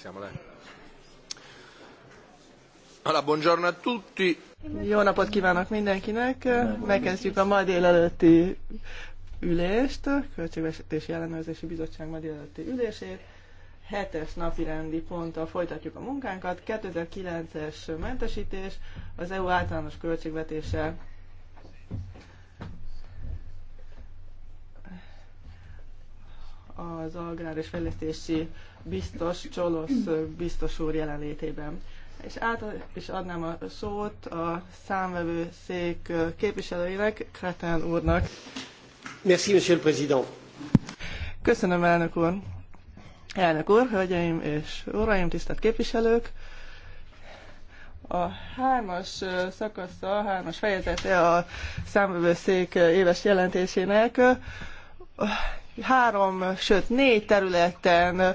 Siamo le. Allora, buongiorno a tutti. Jó napot kívánok mindenkinek! Megkezdjük a ma délelőtti ülést, Költségvetési Ellenőrzési Bizottság ma délelőtti ülését. Hetes napi rendi ponttal folytatjuk a munkánkat. 2009-es mentesítés az EU általános költségvetése az Agrár és Fejlesztési Biztos Csolosz biztos úr jelenlétében. És át is adnám a szót a számvevő szék képviselőinek, Kretán úrnak. Merci, monsieur le président. Köszönöm, elnök úr. Elnök úr, hölgyeim és uraim, tisztelt képviselők! A hármas szakasza, a hármas fejezete a számvevőszék éves jelentésének három, sőt négy területen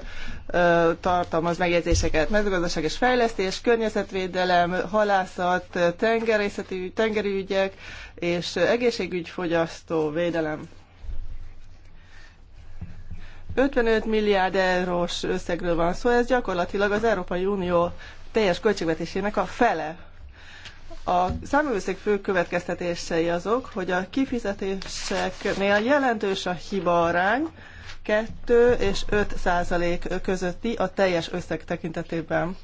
tartalmaz megjegyzéseket. Mezőgazdaság és fejlesztés, környezetvédelem, halászat, tengerészeti, tengeri ügyek és egészségügy, fogyasztóvédelem védelem. 55 milliárd eurós összegről van szó, ez gyakorlatilag az Európai Unió teljes költségvetésének a fele. A számövőszék fő következtetései azok, hogy a kifizetéseknél jelentős a hibaarány, 2 és 5 százalék közötti a teljes összeg tekintetében.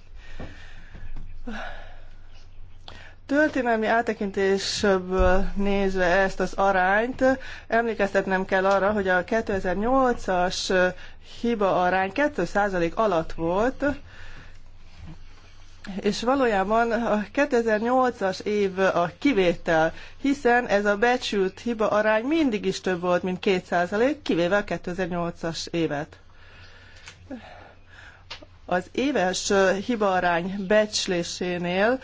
Történelmi áttekintésből nézve ezt az arányt, emlékeztetnem kell arra, hogy a 2008-as hiba arány 2% alatt volt, és valójában a 2008-as év a kivétel, hiszen ez a becsült hiba arány mindig is több volt, mint 2%, kivéve a 2008-as évet. Az éves hibarány becslésénél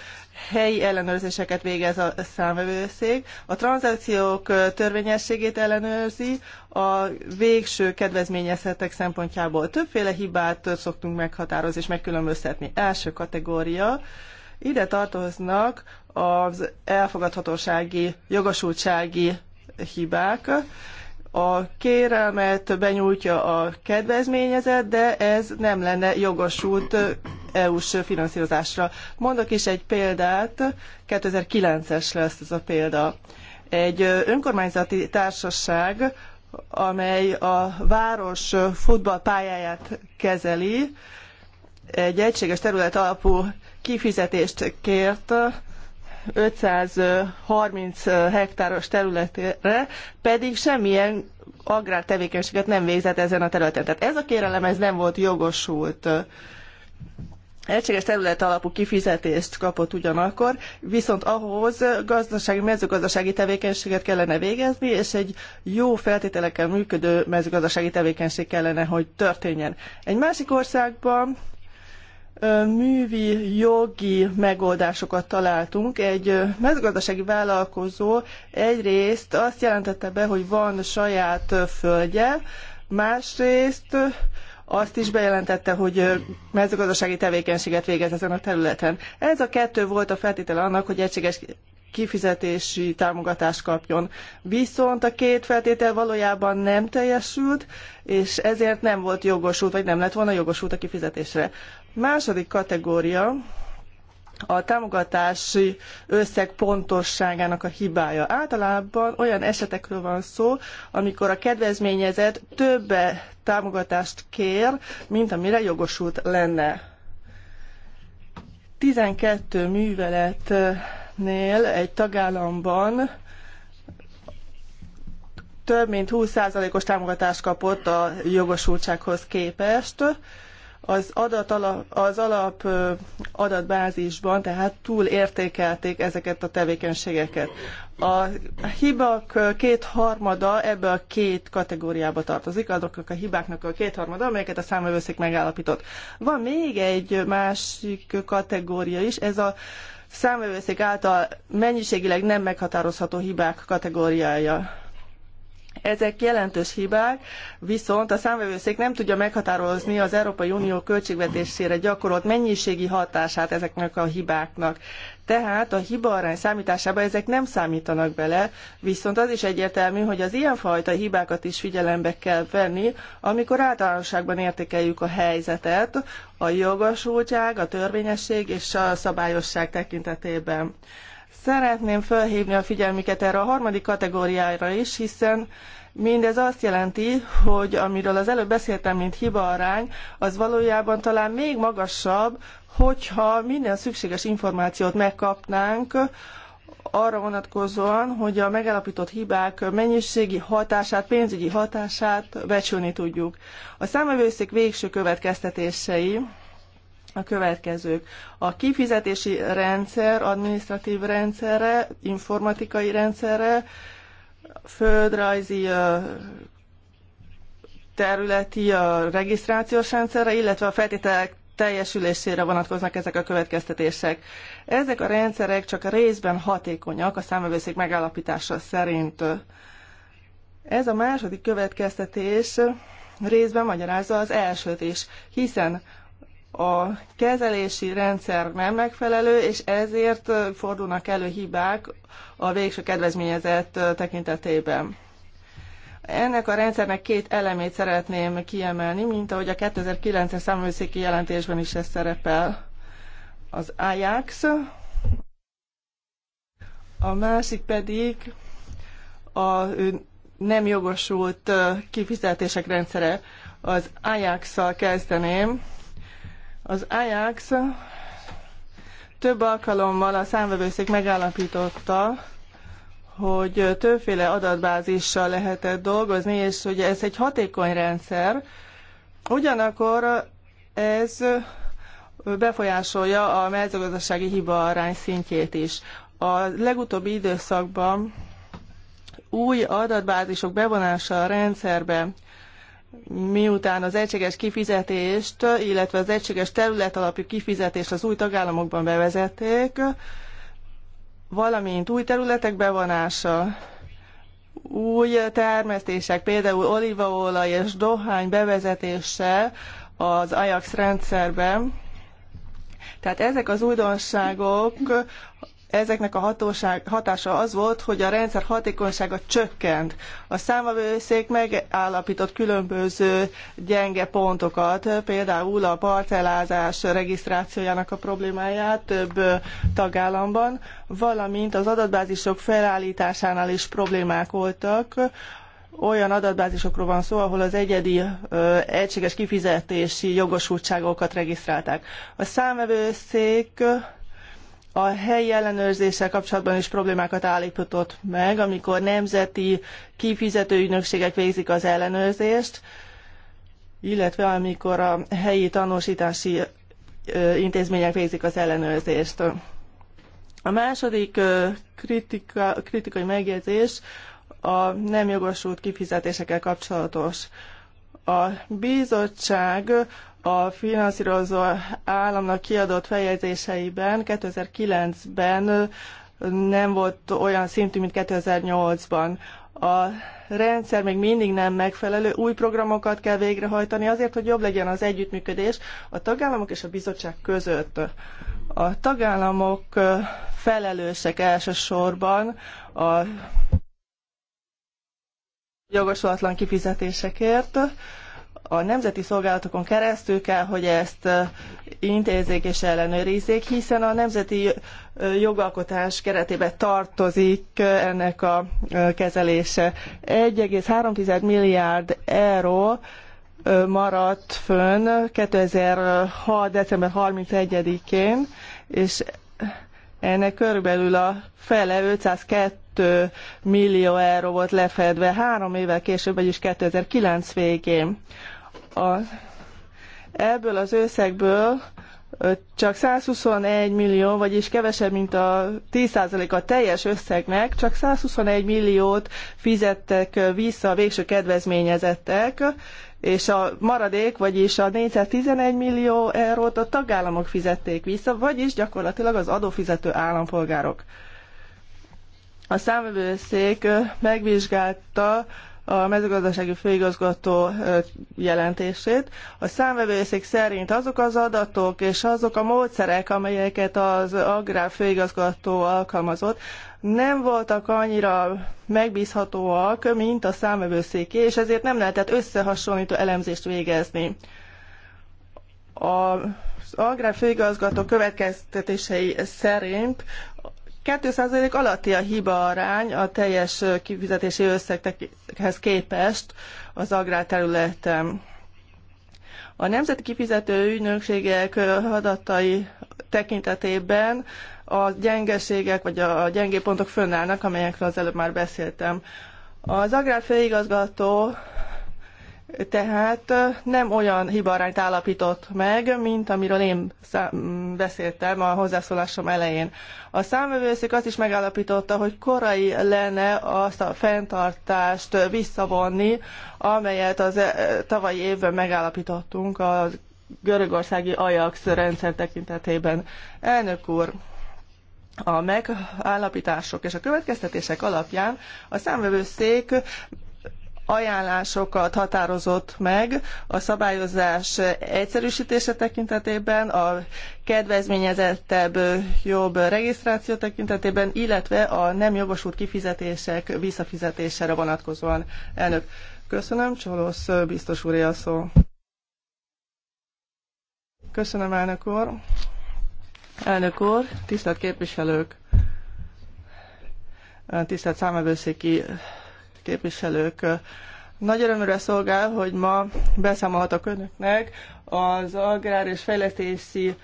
helyi ellenőrzéseket végez a számvevőszék, a tranzakciók törvényességét ellenőrzi, a végső kedvezményezetek szempontjából többféle hibát szoktunk meghatározni és megkülönböztetni. Első kategória, ide tartoznak az elfogadhatósági, jogosultsági hibák, a kérelmet benyújtja a kedvezményezett, de ez nem lenne jogosult EU-s finanszírozásra. Mondok is egy példát, 2009-es lesz ez a példa. Egy önkormányzati társaság, amely a város futballpályáját kezeli, egy egységes terület alapú kifizetést kért 530 hektáros területére, pedig semmilyen agrártevékenységet nem végzett ezen a területen. Tehát ez a kérelem ez nem volt jogosult. Egységes terület alapú kifizetést kapott ugyanakkor, viszont ahhoz gazdasági, mezőgazdasági tevékenységet kellene végezni, és egy jó feltételekkel működő mezőgazdasági tevékenység kellene, hogy történjen. Egy másik országban művi, jogi megoldásokat találtunk. Egy mezőgazdasági vállalkozó egyrészt azt jelentette be, hogy van saját földje, másrészt azt is bejelentette, hogy mezőgazdasági tevékenységet végez ezen a területen. Ez a kettő volt a feltétele annak, hogy egységes kifizetési támogatást kapjon. Viszont a két feltétel valójában nem teljesült, és ezért nem volt jogosult, vagy nem lett volna jogosult a kifizetésre. Második kategória a támogatási összeg pontosságának a hibája. Általában olyan esetekről van szó, amikor a kedvezményezett több támogatást kér, mint amire jogosult lenne. 12 műveletnél egy tagállamban több mint 20%-os támogatást kapott a jogosultsághoz képest, az, adat alap, az alap adatbázisban, tehát túl értékelték ezeket a tevékenységeket. A hibak kétharmada ebbe a két kategóriába tartozik, azoknak a hibáknak a kétharmada, amelyeket a számövőszék megállapított. Van még egy másik kategória is, ez a számövőszék által mennyiségileg nem meghatározható hibák kategóriája ezek jelentős hibák, viszont a számvevőszék nem tudja meghatározni az Európai Unió költségvetésére gyakorolt mennyiségi hatását ezeknek a hibáknak. Tehát a hibaarány számításába ezek nem számítanak bele, viszont az is egyértelmű, hogy az ilyenfajta hibákat is figyelembe kell venni, amikor általánosságban értékeljük a helyzetet, a jogosultság, a törvényesség és a szabályosság tekintetében. Szeretném felhívni a figyelmüket erre a harmadik kategóriára is, hiszen mindez azt jelenti, hogy amiről az előbb beszéltem, mint hibaarány, az valójában talán még magasabb, hogyha minden szükséges információt megkapnánk, arra vonatkozóan, hogy a megállapított hibák mennyiségi hatását, pénzügyi hatását becsülni tudjuk. A számövőszék végső következtetései a következők. A kifizetési rendszer, administratív rendszerre, informatikai rendszerre, földrajzi területi a regisztrációs rendszerre, illetve a feltételek teljesülésére vonatkoznak ezek a következtetések. Ezek a rendszerek csak részben hatékonyak a számövőszék megállapítása szerint. Ez a második következtetés részben magyarázza az elsőt is, hiszen a kezelési rendszer nem megfelelő, és ezért fordulnak elő hibák a végső kedvezményezett tekintetében. Ennek a rendszernek két elemét szeretném kiemelni, mint ahogy a 2009-es számvőszéki jelentésben is ez szerepel. Az Ajax, a másik pedig a nem jogosult kifizetések rendszere. Az Ajax-szal kezdeném az Ajax több alkalommal a számvevőszék megállapította, hogy többféle adatbázissal lehetett dolgozni, és hogy ez egy hatékony rendszer. Ugyanakkor ez befolyásolja a mezőgazdasági hiba arány szintjét is. A legutóbbi időszakban új adatbázisok bevonása a rendszerbe miután az egységes kifizetést, illetve az egységes terület alapú kifizetést az új tagállamokban bevezették, valamint új területek bevonása, új termesztések, például olívaolaj és dohány bevezetése az Ajax rendszerben. Tehát ezek az újdonságok ezeknek a hatóság, hatása az volt, hogy a rendszer hatékonysága csökkent. A számvevőszék megállapított különböző gyenge pontokat, például a parcellázás regisztrációjának a problémáját több tagállamban, valamint az adatbázisok felállításánál is problémák voltak, olyan adatbázisokról van szó, ahol az egyedi ö, egységes kifizetési jogosultságokat regisztrálták. A számvevőszék a helyi ellenőrzéssel kapcsolatban is problémákat állított meg, amikor nemzeti kifizető ügynökségek végzik az ellenőrzést, illetve amikor a helyi tanúsítási intézmények végzik az ellenőrzést. A második kritika, kritikai megjegyzés a nem jogosult kifizetésekkel kapcsolatos. A bizottság a finanszírozó államnak kiadott fejezéseiben 2009-ben nem volt olyan szintű, mint 2008-ban. A rendszer még mindig nem megfelelő, új programokat kell végrehajtani azért, hogy jobb legyen az együttműködés a tagállamok és a bizottság között. A tagállamok felelősek elsősorban a jogosulatlan kifizetésekért, a nemzeti szolgálatokon keresztül kell, hogy ezt intézzék és ellenőrizzék, hiszen a nemzeti jogalkotás keretébe tartozik ennek a kezelése. 1,3 milliárd euró maradt fönn 2006. december 31-én, és ennek körülbelül a fele 502 millió euró volt lefedve három évvel később, vagyis 2009 végén. A, ebből az összegből csak 121 millió, vagyis kevesebb, mint a 10% a teljes összegnek, csak 121 milliót fizettek vissza a végső kedvezményezettek, és a maradék, vagyis a 411 millió eurót a tagállamok fizették vissza, vagyis gyakorlatilag az adófizető állampolgárok. A számvevőszék megvizsgálta a mezőgazdasági főigazgató jelentését. A számvevőszék szerint azok az adatok és azok a módszerek, amelyeket az agrár főigazgató alkalmazott, nem voltak annyira megbízhatóak, mint a számvevőszéké, és ezért nem lehetett összehasonlító elemzést végezni. A az agrárfőigazgató következtetései szerint 2% alatti a hiba arány a teljes kifizetési összeghez képest az agrárterületen. A Nemzeti Kifizető Ügynökségek adatai tekintetében a gyengeségek vagy a gyengébb pontok fönnállnak, amelyekről az előbb már beszéltem. Az agrárfőigazgató tehát nem olyan hibarányt állapított meg, mint amiről én beszéltem a hozzászólásom elején. A számövőszék azt is megállapította, hogy korai lenne azt a fenntartást visszavonni, amelyet az tavalyi évben megállapítottunk a görögországi Ajax rendszer tekintetében. Elnök úr, a megállapítások és a következtetések alapján a számvevőszék ajánlásokat határozott meg a szabályozás egyszerűsítése tekintetében, a kedvezményezettebb jobb regisztráció tekintetében, illetve a nem jogosult kifizetések visszafizetésére vonatkozóan. Elnök, köszönöm, Csolosz biztos úr a szó. Köszönöm, elnök úr. Elnök úr, tisztelt képviselők, tisztelt számövőszéki képviselők! Nagy örömre szolgál, hogy ma beszámolhatok önöknek az agrár és fejlesztési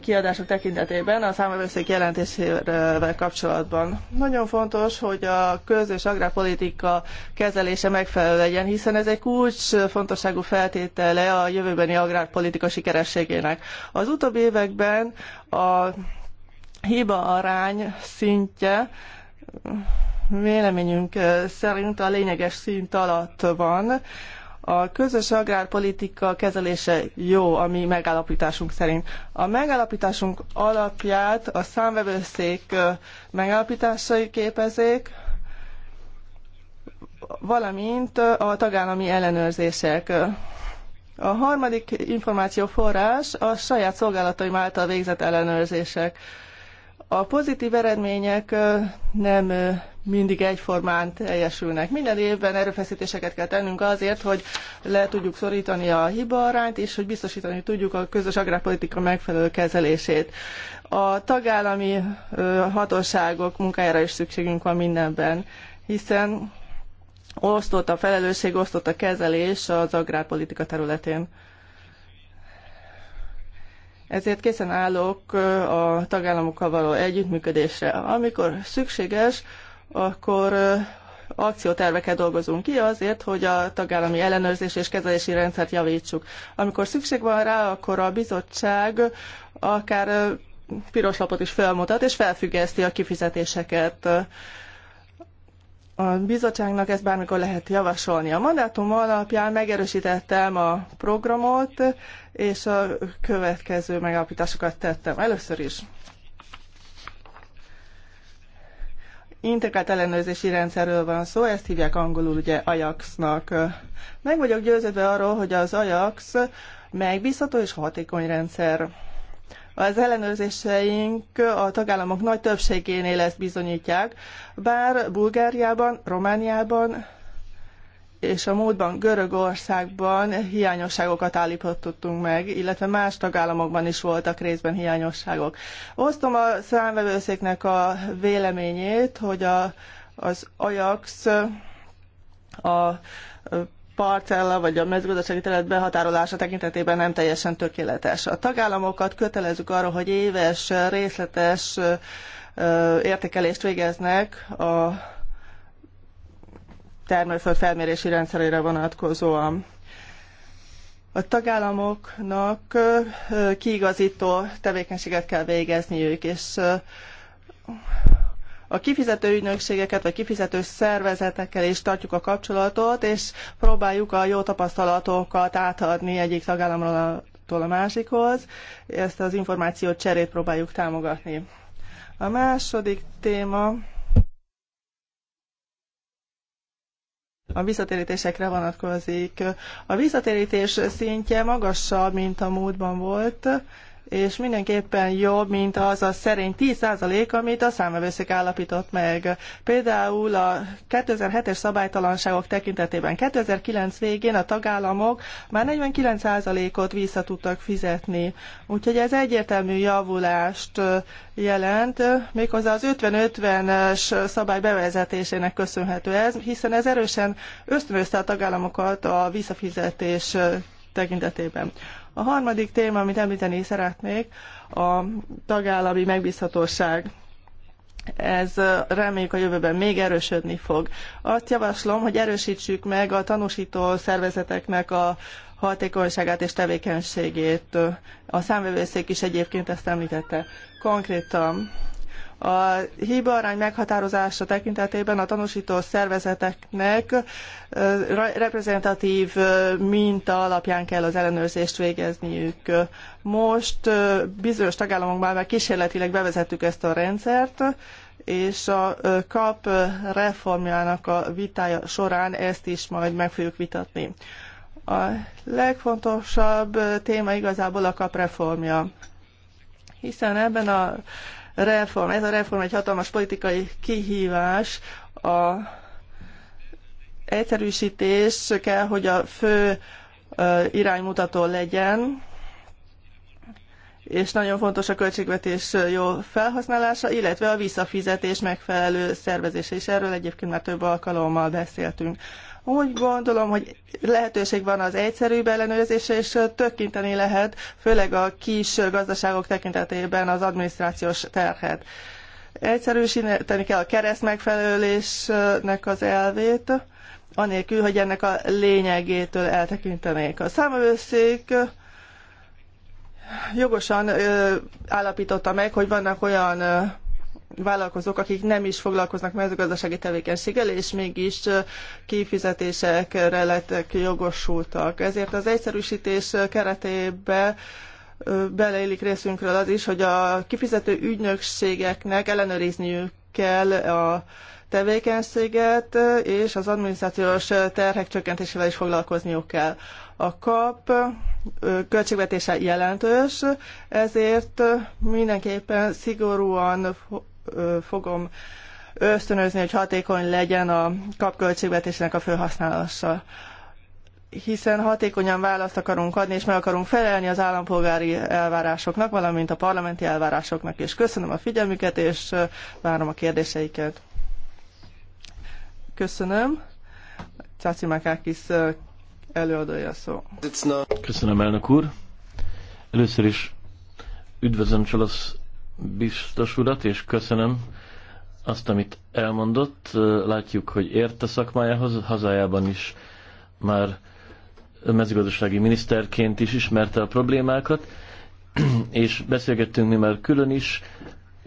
kiadások tekintetében a számövőszék jelentésével kapcsolatban. Nagyon fontos, hogy a közös agrárpolitika kezelése megfelelő legyen, hiszen ez egy kulcs fontosságú feltétele a jövőbeni agrárpolitika sikerességének. Az utóbbi években a hiba arány szintje véleményünk szerint a lényeges szint alatt van. A közös agrárpolitika kezelése jó, ami megállapításunk szerint. A megállapításunk alapját a számvevőszék megállapításai képezik, valamint a tagállami ellenőrzések. A harmadik információforrás a saját szolgálataim által végzett ellenőrzések. A pozitív eredmények nem mindig egyformán teljesülnek. Minden évben erőfeszítéseket kell tennünk azért, hogy le tudjuk szorítani a arányt, és hogy biztosítani tudjuk a közös agrárpolitika megfelelő kezelését. A tagállami hatóságok munkájára is szükségünk van mindenben, hiszen osztott a felelősség, osztott a kezelés az agrárpolitika területén. Ezért készen állok a tagállamokkal való együttműködésre. Amikor szükséges, akkor akcióterveket dolgozunk ki azért, hogy a tagállami ellenőrzés és kezelési rendszert javítsuk. Amikor szükség van rá, akkor a bizottság akár piros lapot is felmutat, és felfüggeszti a kifizetéseket. A bizottságnak ezt bármikor lehet javasolni. A mandátum alapján megerősítettem a programot, és a következő megállapításokat tettem. Először is integrált ellenőrzési rendszerről van szó, ezt hívják angolul ugye Ajax-nak. Meg vagyok győződve arról, hogy az Ajax megbízható és hatékony rendszer. Az ellenőrzéseink a tagállamok nagy többségénél ezt bizonyítják, bár Bulgáriában, Romániában és a múltban Görögországban hiányosságokat állítottunk meg, illetve más tagállamokban is voltak részben hiányosságok. Osztom a számvevőszéknek a véleményét, hogy a, az Ajax a parcella vagy a mezőgazdasági terület behatárolása tekintetében nem teljesen tökéletes. A tagállamokat kötelezzük arra, hogy éves, részletes értékelést végeznek a termőföld felmérési rendszerére vonatkozóan. A tagállamoknak kiigazító tevékenységet kell végezniük, és a kifizető ügynökségeket vagy kifizető szervezetekkel is tartjuk a kapcsolatot, és próbáljuk a jó tapasztalatokat átadni egyik tagállamról a, a másikhoz. Ezt az információ cserét próbáljuk támogatni. A második téma a visszatérítésekre vonatkozik. A visszatérítés szintje magasabb, mint a múltban volt, és mindenképpen jobb, mint az a szerény 10% amit a számövőszék állapított meg. Például a 2007-es szabálytalanságok tekintetében 2009 végén a tagállamok már 49%-ot vissza tudtak fizetni. Úgyhogy ez egyértelmű javulást jelent, méghozzá az 50-50-es szabály bevezetésének köszönhető ez, hiszen ez erősen ösztönözte a tagállamokat a visszafizetés tekintetében. A harmadik téma, amit említeni szeretnék, a tagállami megbízhatóság ez reméljük a jövőben még erősödni fog. Azt javaslom, hogy erősítsük meg a tanúsító szervezeteknek a hatékonyságát és tevékenységét. A számvevőszék is egyébként ezt említette. Konkrétan a hibaarány meghatározása tekintetében a tanúsító szervezeteknek reprezentatív minta alapján kell az ellenőrzést végezniük. Most bizonyos tagállamokban már kísérletileg bevezettük ezt a rendszert, és a KAP reformjának a vitája során ezt is majd meg fogjuk vitatni. A legfontosabb téma igazából a kap reformja, hiszen ebben a reform. Ez a reform egy hatalmas politikai kihívás. A egyszerűsítés kell, hogy a fő iránymutató legyen, és nagyon fontos a költségvetés jó felhasználása, illetve a visszafizetés megfelelő szervezése, és erről egyébként már több alkalommal beszéltünk. Úgy gondolom, hogy lehetőség van az egyszerűbb ellenőrzésre, és tökinteni lehet, főleg a kis gazdaságok tekintetében az adminisztrációs terhet. Egyszerűsíteni kell a kereszt megfelelésnek az elvét, anélkül, hogy ennek a lényegétől eltekintenék. A számövőszék jogosan ö, állapította meg, hogy vannak olyan vállalkozók, akik nem is foglalkoznak mezőgazdasági tevékenységgel, és mégis kifizetésekre lettek jogosultak. Ezért az egyszerűsítés keretében beleillik részünkről az is, hogy a kifizető ügynökségeknek ellenőrizniük kell a tevékenységet, és az adminisztrációs terhek csökkentésével is foglalkozniuk kell. A kap költségvetése jelentős, ezért mindenképpen szigorúan fogom ösztönözni, hogy hatékony legyen a kapköltségvetésnek a felhasználása hiszen hatékonyan választ akarunk adni, és meg akarunk felelni az állampolgári elvárásoknak, valamint a parlamenti elvárásoknak is. Köszönöm a figyelmüket, és várom a kérdéseiket. Köszönöm. Csáci Makákis előadója szó. Köszönöm, elnök úr. Először is üdvözlöm Csalasz biztos urat, és köszönöm azt, amit elmondott. Látjuk, hogy ért a szakmájához, hazájában is már mezőgazdasági miniszterként is ismerte a problémákat, és beszélgettünk mi már külön is.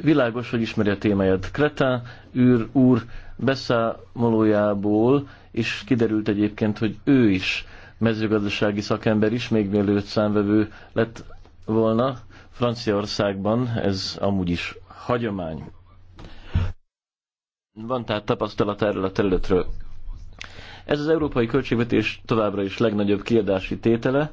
Világos, hogy ismeri a témáját. Kreta űr úr beszámolójából, és kiderült egyébként, hogy ő is mezőgazdasági szakember is, még mielőtt számvevő lett volna, Franciaországban ez amúgy is hagyomány. Van tehát tapasztalat erről a területről. Ez az európai költségvetés továbbra is legnagyobb kiadási tétele,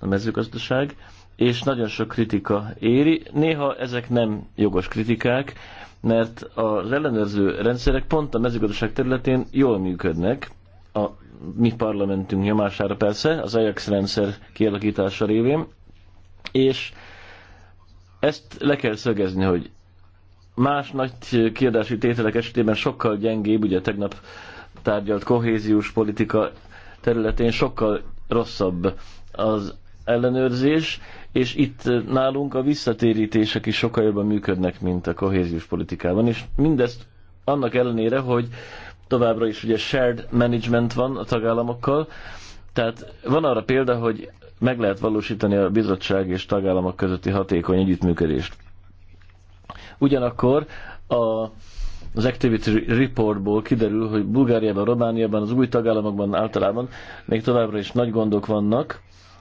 a mezőgazdaság, és nagyon sok kritika éri. Néha ezek nem jogos kritikák, mert az ellenőrző rendszerek pont a mezőgazdaság területén jól működnek, a mi parlamentünk nyomására persze, az Ajax rendszer kialakítása révén, és ezt le kell szögezni, hogy más nagy kiadási tételek esetében sokkal gyengébb, ugye tegnap tárgyalt kohéziós politika területén sokkal rosszabb az ellenőrzés, és itt nálunk a visszatérítések is sokkal jobban működnek, mint a kohéziós politikában, és mindezt annak ellenére, hogy továbbra is ugye shared management van a tagállamokkal, tehát van arra példa, hogy meg lehet valósítani a bizottság és tagállamok közötti hatékony együttműködést. Ugyanakkor a, az Activity Reportból kiderül, hogy Bulgáriában, Romániában, az új tagállamokban általában még továbbra is nagy gondok vannak,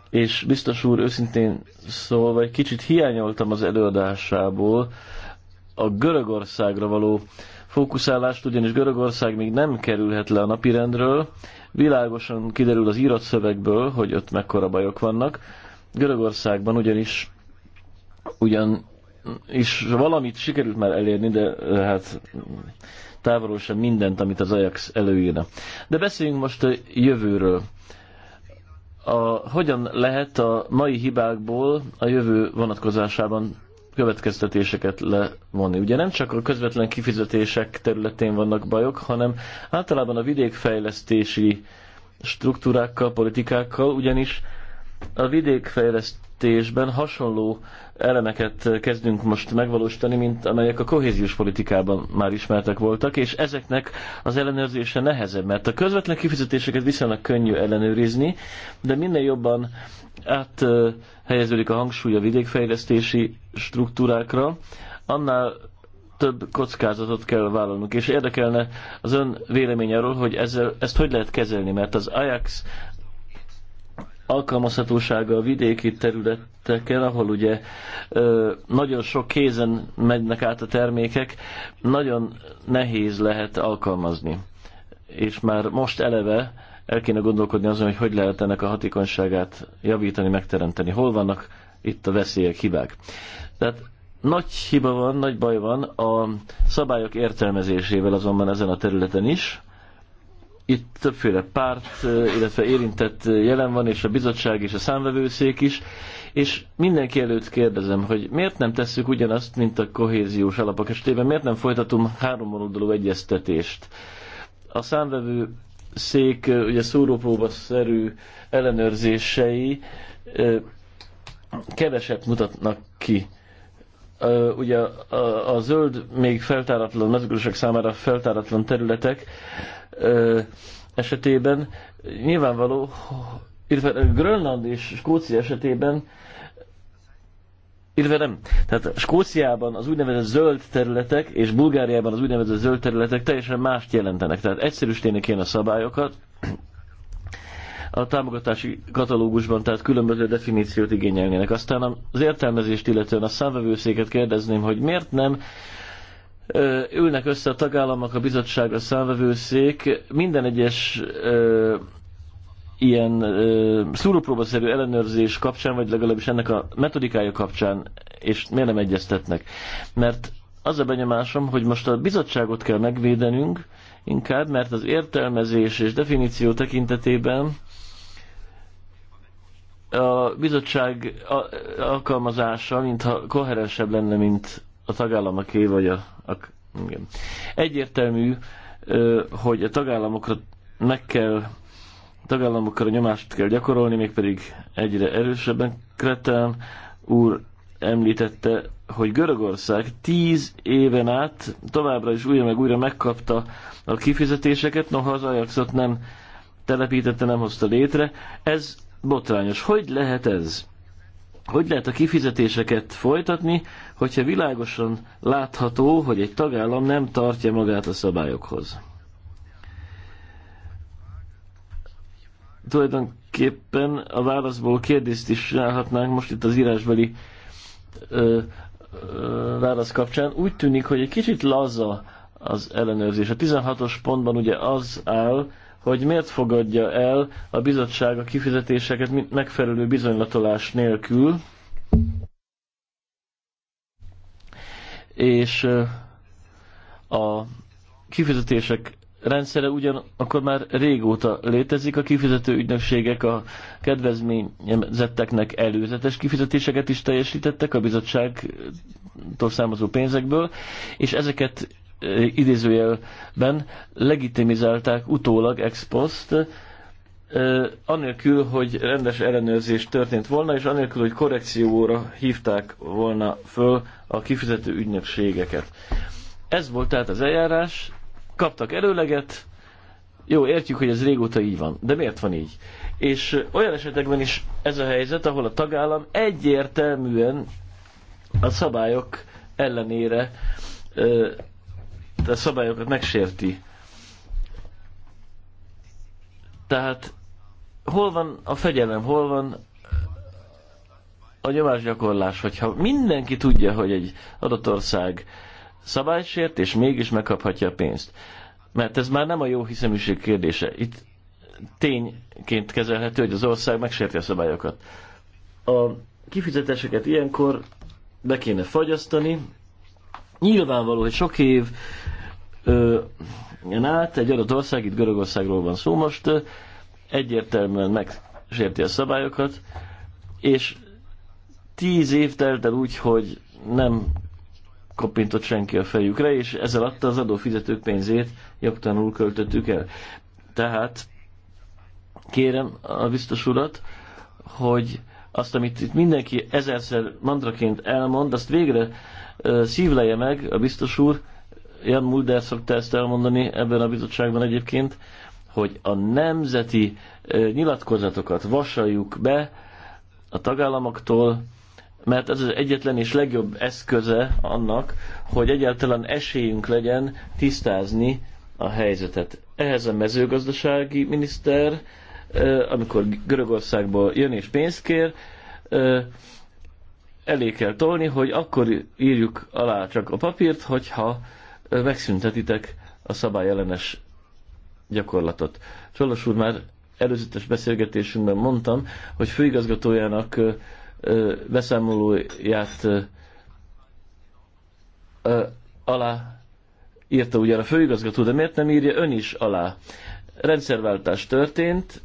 és biztos úr őszintén szólva egy kicsit hiányoltam az előadásából a Görögországra való fókuszálást, ugyanis Görögország még nem kerülhet le a napirendről. Világosan kiderül az írott szövegből, hogy ott mekkora bajok vannak. Görögországban ugyanis ugyan és valamit sikerült már elérni, de eh, hát távolról sem mindent, amit az Ajax előírna. De beszéljünk most a eh, jövőről. A, hogyan lehet a mai hibákból a jövő vonatkozásában következtetéseket levonni. Ugye nem csak a közvetlen kifizetések területén vannak bajok, hanem általában a vidékfejlesztési struktúrákkal, politikákkal, ugyanis a vidékfejlesztésben hasonló elemeket kezdünk most megvalósítani, mint amelyek a kohéziós politikában már ismertek voltak, és ezeknek az ellenőrzése nehezebb, mert a közvetlen kifizetéseket viszonylag könnyű ellenőrizni, de minél jobban áthelyeződik a hangsúly a vidékfejlesztési struktúrákra, annál több kockázatot kell vállalnunk, és érdekelne az ön vélemény arról, hogy ezzel, ezt hogy lehet kezelni, mert az Ajax alkalmazhatósága a vidéki területeken, ahol ugye ö, nagyon sok kézen megynek át a termékek, nagyon nehéz lehet alkalmazni. És már most eleve el kéne gondolkodni azon, hogy hogy lehet ennek a hatékonyságát javítani, megteremteni. Hol vannak itt a veszélyek, hibák. Tehát nagy hiba van, nagy baj van a szabályok értelmezésével azonban ezen a területen is. Itt többféle párt, illetve érintett jelen van, és a bizottság és a számvevőszék is, és mindenki előtt kérdezem, hogy miért nem tesszük ugyanazt, mint a kohéziós alapok esetében, miért nem folytatunk három oldalú egyeztetést? A számvevő szék ugye szórópróba-szerű ellenőrzései eh, keveset mutatnak ki ugye a, a zöld, még feltáratlan mezőgazdaság számára feltáratlan területek esetében nyilvánvaló, illetve Grönland és Skócia esetében illetve nem. Tehát Skóciában az úgynevezett zöld területek és Bulgáriában az úgynevezett zöld területek teljesen mást jelentenek. Tehát egyszerűsítenek én a szabályokat, a támogatási katalógusban, tehát különböző definíciót igényelnének. Aztán az értelmezést, illetően a számvevőszéket kérdezném, hogy miért nem ülnek össze a tagállamok, a bizottság, a számvevőszék minden egyes ö, ilyen szúrópróbaszerű ellenőrzés kapcsán, vagy legalábbis ennek a metodikája kapcsán, és miért nem egyeztetnek? Mert az a benyomásom, hogy most a bizottságot kell megvédenünk, inkább, mert az értelmezés és definíció tekintetében a bizottság alkalmazása, mintha koherensebb lenne, mint a tagállamoké, vagy a, a igen. Egyértelmű, hogy a tagállamokra meg kell, a tagállamokra nyomást kell gyakorolni, mégpedig egyre erősebben. Kretán úr említette, hogy Görögország tíz éven át továbbra is újra meg újra megkapta a kifizetéseket, noha az Ajaxot nem telepítette, nem hozta létre. Ez botrányos. Hogy lehet ez? Hogy lehet a kifizetéseket folytatni, hogyha világosan látható, hogy egy tagállam nem tartja magát a szabályokhoz? Tulajdonképpen a válaszból kérdést is csinálhatnánk most itt az írásbeli ö, ö, válasz kapcsán. Úgy tűnik, hogy egy kicsit laza az ellenőrzés. A 16-os pontban ugye az áll, hogy miért fogadja el a bizottság a kifizetéseket megfelelő bizonylatolás nélkül, és a kifizetések rendszere ugyanakkor már régóta létezik, a kifizető ügynökségek a kedvezményezetteknek előzetes kifizetéseket is teljesítettek a bizottságtól származó pénzekből, és ezeket Eh, idézőjelben legitimizálták utólag ex post, eh, anélkül, hogy rendes ellenőrzés történt volna, és anélkül, hogy korrekcióra hívták volna föl a kifizető ügynökségeket. Ez volt tehát az eljárás, kaptak előleget, jó, értjük, hogy ez régóta így van, de miért van így? És eh, olyan esetekben is ez a helyzet, ahol a tagállam egyértelműen a szabályok ellenére a szabályokat megsérti. Tehát hol van a fegyelem, hol van a nyomásgyakorlás, hogyha mindenki tudja, hogy egy adott ország szabálysért, és mégis megkaphatja a pénzt. Mert ez már nem a jó hiszeműség kérdése. Itt tényként kezelhető, hogy az ország megsérti a szabályokat. A kifizetéseket ilyenkor be kéne fagyasztani. Nyilvánvaló, hogy sok év át egy adott ország, itt Görögországról van szó most, egyértelműen megsérti a szabályokat, és tíz év telt el úgy, hogy nem kopintott senki a fejükre, és ezzel adta az adófizetők pénzét, jogtanul költöttük el. Tehát kérem a biztos urat, hogy azt, amit itt mindenki ezerszer mantraként elmond, azt végre szívleje meg a biztos úr, Jan Mulder szokta ezt elmondani ebben a bizottságban egyébként, hogy a nemzeti nyilatkozatokat vasaljuk be a tagállamoktól, mert ez az egyetlen és legjobb eszköze annak, hogy egyáltalán esélyünk legyen tisztázni a helyzetet. Ehhez a mezőgazdasági miniszter, amikor Görögországba jön és pénzt kér, elé kell tolni, hogy akkor írjuk alá csak a papírt, hogyha megszüntetitek a szabályellenes gyakorlatot. Csolos úr már előzetes beszélgetésünkben mondtam, hogy főigazgatójának beszámolóját alá írta ugyan a főigazgató, de miért nem írja ön is alá? Rendszerváltás történt,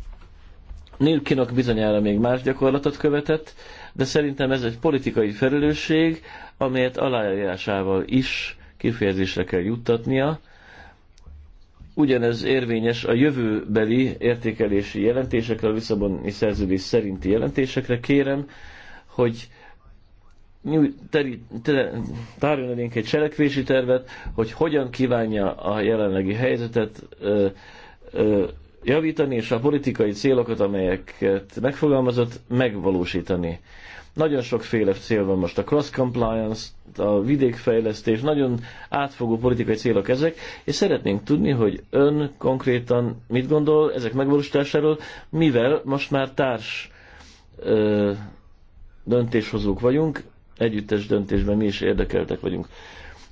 Nilkinok bizonyára még más gyakorlatot követett, de szerintem ez egy politikai felelősség, amelyet aláírásával is kifejezésre kell juttatnia. Ugyanez érvényes a jövőbeli értékelési jelentésekre, a Lisszaboni szerződés szerinti jelentésekre. Kérem, hogy tárjon elénk egy cselekvési tervet, hogy hogyan kívánja a jelenlegi helyzetet ö, ö, javítani, és a politikai célokat, amelyeket megfogalmazott, megvalósítani. Nagyon sokféle cél van most, a cross compliance, a vidékfejlesztés, nagyon átfogó politikai célok ezek, és szeretnénk tudni, hogy ön konkrétan mit gondol ezek megvalósításáról, mivel most már társ ö, döntéshozók vagyunk, együttes döntésben mi is érdekeltek vagyunk.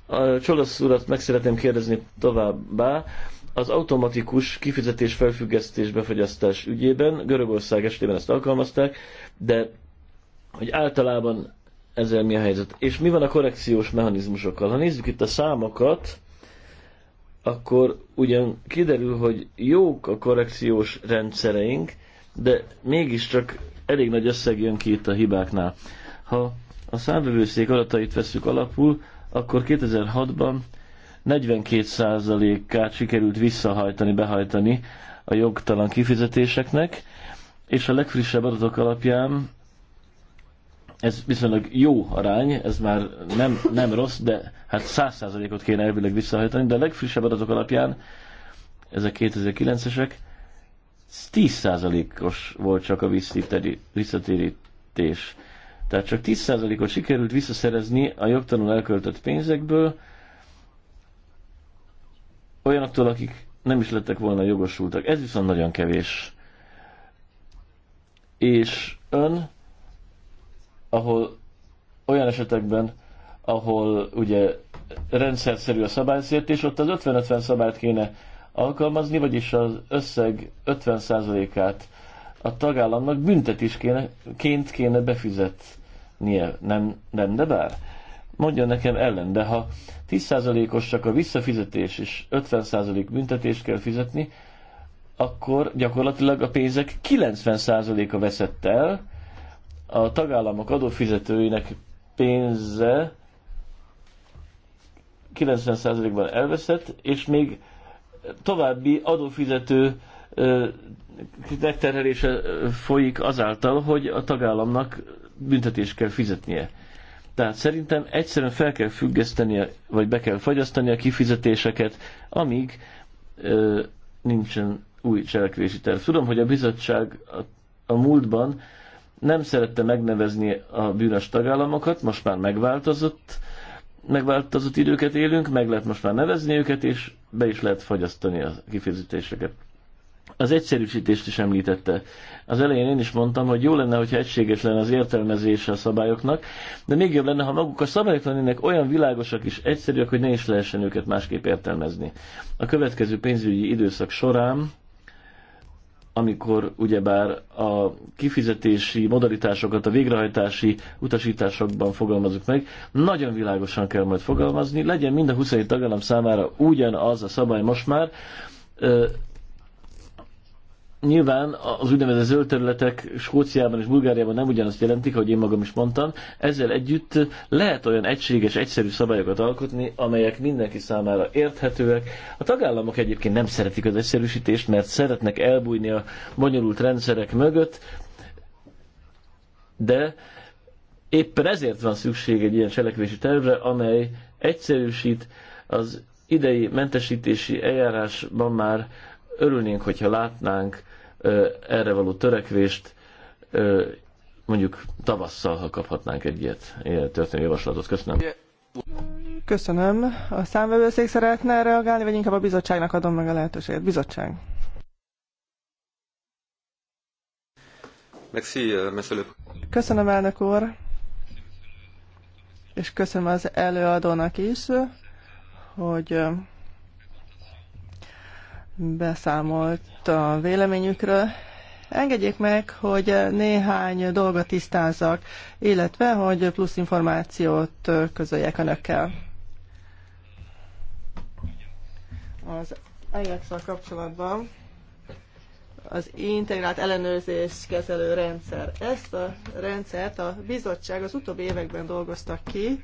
A Csolasz urat meg szeretném kérdezni továbbá, az automatikus kifizetés felfüggesztés befogyasztás ügyében, Görögország esetében ezt alkalmazták, de hogy általában ezzel mi a helyzet. És mi van a korrekciós mechanizmusokkal? Ha nézzük itt a számokat, akkor ugyan kiderül, hogy jók a korrekciós rendszereink, de mégiscsak elég nagy összeg jön ki itt a hibáknál. Ha a számvevőszék adatait veszük alapul, akkor 2006-ban 42%-át sikerült visszahajtani, behajtani a jogtalan kifizetéseknek, és a legfrissebb adatok alapján ez viszonylag jó arány, ez már nem, nem rossz, de hát 100%-ot kéne elvileg visszahajtani, de a legfrissebb adatok alapján, ezek 2009-esek, 10%-os volt csak a visszatérítés. Tehát csak 10%-ot sikerült visszaszerezni a jogtalanul elköltött pénzekből olyanoktól, akik nem is lettek volna jogosultak. Ez viszont nagyon kevés. És ön ahol olyan esetekben, ahol ugye rendszerszerű a szabálysértés, ott az 50-50 szabályt kéne alkalmazni, vagyis az összeg 50%-át a tagállamnak büntetés ként kéne befizetnie. Nem, nem, de bár. Mondja nekem ellen, de ha 10%-os csak a visszafizetés és 50% büntetést kell fizetni, akkor gyakorlatilag a pénzek 90%-a veszett el, a tagállamok adófizetőinek pénze 90%-ban elveszett, és még további adófizető megterhelése folyik azáltal, hogy a tagállamnak büntetést kell fizetnie. Tehát szerintem egyszerűen fel kell függeszteni, vagy be kell fagyasztani a kifizetéseket, amíg ö, nincsen új cselekvési terv. Tudom, hogy a bizottság a, a múltban nem szerette megnevezni a bűnös tagállamokat, most már megváltozott, megváltozott időket élünk, meg lehet most már nevezni őket, és be is lehet fogyasztani a kifizetéseket. Az egyszerűsítést is említette. Az elején én is mondtam, hogy jó lenne, hogyha egységes lenne az értelmezése a szabályoknak, de még jobb lenne, ha maguk a szabályok lennének olyan világosak és egyszerűek, hogy ne is lehessen őket másképp értelmezni. A következő pénzügyi időszak során amikor ugyebár a kifizetési modalitásokat a végrehajtási utasításokban fogalmazunk meg, nagyon világosan kell majd fogalmazni, legyen mind a 27 tagállam számára ugyanaz a szabály most már, Nyilván az úgynevezett zöld területek Skóciában és Bulgáriában nem ugyanazt jelentik, ahogy én magam is mondtam. Ezzel együtt lehet olyan egységes, egyszerű szabályokat alkotni, amelyek mindenki számára érthetőek. A tagállamok egyébként nem szeretik az egyszerűsítést, mert szeretnek elbújni a bonyolult rendszerek mögött, de éppen ezért van szükség egy ilyen cselekvési tervre, amely egyszerűsít az idei mentesítési eljárásban már örülnénk, hogyha látnánk erre való törekvést, mondjuk tavasszal, ha kaphatnánk egy ilyet, ilyen történelmi javaslatot. Köszönöm. Köszönöm. A számvevőszék szeretne reagálni, vagy inkább a bizottságnak adom meg a lehetőséget? Bizottság. Merci, euh, Köszönöm, elnök úr, és köszönöm az előadónak is, hogy beszámolt a véleményükről. Engedjék meg, hogy néhány dolgot tisztázzak, illetve, hogy plusz információt közöljek önökkel. Az ajax kapcsolatban az integrált ellenőrzés kezelő rendszer. Ezt a rendszert a bizottság az utóbbi években dolgoztak ki,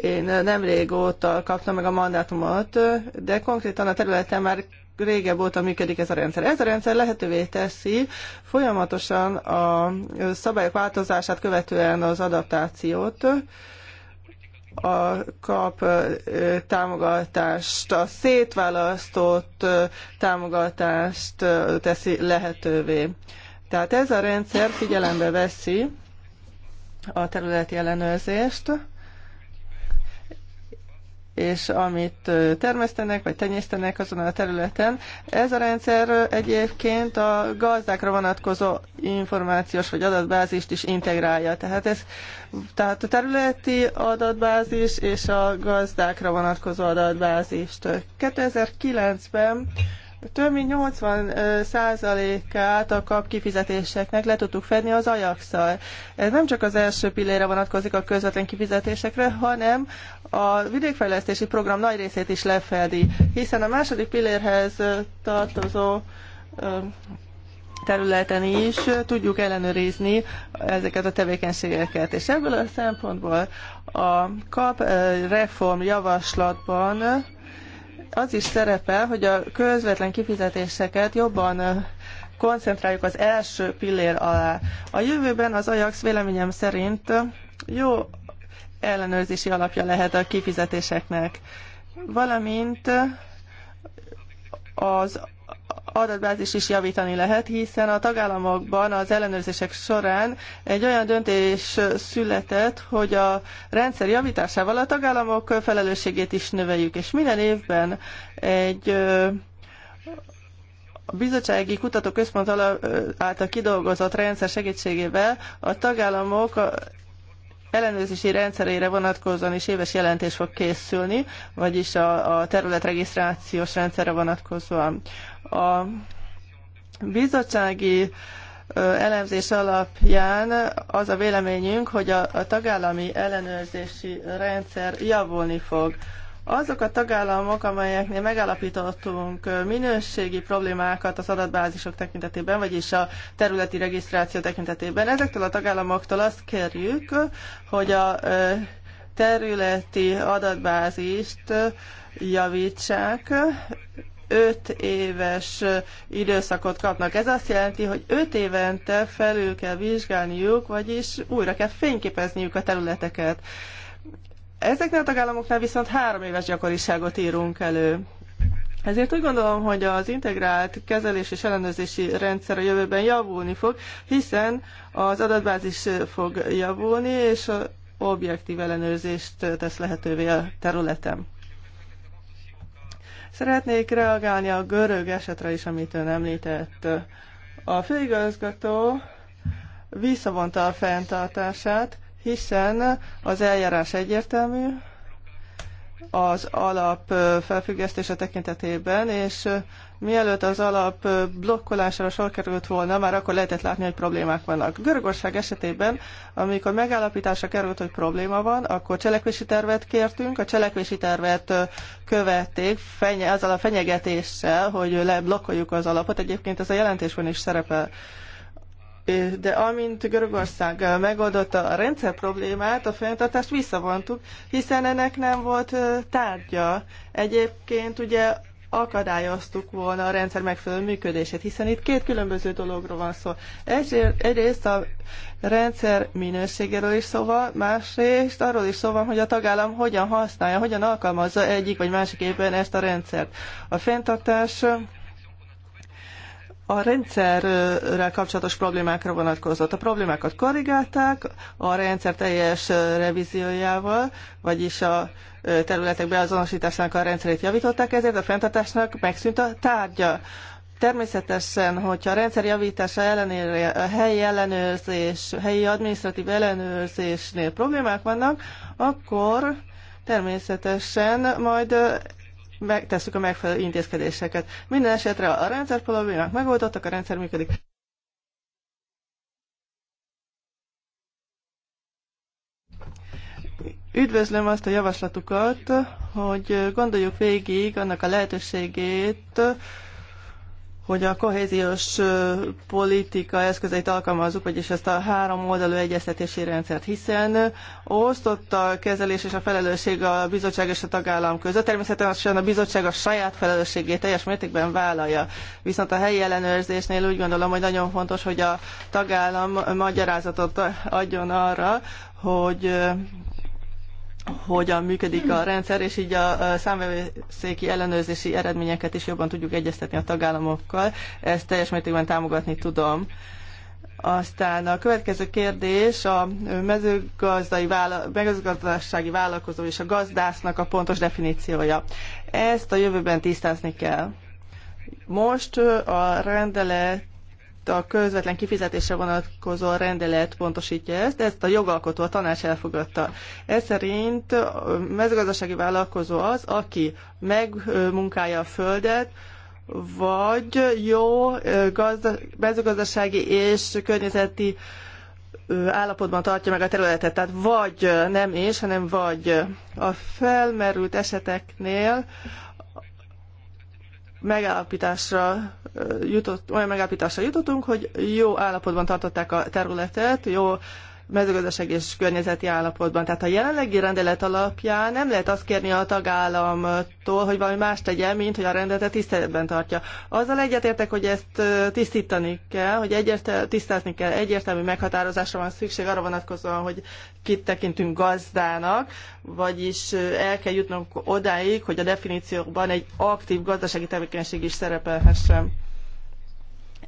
én nem régóta kaptam meg a mandátumot, de konkrétan a területen már régebb óta működik ez a rendszer. Ez a rendszer lehetővé teszi folyamatosan a szabályok változását követően az adaptációt, a kap támogatást, a szétválasztott támogatást teszi lehetővé. Tehát ez a rendszer figyelembe veszi a területi ellenőrzést, és amit termesztenek, vagy tenyésztenek azon a területen. Ez a rendszer egyébként a gazdákra vonatkozó információs vagy adatbázist is integrálja. Tehát, ez, tehát a területi adatbázis és a gazdákra vonatkozó adatbázist. 2009-ben több mint 80 százalékát a kap kifizetéseknek le tudtuk fedni az ajax -szal. Ez nem csak az első pillére vonatkozik a közvetlen kifizetésekre, hanem a vidékfejlesztési program nagy részét is lefedi, hiszen a második pillérhez tartozó területen is tudjuk ellenőrizni ezeket a tevékenységeket. És ebből a szempontból a kap reform javaslatban az is szerepel, hogy a közvetlen kifizetéseket jobban koncentráljuk az első pillér alá. A jövőben az Ajax véleményem szerint jó ellenőrzési alapja lehet a kifizetéseknek, valamint az adatbázis is javítani lehet, hiszen a tagállamokban az ellenőrzések során egy olyan döntés született, hogy a rendszer javításával a tagállamok felelősségét is növeljük, és minden évben egy a bizottsági kutatóközpont által kidolgozott rendszer segítségével a tagállamok ellenőrzési rendszerére vonatkozóan is éves jelentés fog készülni, vagyis a, a területregisztrációs rendszerre vonatkozóan. A bizottsági elemzés alapján az a véleményünk, hogy a, a tagállami ellenőrzési rendszer javulni fog. Azok a tagállamok, amelyeknél megállapítottunk minőségi problémákat az adatbázisok tekintetében, vagyis a területi regisztráció tekintetében, ezektől a tagállamoktól azt kérjük, hogy a területi adatbázist javítsák, öt éves időszakot kapnak. Ez azt jelenti, hogy öt évente felül kell vizsgálniuk, vagyis újra kell fényképezniük a területeket. Ezeknél a tagállamoknál viszont három éves gyakoriságot írunk elő. Ezért úgy gondolom, hogy az integrált kezelés és ellenőrzési rendszer a jövőben javulni fog, hiszen az adatbázis fog javulni, és objektív ellenőrzést tesz lehetővé a területem. Szeretnék reagálni a görög esetre is, amit ön említett. A főigazgató visszavonta a fenntartását, hiszen az eljárás egyértelmű, az alap felfüggesztése tekintetében, és mielőtt az alap blokkolására sor került volna, már akkor lehetett látni, hogy problémák vannak. Görögország esetében, amikor megállapításra került, hogy probléma van, akkor cselekvési tervet kértünk, a cselekvési tervet követték fenye, azzal a fenyegetéssel, hogy leblokkoljuk az alapot. Egyébként ez a jelentésben is szerepel. De amint Görögország megoldotta a rendszer problémát, a fenntartást visszavontuk, hiszen ennek nem volt tárgya. Egyébként ugye akadályoztuk volna a rendszer megfelelő működését, hiszen itt két különböző dologról van szó. Egyrészt a rendszer minőségéről is szó van, másrészt arról is szó van, hogy a tagállam hogyan használja, hogyan alkalmazza egyik vagy másik évben ezt a rendszert. A fenntartás a rendszerrel kapcsolatos problémákra vonatkozott. A problémákat korrigálták a rendszer teljes revíziójával, vagyis a területek beazonosításának a rendszerét javították, ezért a fenntartásnak megszűnt a tárgya. Természetesen, hogyha a rendszer javítása ellenére a helyi ellenőrzés, a helyi adminisztratív ellenőrzésnél problémák vannak, akkor természetesen majd megtesszük a megfelelő intézkedéseket. Minden esetre a rendszer problémák megoldottak, a rendszer működik. Üdvözlöm azt a javaslatukat, hogy gondoljuk végig annak a lehetőségét, hogy a kohéziós politika eszközeit alkalmazzuk, vagyis ezt a három oldalú egyeztetési rendszert, hiszen osztott a kezelés és a felelősség a bizottság és a tagállam között. Természetesen a bizottság a saját felelősségét teljes mértékben vállalja. Viszont a helyi ellenőrzésnél úgy gondolom, hogy nagyon fontos, hogy a tagállam magyarázatot adjon arra, hogy hogyan működik a rendszer, és így a számvevőszéki ellenőrzési eredményeket is jobban tudjuk egyeztetni a tagállamokkal. Ezt teljes mértékben támogatni tudom. Aztán a következő kérdés a mezőgazdai vála- mezőgazdasági vállalkozó és a gazdásznak a pontos definíciója. Ezt a jövőben tisztázni kell. Most a rendelet a közvetlen kifizetésre vonatkozó rendelet pontosítja ezt, ezt a jogalkotó, a tanács elfogadta. Ez szerint a mezőgazdasági vállalkozó az, aki megmunkálja a földet, vagy jó gazda, mezőgazdasági és környezeti állapotban tartja meg a területet. Tehát vagy nem és, hanem vagy a felmerült eseteknél megállapításra jutott, olyan megállapításra jutottunk, hogy jó állapotban tartották a területet, jó mezőgazdaság és környezeti állapotban. Tehát a jelenlegi rendelet alapján nem lehet azt kérni a tagállamtól, hogy valami más tegyen, mint hogy a rendeletet tiszteletben tartja. Azzal egyetértek, hogy ezt tisztítani kell, hogy egyértelmű, tisztázni kell, egyértelmű meghatározásra van szükség arra vonatkozóan, hogy kit tekintünk gazdának, vagyis el kell jutnunk odáig, hogy a definíciókban egy aktív gazdasági tevékenység is szerepelhessen.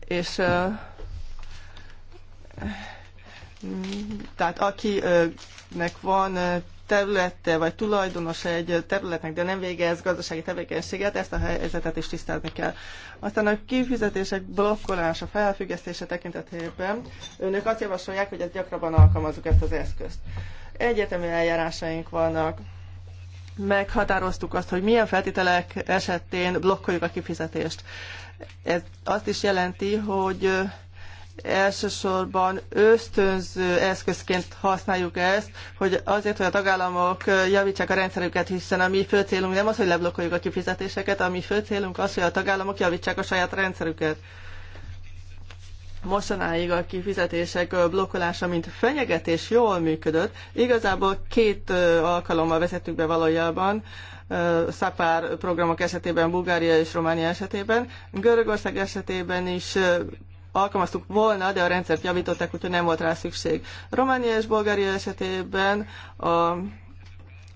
És uh, tehát akinek van területe vagy tulajdonos egy területnek, de nem végez gazdasági tevékenységet, ezt a helyzetet is tisztázni kell. Aztán a kifizetések blokkolása, felfüggesztése tekintetében önök azt javasolják, hogy ezt gyakrabban alkalmazzuk ezt az eszközt. Egyetemi eljárásaink vannak, meghatároztuk azt, hogy milyen feltételek esetén blokkoljuk a kifizetést. Ez azt is jelenti, hogy elsősorban ösztönző eszközként használjuk ezt, hogy azért, hogy a tagállamok javítsák a rendszerüket, hiszen a mi fő célunk nem az, hogy leblokkoljuk a kifizetéseket, a mi fő célunk az, hogy a tagállamok javítsák a saját rendszerüket. Mostanáig a kifizetések blokkolása, mint fenyegetés jól működött. Igazából két alkalommal vezettük be valójában. SZAPÁR programok esetében, Bulgária és Románia esetében. Görögország esetében is alkalmaztuk volna, de a rendszert javították, úgyhogy nem volt rá szükség. Románia és Bulgária esetében a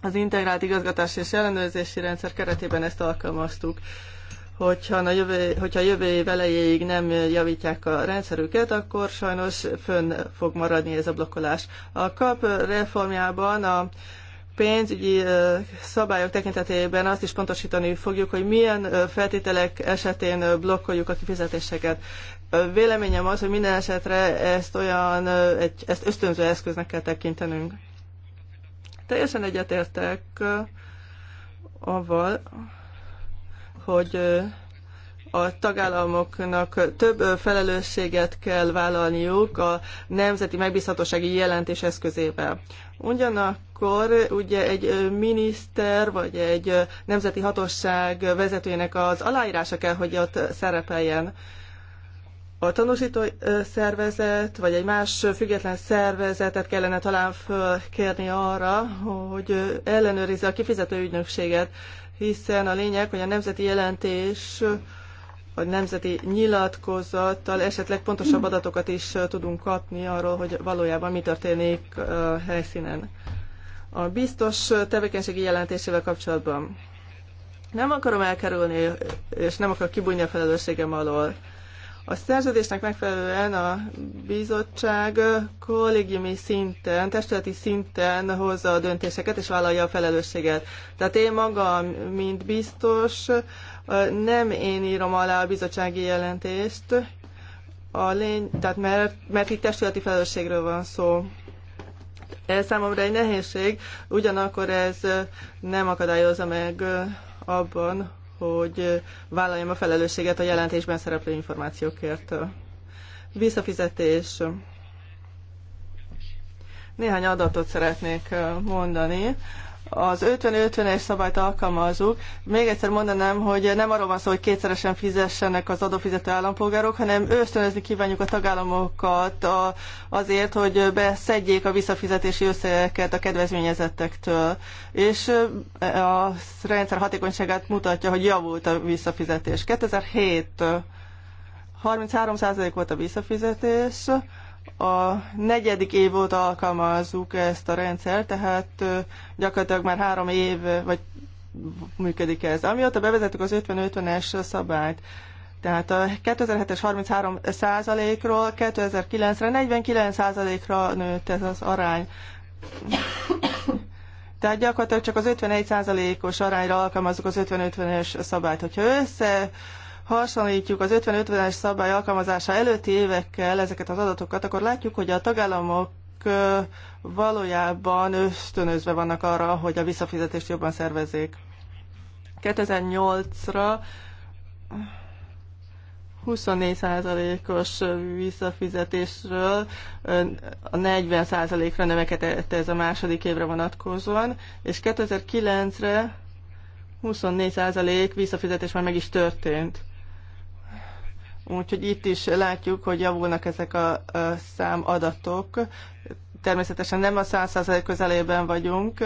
az integrált igazgatási és ellenőrzési rendszer keretében ezt alkalmaztuk. Hogyha a jövő, hogyha a jövő év elejéig nem javítják a rendszerüket, akkor sajnos fönn fog maradni ez a blokkolás. A KAP reformjában a pénzügyi szabályok tekintetében azt is pontosítani fogjuk, hogy milyen feltételek esetén blokkoljuk a kifizetéseket. Véleményem az, hogy minden esetre ezt olyan, egy, ezt ösztönző eszköznek kell tekintenünk. Teljesen egyetértek avval, hogy a tagállamoknak több felelősséget kell vállalniuk a nemzeti megbízhatósági jelentés eszközével. Ugyanakkor ugye egy miniszter vagy egy nemzeti hatóság vezetőjének az aláírása kell, hogy ott szerepeljen a tanúsító szervezet, vagy egy más független szervezetet kellene talán fölkérni arra, hogy ellenőrizze a kifizető ügynökséget, hiszen a lényeg, hogy a nemzeti jelentés vagy nemzeti nyilatkozattal esetleg pontosabb adatokat is tudunk kapni arról, hogy valójában mi történik a helyszínen. A biztos tevékenységi jelentésével kapcsolatban nem akarom elkerülni, és nem akarok kibújni a felelősségem alól a szerződésnek megfelelően a bizottság kollégiumi szinten, testületi szinten hozza a döntéseket és vállalja a felelősséget. Tehát én magam, mint biztos, nem én írom alá a bizottsági jelentést, a lény, tehát mert, mert itt testületi felelősségről van szó. Ez számomra egy nehézség, ugyanakkor ez nem akadályozza meg abban, hogy vállaljam a felelősséget a jelentésben szereplő információkért. Visszafizetés. Néhány adatot szeretnék mondani az 50-50-es szabályt alkalmazzuk. Még egyszer mondanám, hogy nem arról van szó, hogy kétszeresen fizessenek az adófizető állampolgárok, hanem ösztönözni kívánjuk a tagállamokat azért, hogy beszedjék a visszafizetési összegeket a kedvezményezettektől. És a rendszer hatékonyságát mutatja, hogy javult a visszafizetés. 2007 33% volt a visszafizetés, a negyedik év óta alkalmazzuk ezt a rendszert, tehát gyakorlatilag már három év, vagy működik ez. Amióta bevezettük az 50-50-es szabályt, tehát a 2007-es 33 százalékról 2009-re 49 százalékra nőtt ez az arány. Tehát gyakorlatilag csak az 51 százalékos arányra alkalmazzuk az 50-50-es szabályt. Hogyha össze hasonlítjuk az 50-50-es szabály alkalmazása előtti évekkel ezeket az adatokat, akkor látjuk, hogy a tagállamok valójában ösztönözve vannak arra, hogy a visszafizetést jobban szervezzék. 2008-ra 24%-os visszafizetésről a 40%-ra növekedett ez a második évre vonatkozóan, és 2009-re 24% visszafizetés már meg is történt. Úgyhogy itt is látjuk, hogy javulnak ezek a számadatok. Természetesen nem a 100% közelében vagyunk,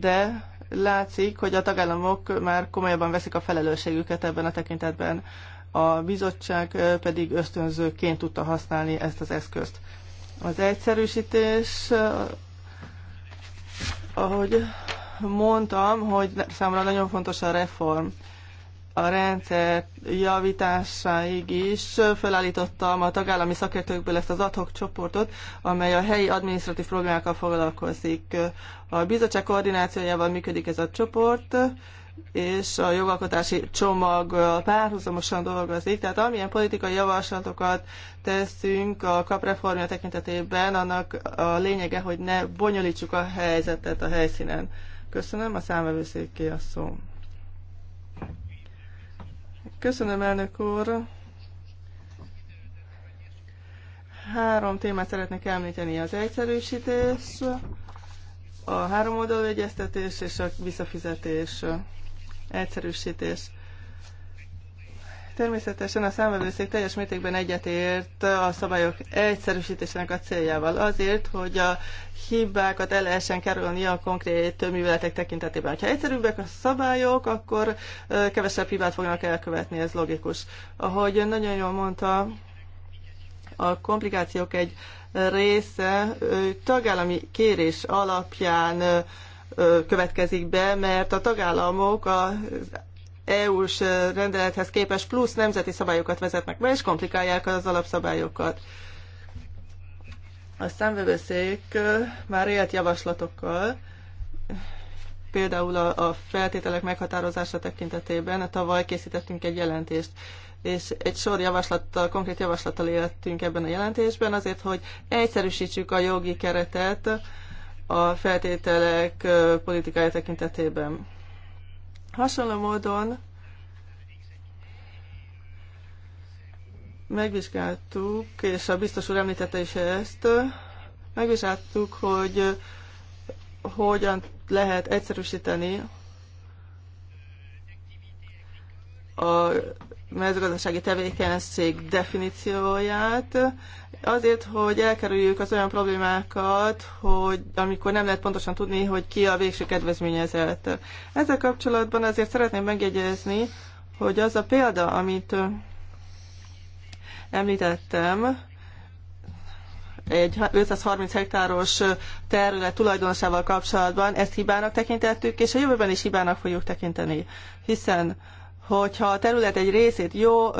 de látszik, hogy a tagállamok már komolyabban veszik a felelősségüket ebben a tekintetben. A bizottság pedig ösztönzőként tudta használni ezt az eszközt. Az egyszerűsítés, ahogy mondtam, hogy számomra nagyon fontos a reform a rendszer javításáig is felállítottam a tagállami szakértőkből ezt az adhok csoportot, amely a helyi adminisztratív problémákkal foglalkozik. A bizottság koordinációjával működik ez a csoport, és a jogalkotási csomag párhuzamosan dolgozik, tehát amilyen politikai javaslatokat teszünk a kapreformja tekintetében, annak a lényege, hogy ne bonyolítsuk a helyzetet a helyszínen. Köszönöm, a ki a szó. Köszönöm, elnök úr. Három témát szeretnék említeni. Az egyszerűsítés, a oldalú egyeztetés és a visszafizetés egyszerűsítés. Természetesen a számvevőszék teljes mértékben egyetért a szabályok egyszerűsítésének a céljával azért, hogy a hibákat el lehessen kerülni a konkrét műveletek tekintetében. Ha egyszerűbbek a szabályok, akkor kevesebb hibát fognak elkövetni, ez logikus. Ahogy nagyon jól mondta, a komplikációk egy része tagállami kérés alapján következik be, mert a tagállamok az EU-s e, rendelethez képes plusz nemzeti szabályokat vezetnek be, és komplikálják az alapszabályokat. A szemvevőszék e, már élt javaslatokkal, például a, a feltételek meghatározása tekintetében, tavaly készítettünk egy jelentést, és egy sor javaslattal, konkrét javaslattal éltünk ebben a jelentésben, azért, hogy egyszerűsítsük a jogi keretet a feltételek e, politikája tekintetében. Hasonló módon megvizsgáltuk, és a biztos úr említette is ezt, megvizsgáltuk, hogy hogyan lehet egyszerűsíteni a mezőgazdasági tevékenység definícióját, azért, hogy elkerüljük az olyan problémákat, hogy amikor nem lehet pontosan tudni, hogy ki a végső kedvezményezett. Ezzel kapcsolatban azért szeretném megjegyezni, hogy az a példa, amit említettem, egy 530 hektáros terület tulajdonosával kapcsolatban ezt hibának tekintettük, és a jövőben is hibának fogjuk tekinteni, hiszen hogyha a terület egy részét jó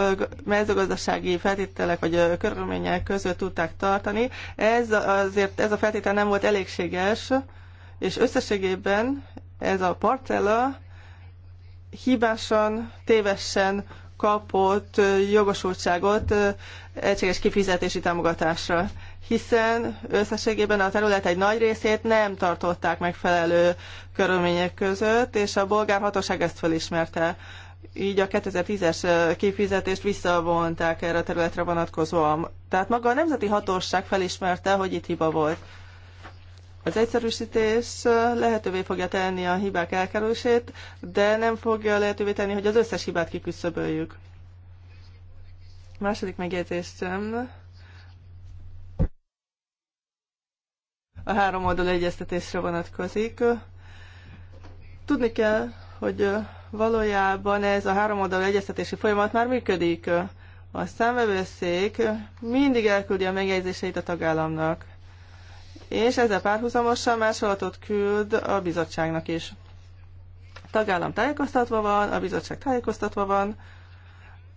mezőgazdasági feltételek vagy körülmények között tudták tartani, ez azért ez a feltétel nem volt elégséges, és összességében ez a parcella hibásan, tévesen kapott jogosultságot egységes kifizetési támogatásra, hiszen összességében a terület egy nagy részét nem tartották megfelelő körülmények között, és a bolgár hatóság ezt felismerte így a 2010-es képfizetést visszavonták erre a területre vonatkozóan. Tehát maga a nemzeti hatóság felismerte, hogy itt hiba volt. Az egyszerűsítés lehetővé fogja tenni a hibák elkerülését, de nem fogja lehetővé tenni, hogy az összes hibát kiküszöböljük. Második megjegyzésem. A három oldal egyeztetésre vonatkozik. Tudni kell, hogy valójában ez a háromoldalú egyeztetési folyamat már működik. A számvevőszék mindig elküldi a megjegyzéseit a tagállamnak, és ezzel párhuzamosan másolatot küld a bizottságnak is. A tagállam tájékoztatva van, a bizottság tájékoztatva van,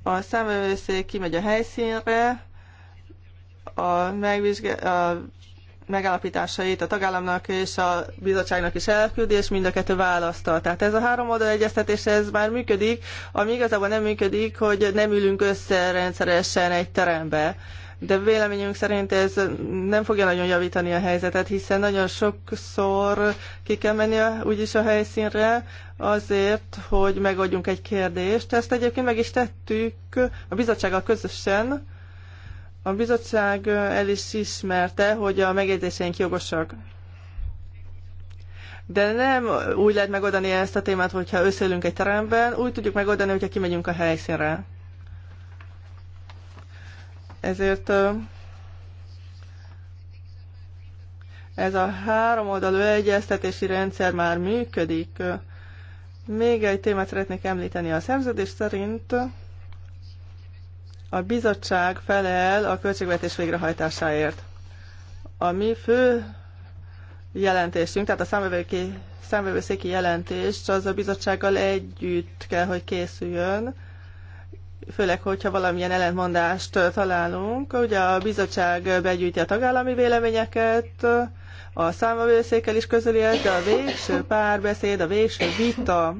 a számvevőszék kimegy a helyszínre, a, megvizsgál, a megállapításait a tagállamnak és a bizottságnak is elküldi, és mind a kettő választal. Tehát ez a három oldal egyeztetés, ez már működik, ami igazából nem működik, hogy nem ülünk össze rendszeresen egy terembe. De véleményünk szerint ez nem fogja nagyon javítani a helyzetet, hiszen nagyon sokszor ki kell menni a, úgyis a helyszínre azért, hogy megadjunk egy kérdést. Ezt egyébként meg is tettük a bizottsággal közösen, a bizottság el is ismerte, hogy a megjegyzéseink jogosak. De nem úgy lehet megoldani ezt a témát, hogyha összeülünk egy teremben, úgy tudjuk megoldani, hogyha kimegyünk a helyszínre. Ezért ez a három oldalú egyeztetési rendszer már működik. Még egy témát szeretnék említeni. A szerződés szerint a bizottság felel a költségvetés végrehajtásáért. A mi fő jelentésünk, tehát a számvevőszéki jelentés, az a bizottsággal együtt kell, hogy készüljön, főleg, hogyha valamilyen ellentmondást találunk. Ugye a bizottság begyűjti a tagállami véleményeket, a számvevőszékkel is közöli ezt, de a végső párbeszéd, a végső vita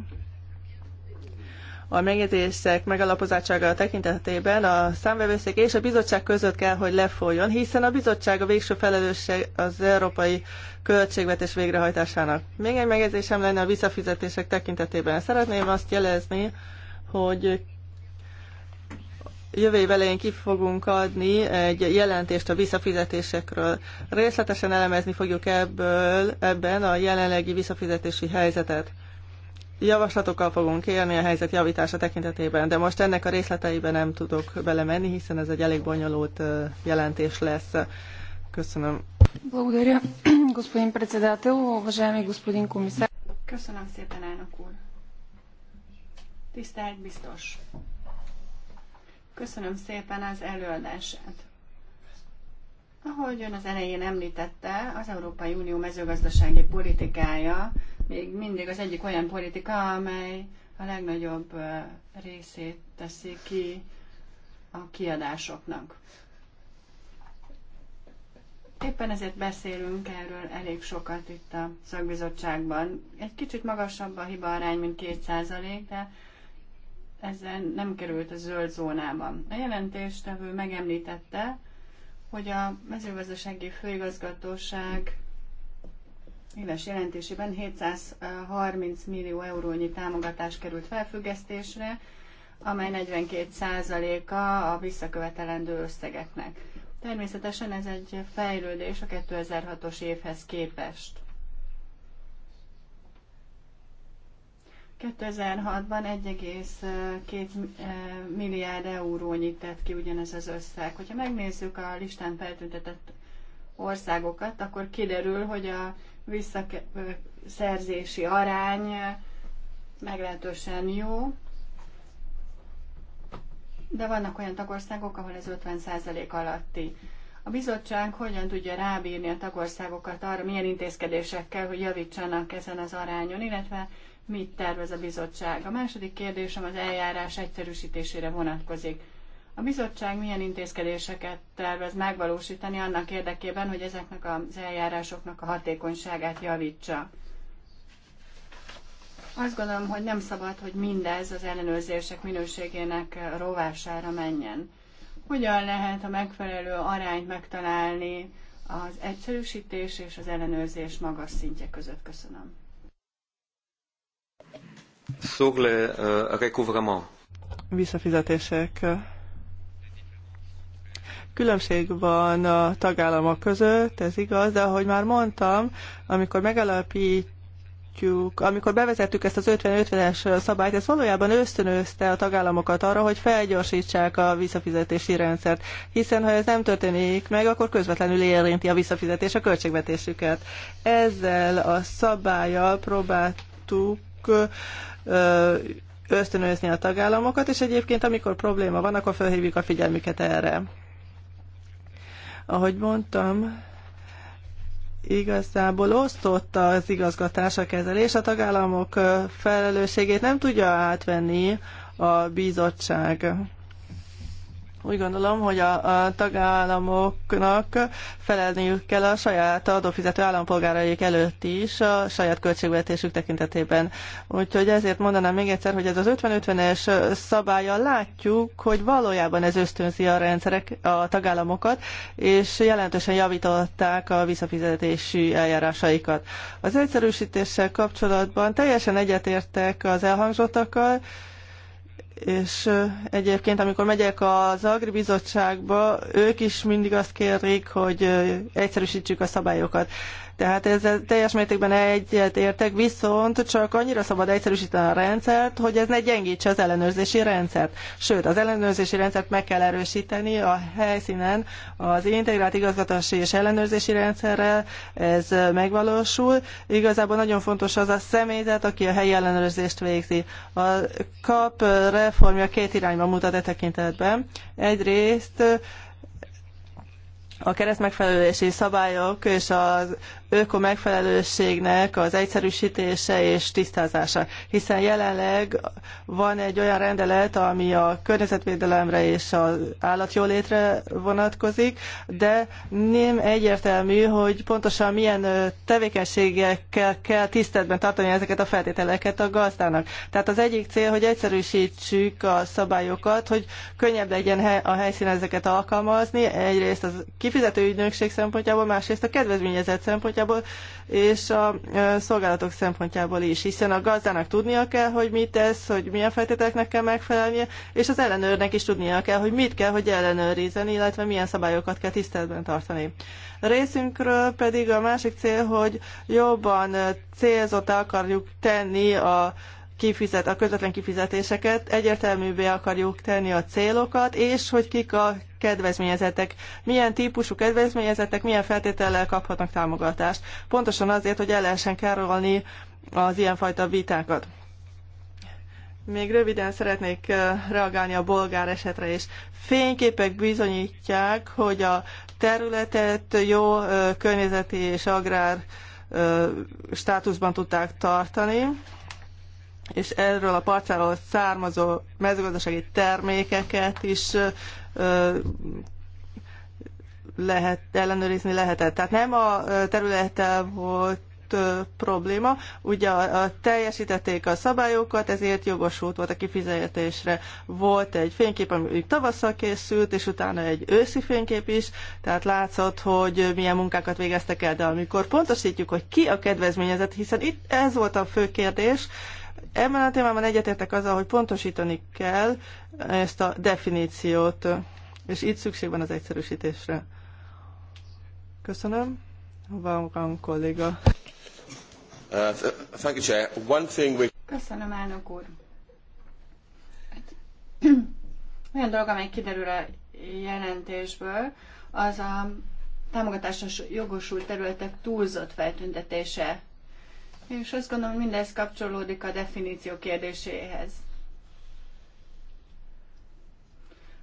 a megjegyzések megalapozátsága tekintetében a számvevőszék és a bizottság között kell, hogy lefolyjon, hiszen a bizottság a végső felelősség az európai költségvetés végrehajtásának. Még egy megjegyzésem lenne a visszafizetések tekintetében. Szeretném azt jelezni, hogy jövő év elején ki fogunk adni egy jelentést a visszafizetésekről. Részletesen elemezni fogjuk ebből, ebben a jelenlegi visszafizetési helyzetet javaslatokkal fogunk élni a helyzet javítása tekintetében, de most ennek a részleteiben nem tudok belemenni, hiszen ez egy elég bonyolult jelentés lesz. Köszönöm. Köszönöm szépen, elnök úr. Tisztelt biztos. Köszönöm szépen az előadását. Ahogy ön az elején említette, az Európai Unió mezőgazdasági politikája még mindig az egyik olyan politika, amely a legnagyobb részét teszi ki a kiadásoknak. Éppen ezért beszélünk erről elég sokat itt a szakbizottságban. Egy kicsit magasabb a hiba arány, mint 2%, de ezzel nem került a zöld zónában. A jelentéstevő megemlítette, hogy a mezőgazdasági főigazgatóság éves jelentésében 730 millió eurónyi támogatás került felfüggesztésre, amely 42%-a a visszakövetelendő összegeknek. Természetesen ez egy fejlődés a 2006-os évhez képest. 2006-ban 1,2 eh, milliárd euró nyitett ki ugyanez az összeg. Hogyha megnézzük a listán feltüntetett országokat, akkor kiderül, hogy a visszaszerzési arány meglehetősen jó, de vannak olyan tagországok, ahol ez 50% alatti. A bizottság hogyan tudja rábírni a tagországokat arra, milyen intézkedésekkel, hogy javítsanak ezen az arányon, illetve mit tervez a bizottság? A második kérdésem az eljárás egyszerűsítésére vonatkozik. A bizottság milyen intézkedéseket tervez megvalósítani annak érdekében, hogy ezeknek az eljárásoknak a hatékonyságát javítsa? Azt gondolom, hogy nem szabad, hogy mindez az ellenőrzések minőségének rovására menjen. Hogyan lehet a megfelelő arányt megtalálni az egyszerűsítés és az ellenőrzés magas szintje között? Köszönöm. Euh, Visszafizetések Különbség van a tagállamok között, ez igaz, de ahogy már mondtam, amikor megalapít amikor bevezettük ezt az 50-50-es szabályt, ez valójában ösztönözte a tagállamokat arra, hogy felgyorsítsák a visszafizetési rendszert, hiszen ha ez nem történik meg, akkor közvetlenül érinti a visszafizetés a költségvetésüket. Ezzel a szabályjal próbáltuk ösztönözni a tagállamokat, és egyébként amikor probléma van, akkor felhívjuk a figyelmüket erre. Ahogy mondtam, igazából osztotta az igazgatás a kezelés, a tagállamok felelősségét nem tudja átvenni a bizottság. Úgy gondolom, hogy a, a tagállamoknak felelniük kell a saját adófizető állampolgáraik előtt is a saját költségvetésük tekintetében. Úgyhogy ezért mondanám még egyszer, hogy ez az 50-50-es szabálya látjuk, hogy valójában ez ösztönzi a rendszerek, a tagállamokat, és jelentősen javították a visszafizetési eljárásaikat. Az egyszerűsítéssel kapcsolatban teljesen egyetértek az elhangzottakkal, és egyébként, amikor megyek az Agri Bizottságba, ők is mindig azt kérik, hogy egyszerűsítsük a szabályokat. Tehát ezzel teljes mértékben egyet értek, viszont csak annyira szabad egyszerűsíteni a rendszert, hogy ez ne gyengítse az ellenőrzési rendszert. Sőt, az ellenőrzési rendszert meg kell erősíteni a helyszínen az integrált igazgatási és ellenőrzési rendszerrel, ez megvalósul. Igazából nagyon fontos az a személyzet, aki a helyi ellenőrzést végzi. A kap reformja két irányba mutat e tekintetben. Egyrészt a keresztmegfelelési szabályok és az öko megfelelőségnek az egyszerűsítése és tisztázása. Hiszen jelenleg van egy olyan rendelet, ami a környezetvédelemre és az állatjólétre vonatkozik, de nem egyértelmű, hogy pontosan milyen tevékenységekkel kell tiszteletben tartani ezeket a feltételeket a gazdának. Tehát az egyik cél, hogy egyszerűsítsük a szabályokat, hogy könnyebb legyen a helyszínen ezeket alkalmazni, egyrészt az kifizető ügynökség szempontjából, másrészt a kedvezményezett szempontjából és a szolgálatok szempontjából is, hiszen a gazdának tudnia kell, hogy mit tesz, hogy milyen feltételeknek kell megfelelnie, és az ellenőrnek is tudnia kell, hogy mit kell, hogy ellenőrizzen, illetve milyen szabályokat kell tiszteletben tartani. Részünkről pedig a másik cél, hogy jobban célzott akarjuk tenni a kifizet, a közvetlen kifizetéseket, egyértelművé akarjuk tenni a célokat, és hogy kik a kedvezményezettek, milyen típusú kedvezményezettek, milyen feltétellel kaphatnak támogatást. Pontosan azért, hogy el lehessen károlni az ilyenfajta vitákat. Még röviden szeretnék eh, reagálni a bolgár esetre is. Fényképek bizonyítják, hogy a területet jó eh, környezeti és agrár eh, státuszban tudták tartani, és erről a parcáról származó mezőgazdasági termékeket is lehet, ellenőrizni lehetett. Tehát nem a területtel volt probléma. Ugye a, a teljesítették a szabályokat, ezért jogosult volt a kifizetésre. Volt egy fénykép, ami tavasszal készült, és utána egy őszi fénykép is, tehát látszott, hogy milyen munkákat végeztek el, de amikor pontosítjuk, hogy ki a kedvezményezett, hiszen itt ez volt a fő kérdés, Ebben a témában egyetértek azzal, hogy pontosítani kell ezt a definíciót, és itt szükség van az egyszerűsítésre. Köszönöm. Van kolléga. Uh, Köszönöm, elnök úr. Olyan dolog, amely kiderül a jelentésből, az a támogatásos jogosult területek túlzott feltüntetése. És azt gondolom, mindez kapcsolódik a definíció kérdéséhez.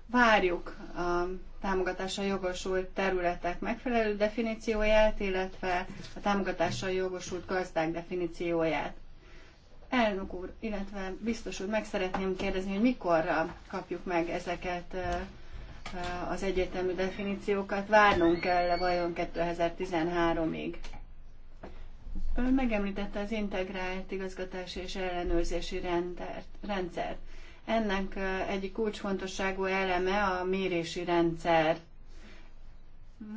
Várjuk a támogatásra jogosult területek megfelelő definícióját, illetve a támogatásra jogosult gazdák definícióját. Elnök úr, illetve biztos úr, meg szeretném kérdezni, hogy mikorra kapjuk meg ezeket az egyetemű definíciókat. Várnunk kell -e vajon 2013-ig? Ön megemlítette az integrált igazgatási és ellenőrzési rendszer. Ennek egyik kulcsfontosságú eleme a mérési rendszer.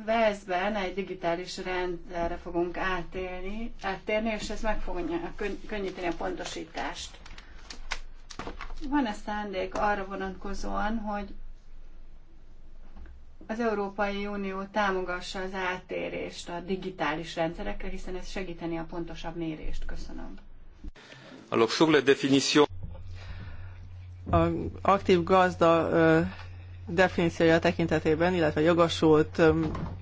Veszben egy digitális rendszerre fogunk átélni, áttérni, és ez meg fogja könnyíteni a pontosítást. Van-e szándék arra vonatkozóan, hogy az Európai Unió támogassa az áttérést a digitális rendszerekre, hiszen ez segíteni a pontosabb mérést. Köszönöm. Alors, sur la définition... A aktív gazda definíciója tekintetében, illetve jogosult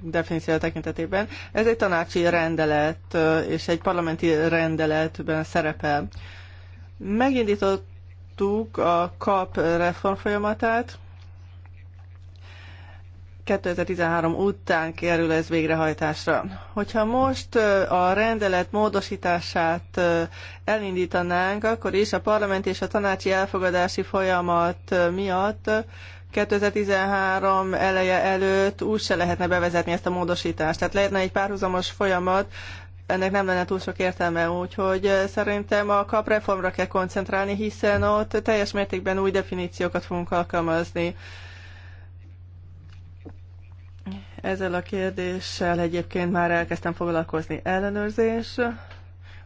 definíciója tekintetében. Ez egy tanácsi rendelet és egy parlamenti rendeletben szerepel. Megindítottuk a KAP reform folyamatát, 2013 után kerül ez végrehajtásra. Hogyha most a rendelet módosítását elindítanánk, akkor is a parlament és a tanácsi elfogadási folyamat miatt 2013 eleje előtt úgy se lehetne bevezetni ezt a módosítást. Tehát lehetne egy párhuzamos folyamat, ennek nem lenne túl sok értelme, úgyhogy szerintem a kap reformra kell koncentrálni, hiszen ott teljes mértékben új definíciókat fogunk alkalmazni ezzel a kérdéssel egyébként már elkezdtem foglalkozni ellenőrzés.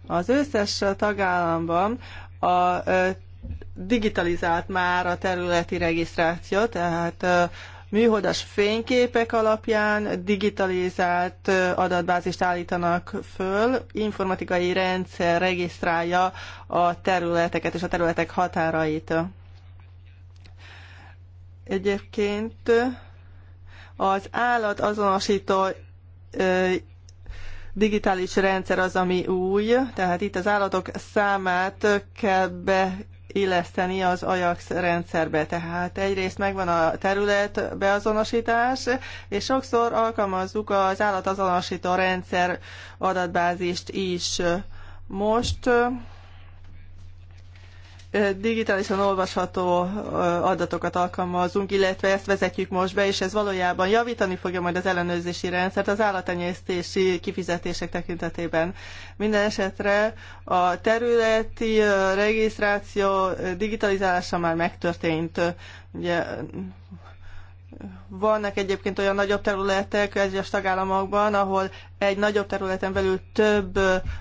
Az összes tagállamban a digitalizált már a területi regisztráció, tehát műholdas fényképek alapján digitalizált adatbázist állítanak föl, informatikai rendszer regisztrálja a területeket és a területek határait. Egyébként az állat azonosító digitális rendszer az, ami új, tehát itt az állatok számát kell beilleszteni az Ajax rendszerbe. Tehát egyrészt megvan a terület beazonosítás, és sokszor alkalmazzuk az azonosító rendszer adatbázist is. Most digitálisan olvasható adatokat alkalmazunk, illetve ezt vezetjük most be, és ez valójában javítani fogja majd az ellenőrzési rendszert az állatenyésztési kifizetések tekintetében. Minden esetre a területi regisztráció digitalizálása már megtörtént. Ugye vannak egyébként olyan nagyobb területek egyes tagállamokban, ahol egy nagyobb területen belül több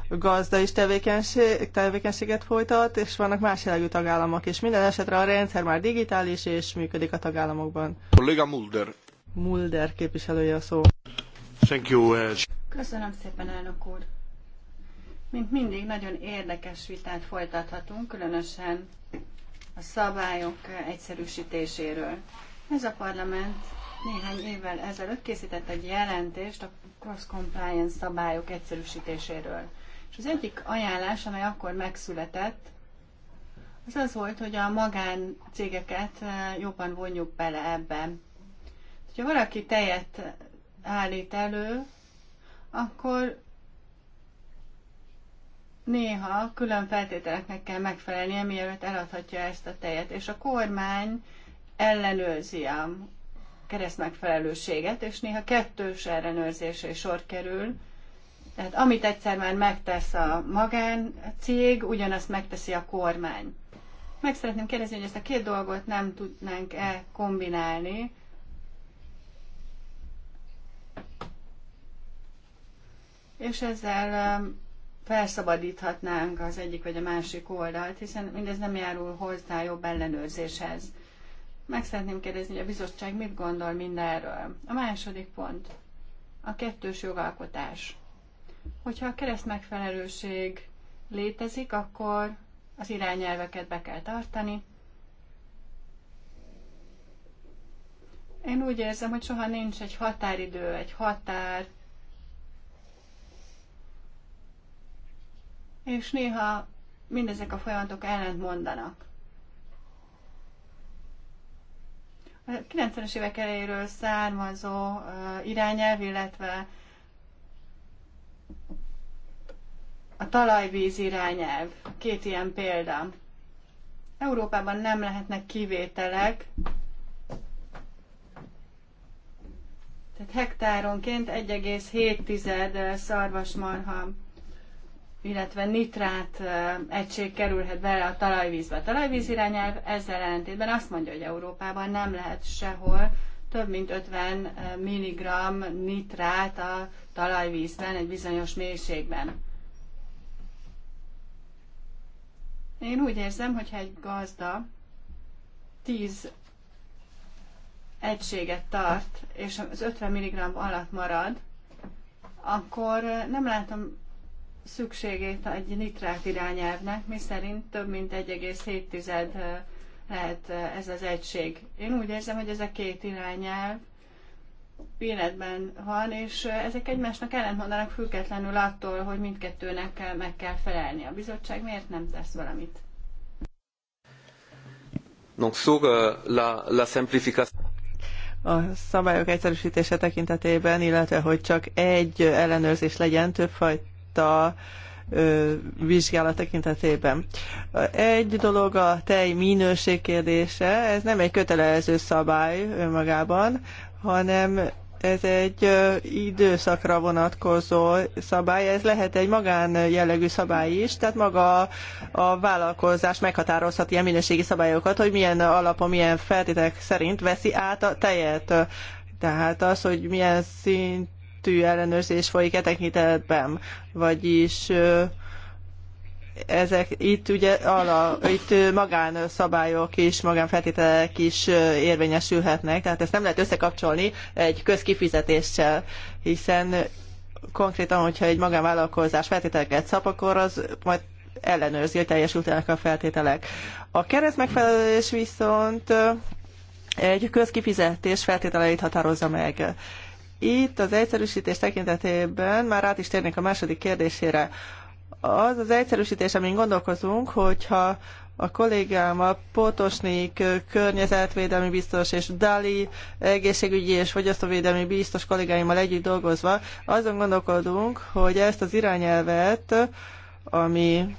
gazda is tevékenység, tevékenységet folytat, és vannak más jellegű tagállamok is. Minden esetre a rendszer már digitális, és működik a tagállamokban. Kollega Mulder. Mulder képviselője a szó. Thank you. Eh, Köszönöm szépen, elnök úr. Mint mindig, nagyon érdekes vitát folytathatunk, különösen a szabályok egyszerűsítéséről. Ez a parlament néhány évvel ezelőtt készített egy jelentést a cross-compliance szabályok egyszerűsítéséről. És az egyik ajánlás, amely akkor megszületett, az az volt, hogy a magáncégeket eh, jobban vonjuk bele ebbe. Ha valaki tejet állít elő, akkor néha külön feltételeknek kell megfelelnie, mielőtt eladhatja ezt a tejet. És a kormány ellenőrzi a keresztmegfelelőséget, és néha kettős ellenőrzésre sor kerül. Tehát amit egyszer már megtesz a magáncég, ugyanazt megteszi a kormány. Meg szeretném kérdezni, hogy ezt a két dolgot nem tudnánk-e kombinálni, és ezzel um, felszabadíthatnánk az egyik vagy a másik oldalt, hiszen mindez nem járul hozzá jobb ellenőrzéshez. Meg szeretném kérdezni, hogy a bizottság mit gondol mindenről. A második pont, a kettős jogalkotás. Hogyha a kereszt megfelelőség létezik, akkor az irányelveket be kell tartani. Én úgy érzem, hogy soha nincs egy határidő, egy határ, és néha mindezek a folyamatok ellent mondanak. 90-es évek elejéről származó irányelv, illetve a talajvíz irányelv, két ilyen példa. Európában nem lehetnek kivételek, tehát hektáronként 1,7 szarvasmarha illetve nitrát egység kerülhet bele a talajvízbe. A talajvíz irányelv ezzel ellentétben azt mondja, hogy Európában nem lehet sehol több mint 50 mg nitrát a talajvízben, egy bizonyos mélységben. Én úgy érzem, hogy egy gazda 10 egységet tart, és az 50 mg alatt marad, akkor nem látom szükségét egy nitrát irányelvnek, mi szerint több mint 1,7 lehet ez az egység. Én úgy érzem, hogy ez a két irányelv életben van, és ezek egymásnak ellentmondanak függetlenül attól, hogy mindkettőnek meg kell felelni. A bizottság miért nem tesz valamit? Donc sur euh, la, la simplification a szabályok egyszerűsítése tekintetében, illetve hogy csak egy ellenőrzés legyen, többfajta a vizsgálat tekintetében. Egy dolog a tej minőség kérdése, ez nem egy kötelező szabály önmagában, hanem ez egy időszakra vonatkozó szabály, ez lehet egy magán jellegű szabály is, tehát maga a vállalkozás meghatározhat ilyen minőségi szabályokat, hogy milyen alapon, milyen feltételek szerint veszi át a tejet. Tehát az, hogy milyen szint szintű ellenőrzés folyik e tekintetben, vagyis ezek itt ugye ala, itt magánszabályok és magánfeltételek is érvényesülhetnek, tehát ezt nem lehet összekapcsolni egy közkifizetéssel, hiszen konkrétan, hogyha egy magánvállalkozás feltételeket szab, akkor az majd ellenőrzi, hogy teljesültenek a feltételek. A kereszt megfelelés viszont egy közkifizetés feltételeit határozza meg. Itt az egyszerűsítés tekintetében már át is térnék a második kérdésére. Az az egyszerűsítés, amin gondolkozunk, hogyha a kollégám, a Potosnik környezetvédelmi biztos és Dali egészségügyi és fogyasztóvédelmi biztos kollégáimmal együtt dolgozva azon gondolkodunk, hogy ezt az irányelvet, ami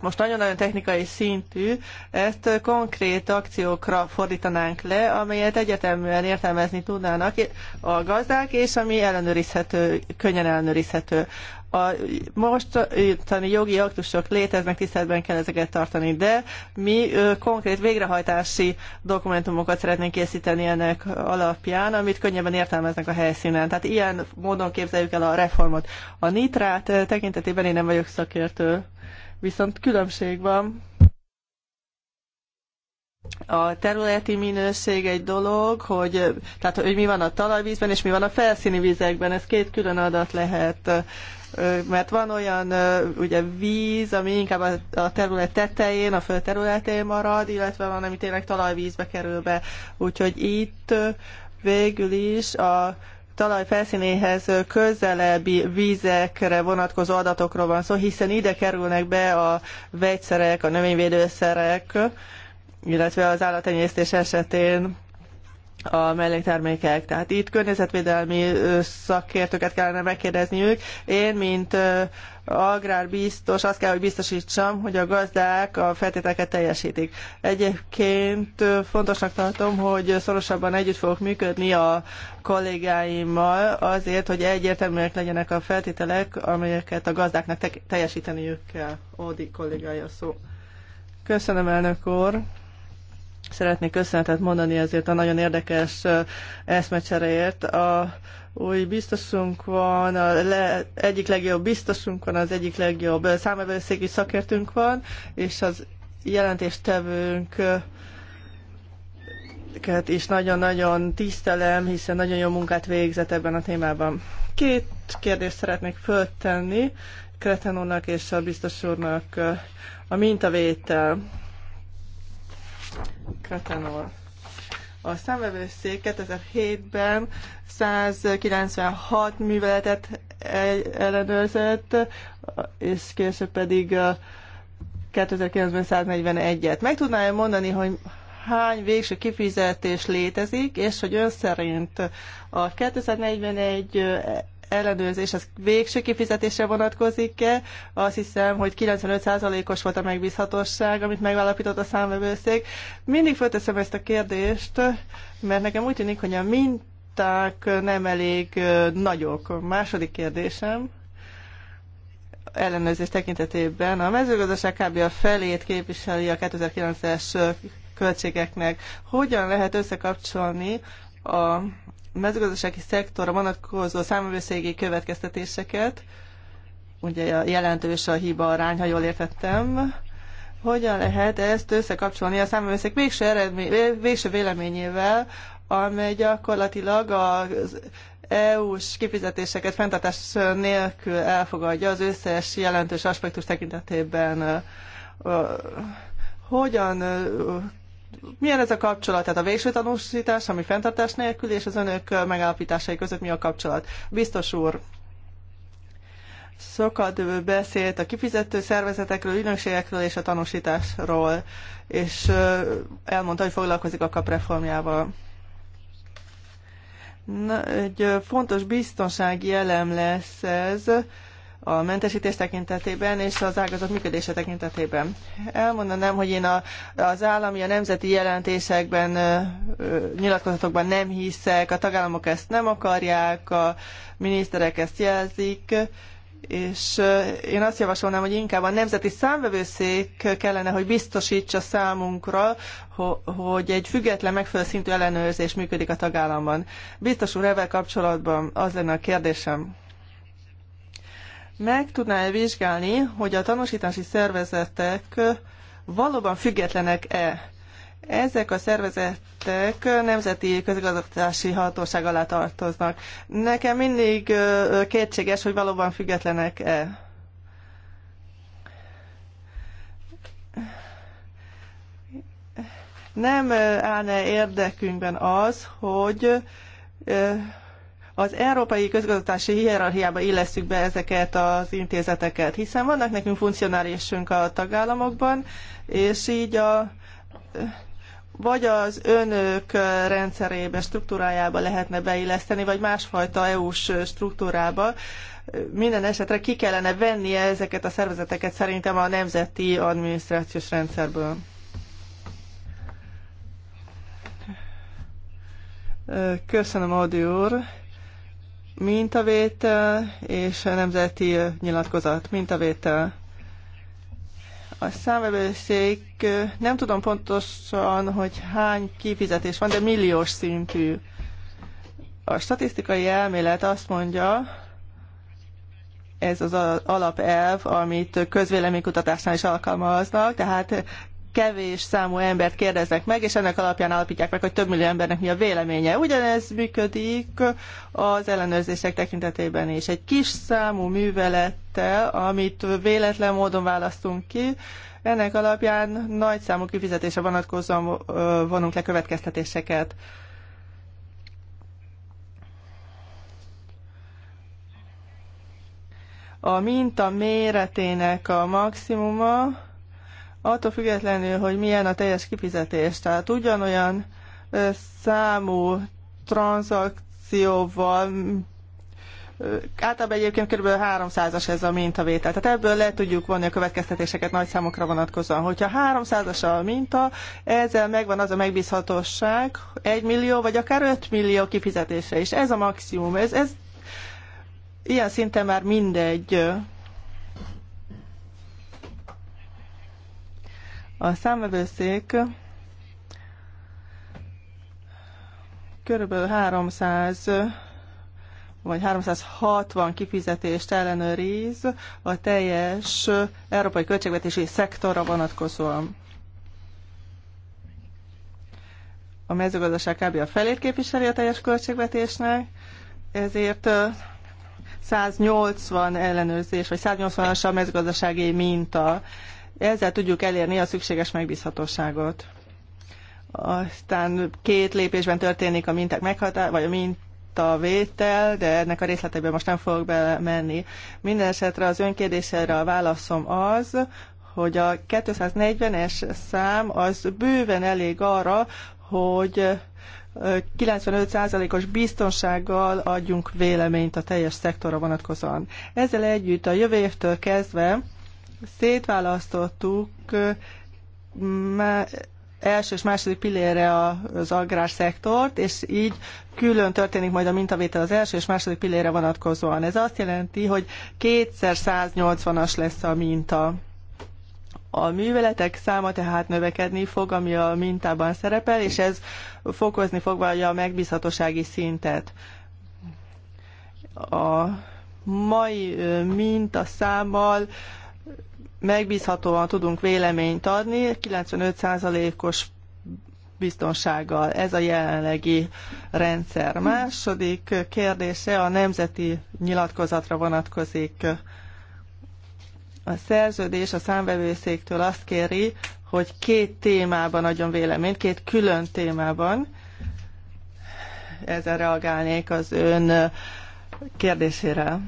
most nagyon-nagyon technikai szintű, ezt konkrét akciókra fordítanánk le, amelyet egyeteműen értelmezni tudnának a gazdák, és ami ellenőrizhető, könnyen ellenőrizhető. A mostani jogi aktusok léteznek, tiszteletben kell ezeket tartani, de mi konkrét végrehajtási dokumentumokat szeretnénk készíteni ennek alapján, amit könnyebben értelmeznek a helyszínen. Tehát ilyen módon képzeljük el a reformot. A nitrát tekintetében én nem vagyok szakértő Viszont különbség van. A területi minőség egy dolog, hogy, tehát, hogy mi van a talajvízben és mi van a felszíni vizekben, ez két külön adat lehet mert van olyan ugye víz, ami inkább a terület tetején, a föld területén marad, illetve van, ami tényleg talajvízbe kerül be. Úgyhogy itt végül is a talaj felszínéhez közelebbi vízekre vonatkozó adatokról van szó, hiszen ide kerülnek be a vegyszerek, a növényvédőszerek, illetve az állatenyésztés esetén a melléktermékek. Tehát itt környezetvédelmi szakértőket kellene megkérdezniük. Én, mint agrárbiztos, azt kell, hogy biztosítsam, hogy a gazdák a feltételeket teljesítik. Egyébként fontosnak tartom, hogy szorosabban együtt fogok működni a kollégáimmal azért, hogy egyértelműek legyenek a feltételek, amelyeket a gazdáknak te- teljesíteniük kell. Ódi kollégája szó. Köszönöm, elnök úr! Szeretnék köszönetet mondani ezért a nagyon érdekes eszmecsereért. A új biztosunk van, a le, egyik legjobb biztosunk van, az egyik legjobb számövőszéki szakértünk van, és az jelentéstevőnk is nagyon-nagyon tisztelem, hiszen nagyon jó munkát végzett ebben a témában. Két kérdést szeretnék föltenni Kretenónak és a biztos úrnak. A mintavétel Kratanor. A számvevőszék 2007-ben 196 műveletet ellenőrzött, és később pedig 2009-ben 141-et. Meg tudná e mondani, hogy hány végső kifizetés létezik, és hogy ön szerint a 241 ellenőrzés az végső kifizetésre vonatkozik-e? Azt hiszem, hogy 95%-os volt a megbízhatóság, amit megállapított a számvevőszék. Mindig fölteszem ezt a kérdést, mert nekem úgy tűnik, hogy a minták nem elég nagyok. A Második kérdésem ellenőrzés tekintetében a mezőgazdaság kb. a felét képviseli a 2009-es költségeknek. Hogyan lehet összekapcsolni a mezőgazdasági szektorra vonatkozó számövőszégi következtetéseket, ugye jelentős a hiba arány, ha jól értettem, hogyan lehet ezt összekapcsolni a számövőszék végső, eredmény, végső véleményével, amely gyakorlatilag az EU-s kifizetéseket fenntartás nélkül elfogadja az összes jelentős aspektus tekintetében. Hogyan milyen ez a kapcsolat? Tehát a végső tanúsítás, ami fenntartás nélkül, és az önök megállapításai között mi a kapcsolat? Biztos úr, sokat beszélt a kifizető szervezetekről, ügynökségekről és a tanúsításról, és elmondta, hogy foglalkozik a kap reformjával. Na, egy fontos biztonsági elem lesz ez, a mentesítés tekintetében és az ágazat működése tekintetében. Elmondanám, hogy én a, az állami, a nemzeti jelentésekben, nyilatkozatokban nem hiszek, a tagállamok ezt nem akarják, a miniszterek ezt jelzik, és én azt javasolnám, hogy inkább a Nemzeti Számvevőszék kellene, hogy biztosítsa számunkra, hogy egy független megfelelő szintű ellenőrzés működik a tagállamban. Biztos úr, ezzel kapcsolatban az lenne a kérdésem, meg tudná-e vizsgálni, hogy a tanúsítási szervezetek valóban függetlenek-e? Ezek a szervezetek nemzeti közigazgatási hatóság alá tartoznak. Nekem mindig kétséges, hogy valóban függetlenek-e. Nem állna -e érdekünkben az, hogy az európai közgazdasági hierarchiába illesszük be ezeket az intézeteket, hiszen vannak nekünk funkcionálisunk a tagállamokban, és így a vagy az önök rendszerébe, struktúrájába lehetne beilleszteni, vagy másfajta EU-s struktúrába. Minden esetre ki kellene venni ezeket a szervezeteket szerintem a nemzeti adminisztrációs rendszerből. Köszönöm, Adi úr mintavétel és a nemzeti nyilatkozat mintavétel. A számvevőszék nem tudom pontosan, hogy hány kifizetés van, de milliós szintű. A statisztikai elmélet azt mondja, ez az alapelv, amit közvéleménykutatásnál is alkalmaznak, tehát kevés számú embert kérdeznek meg, és ennek alapján alapítják meg, hogy több millió embernek mi a véleménye. Ugyanez működik az ellenőrzések tekintetében is. Egy kis számú művelettel, amit véletlen módon választunk ki, ennek alapján nagy számú kifizetése vonatkozóan vonunk le következtetéseket. A minta méretének a maximuma attól függetlenül, hogy milyen a teljes kifizetés. Tehát ugyanolyan számú tranzakcióval általában egyébként kb. 300-as ez a mintavétel. Tehát ebből le tudjuk vonni a következtetéseket nagy számokra vonatkozóan. Hogyha 300-as a minta, ezzel megvan az a megbízhatóság 1 millió vagy akár 5 millió kifizetésre is. Ez a maximum. Ez, ez ilyen szinten már mindegy A számvevőszék körülbelül 300 vagy 360 kifizetést ellenőriz a teljes európai költségvetési szektorra vonatkozóan. A mezőgazdaság kb. a felét képviseli a teljes költségvetésnek, ezért 180 ellenőrzés, vagy 180-as a mezőgazdasági minta. Ezzel tudjuk elérni a szükséges megbízhatóságot. Aztán két lépésben történik a minták meghatározása vagy a mint a vétel, de ennek a részleteiben most nem fogok belemenni. Minden esetre az önkérdésére a válaszom az, hogy a 240-es szám az bőven elég arra, hogy 95%-os biztonsággal adjunk véleményt a teljes szektorra vonatkozóan. Ezzel együtt a jövő évtől kezdve szétválasztottuk első és második pillére az agrárszektort, és így külön történik majd a mintavétel az első és második pillére vonatkozóan. Ez azt jelenti, hogy kétszer 180-as lesz a minta. A műveletek száma tehát növekedni fog, ami a mintában szerepel, és ez fokozni fog valahogy a megbízhatósági szintet. A mai mintaszámmal megbízhatóan tudunk véleményt adni, 95%-os biztonsággal. Ez a jelenlegi rendszer. Második kérdése a nemzeti nyilatkozatra vonatkozik. A szerződés a számvevőszéktől azt kéri, hogy két témában adjon véleményt, két külön témában. Ezzel reagálnék az ön kérdésére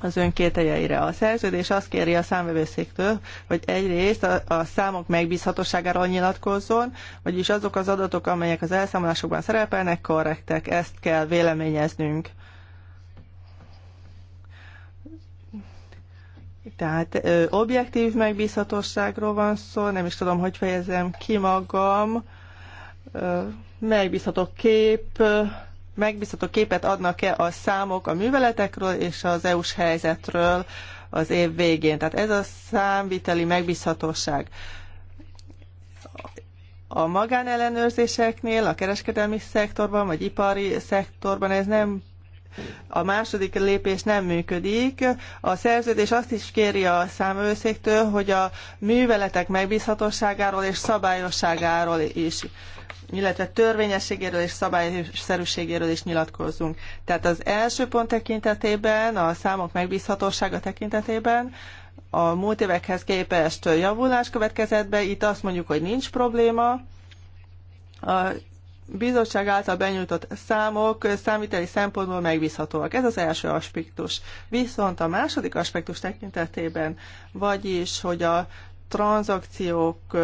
az ön kételjeire. A szerződés azt kéri a számvevőszéktől, hogy egyrészt a, a számok megbízhatóságáról nyilatkozzon, vagyis azok az adatok, amelyek az elszámolásokban szerepelnek, korrektek. Ezt kell véleményeznünk. Tehát ö, objektív megbízhatóságról van szó, nem is tudom, hogy fejezem ki magam. Ö, megbízható kép. Ö, megbízható képet adnak-e a számok a műveletekről és az EU-s helyzetről az év végén. Tehát ez a számviteli megbízhatóság. A magánellenőrzéseknél, a kereskedelmi szektorban vagy ipari szektorban ez nem a második lépés nem működik. A szerződés azt is kéri a számőszéktől, hogy a műveletek megbízhatóságáról és szabályosságáról is illetve törvényességéről és szabályszerűségéről is nyilatkozzunk. Tehát az első pont tekintetében, a számok megbízhatósága tekintetében a múlt évekhez képest javulás következett be, itt azt mondjuk, hogy nincs probléma. A bizottság által benyújtott számok számviteli szempontból megbízhatóak. Ez az első aspektus. Viszont a második aspektus tekintetében, vagyis, hogy a tranzakciók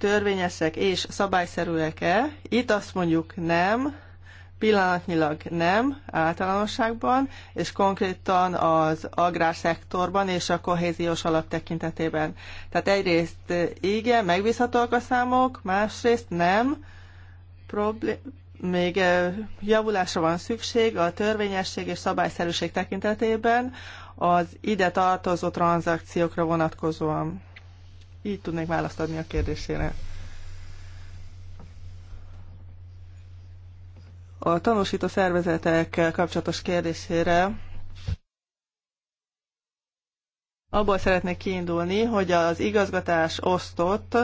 törvényesek és szabályszerűek-e? Itt azt mondjuk nem, pillanatnyilag nem általánosságban, és konkrétan az agrárszektorban és a kohéziós alap tekintetében. Tehát egyrészt igen, megbízhatóak a számok, másrészt nem, Problé- még javulásra van szükség a törvényesség és szabályszerűség tekintetében az ide tartozó tranzakciókra vonatkozóan. Így tudnék választ adni a kérdésére. A tanúsító szervezetekkel kapcsolatos kérdésére abból szeretnék kiindulni, hogy az igazgatás osztott,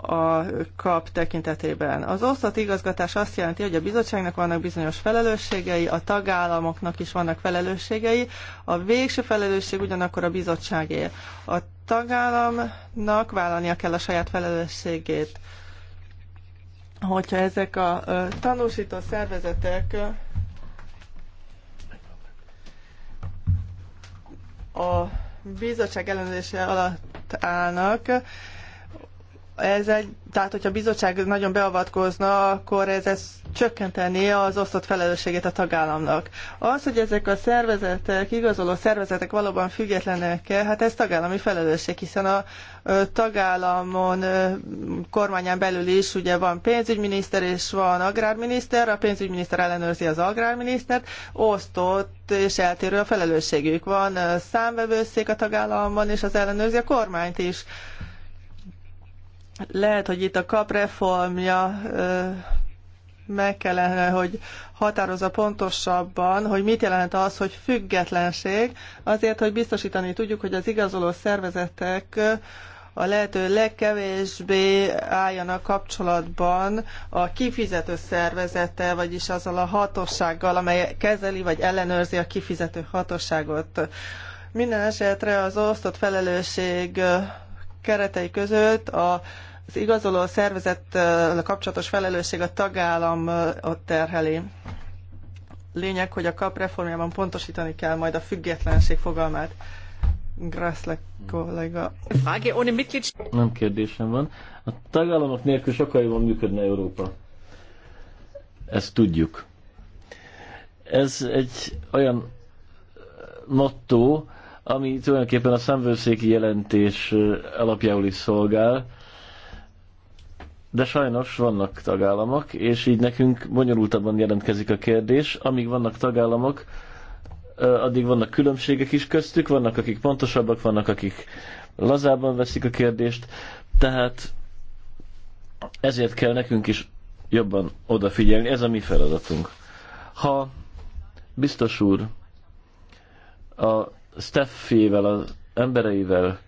a kap tekintetében. Az osztott igazgatás azt jelenti, hogy a bizottságnak vannak bizonyos felelősségei, a tagállamoknak is vannak felelősségei, a végső felelősség ugyanakkor a bizottságé. A tagállamnak vállalnia kell a saját felelősségét. Hogyha ezek a tanúsító szervezetek a bizottság ellenőrzése alatt állnak, ez egy, tehát hogyha a bizottság nagyon beavatkozna, akkor ez, ez csökkenteni az osztott felelősségét a tagállamnak. Az, hogy ezek a szervezetek, igazoló szervezetek valóban függetlenek-e, hát ez tagállami felelősség, hiszen a tagállamon kormányán belül is ugye van pénzügyminiszter és van agrárminiszter, a pénzügyminiszter ellenőrzi az agrárminisztert, osztott és eltérő a felelősségük. Van számvevőszék a tagállamban, és az ellenőrzi a kormányt is lehet, hogy itt a kap reformja meg kellene, hogy határozza pontosabban, hogy mit jelent az, hogy függetlenség, azért, hogy biztosítani tudjuk, hogy az igazoló szervezetek a lehető legkevésbé álljanak kapcsolatban a kifizető szervezete, vagyis azzal a hatossággal, amely kezeli vagy ellenőrzi a kifizető hatosságot. Minden esetre az osztott felelősség keretei között a az igazoló szervezettel kapcsolatos felelősség a tagállam ott terheli. Lényeg, hogy a kap reformjában pontosítani kell majd a függetlenség fogalmát. Grassle kollega. Nem kérdésem van. A tagállamok nélkül sokkal jobban működne Európa. Ezt tudjuk. Ez egy olyan motto, ami tulajdonképpen a szemvőszéki jelentés alapjául is szolgál, de sajnos vannak tagállamok, és így nekünk bonyolultabban jelentkezik a kérdés. Amíg vannak tagállamok, addig vannak különbségek is köztük, vannak akik pontosabbak, vannak akik lazában veszik a kérdést, tehát ezért kell nekünk is jobban odafigyelni, ez a mi feladatunk. Ha biztos úr a Steffével, az embereivel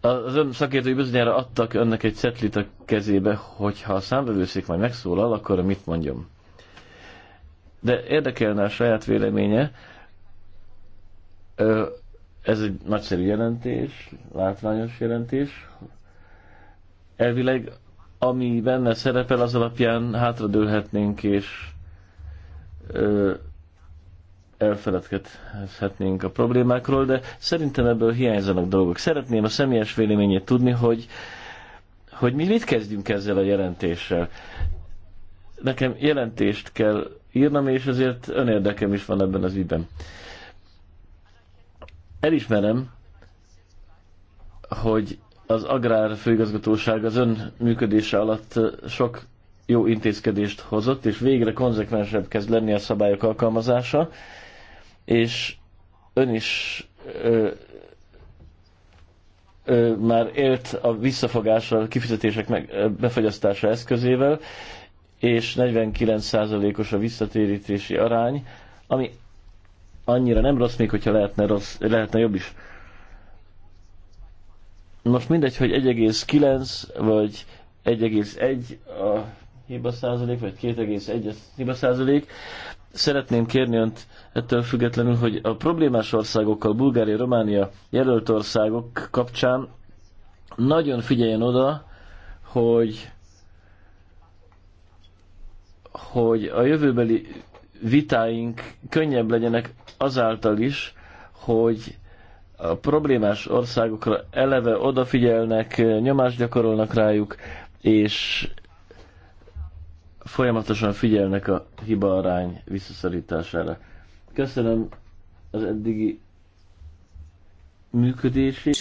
az ön szakértői bizonyára adtak önnek egy cetlit a kezébe, hogyha a számbevőszék majd megszólal, akkor mit mondjam? De érdekelne a saját véleménye. Ez egy nagyszerű jelentés, látványos jelentés. Elvileg, ami benne szerepel, az alapján hátradőlhetnénk, és elfeledkezhetnénk a problémákról, de szerintem ebből hiányzanak dolgok. Szeretném a személyes véleményét tudni, hogy, hogy mi mit kezdjünk ezzel a jelentéssel. Nekem jelentést kell írnom, és azért önérdekem is van ebben az ügyben. Elismerem, hogy az Agrár Főigazgatóság az ön működése alatt sok jó intézkedést hozott, és végre konzekvensebb kezd lenni a szabályok alkalmazása, és ön is ö, ö, már élt a visszafogással, a kifizetések meg, befagyasztása eszközével, és 49%-os a visszatérítési arány, ami annyira nem rossz, még hogyha lehetne, rossz, lehetne jobb is. Most mindegy, hogy 1,9 vagy 1,1 a hiba százalék, vagy 2,1 a hiba százalék, szeretném kérni önt ettől függetlenül, hogy a problémás országokkal, Bulgária, Románia jelölt országok kapcsán nagyon figyeljen oda, hogy hogy a jövőbeli vitáink könnyebb legyenek azáltal is, hogy a problémás országokra eleve odafigyelnek, nyomást gyakorolnak rájuk, és folyamatosan figyelnek a hiba arány visszaszorítására. Köszönöm az eddigi működését.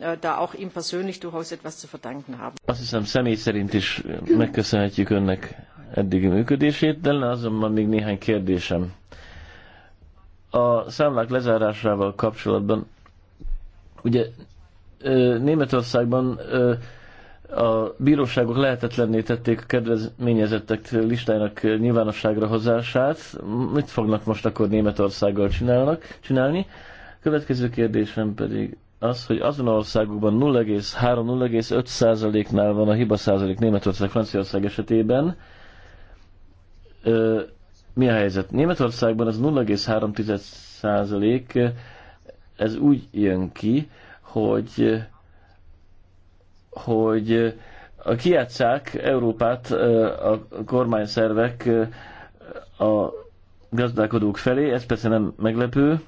Äh, Azt hiszem személy szerint is megköszönhetjük önnek eddigi működését, de lenne azonban még néhány kérdésem. A számlák lezárásával kapcsolatban, ugye Németországban a bíróságok lehetetlenné tették a kedvezményezettek listájának nyilvánosságra hozását. Mit fognak most akkor Németországgal csinálnak, csinálni? Következő kérdésem pedig az, hogy azon országokban 0,3-0,5 százaléknál van a hiba százalék Németország, Franciaország esetében. Ö, mi a helyzet? Németországban az 0,3 százalék, ez úgy jön ki, hogy hogy a kiátszák Európát a kormányszervek a gazdálkodók felé, ez persze nem meglepő.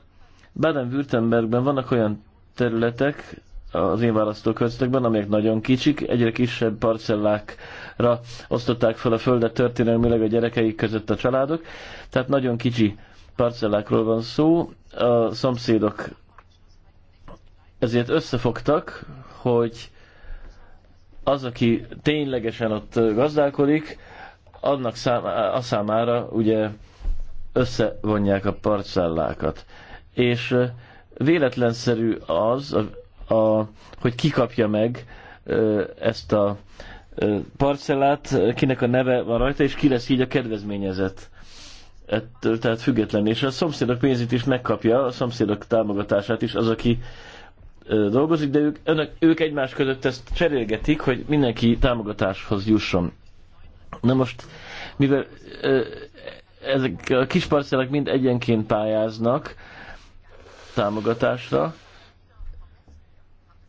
Baden-Württembergben vannak olyan területek, az én választóköztekben, amelyek nagyon kicsik, egyre kisebb parcellákra osztották fel a földet történelmileg a gyerekeik között a családok, tehát nagyon kicsi parcellákról van szó, a szomszédok ezért összefogtak, hogy az, aki ténylegesen ott gazdálkodik, annak szám, a számára ugye összevonják a parcellákat. És véletlenszerű az, a, a, hogy kikapja meg ezt a parcellát, kinek a neve van rajta, és ki lesz így a kedvezményezett. Ettől tehát független. És a szomszédok pénzét is megkapja, a szomszédok támogatását is az, aki dolgozik, de ők, önök, ők egymás között ezt cserélgetik, hogy mindenki támogatáshoz jusson. Na most, mivel ö, ezek a kis parcellák mind egyenként pályáznak támogatásra,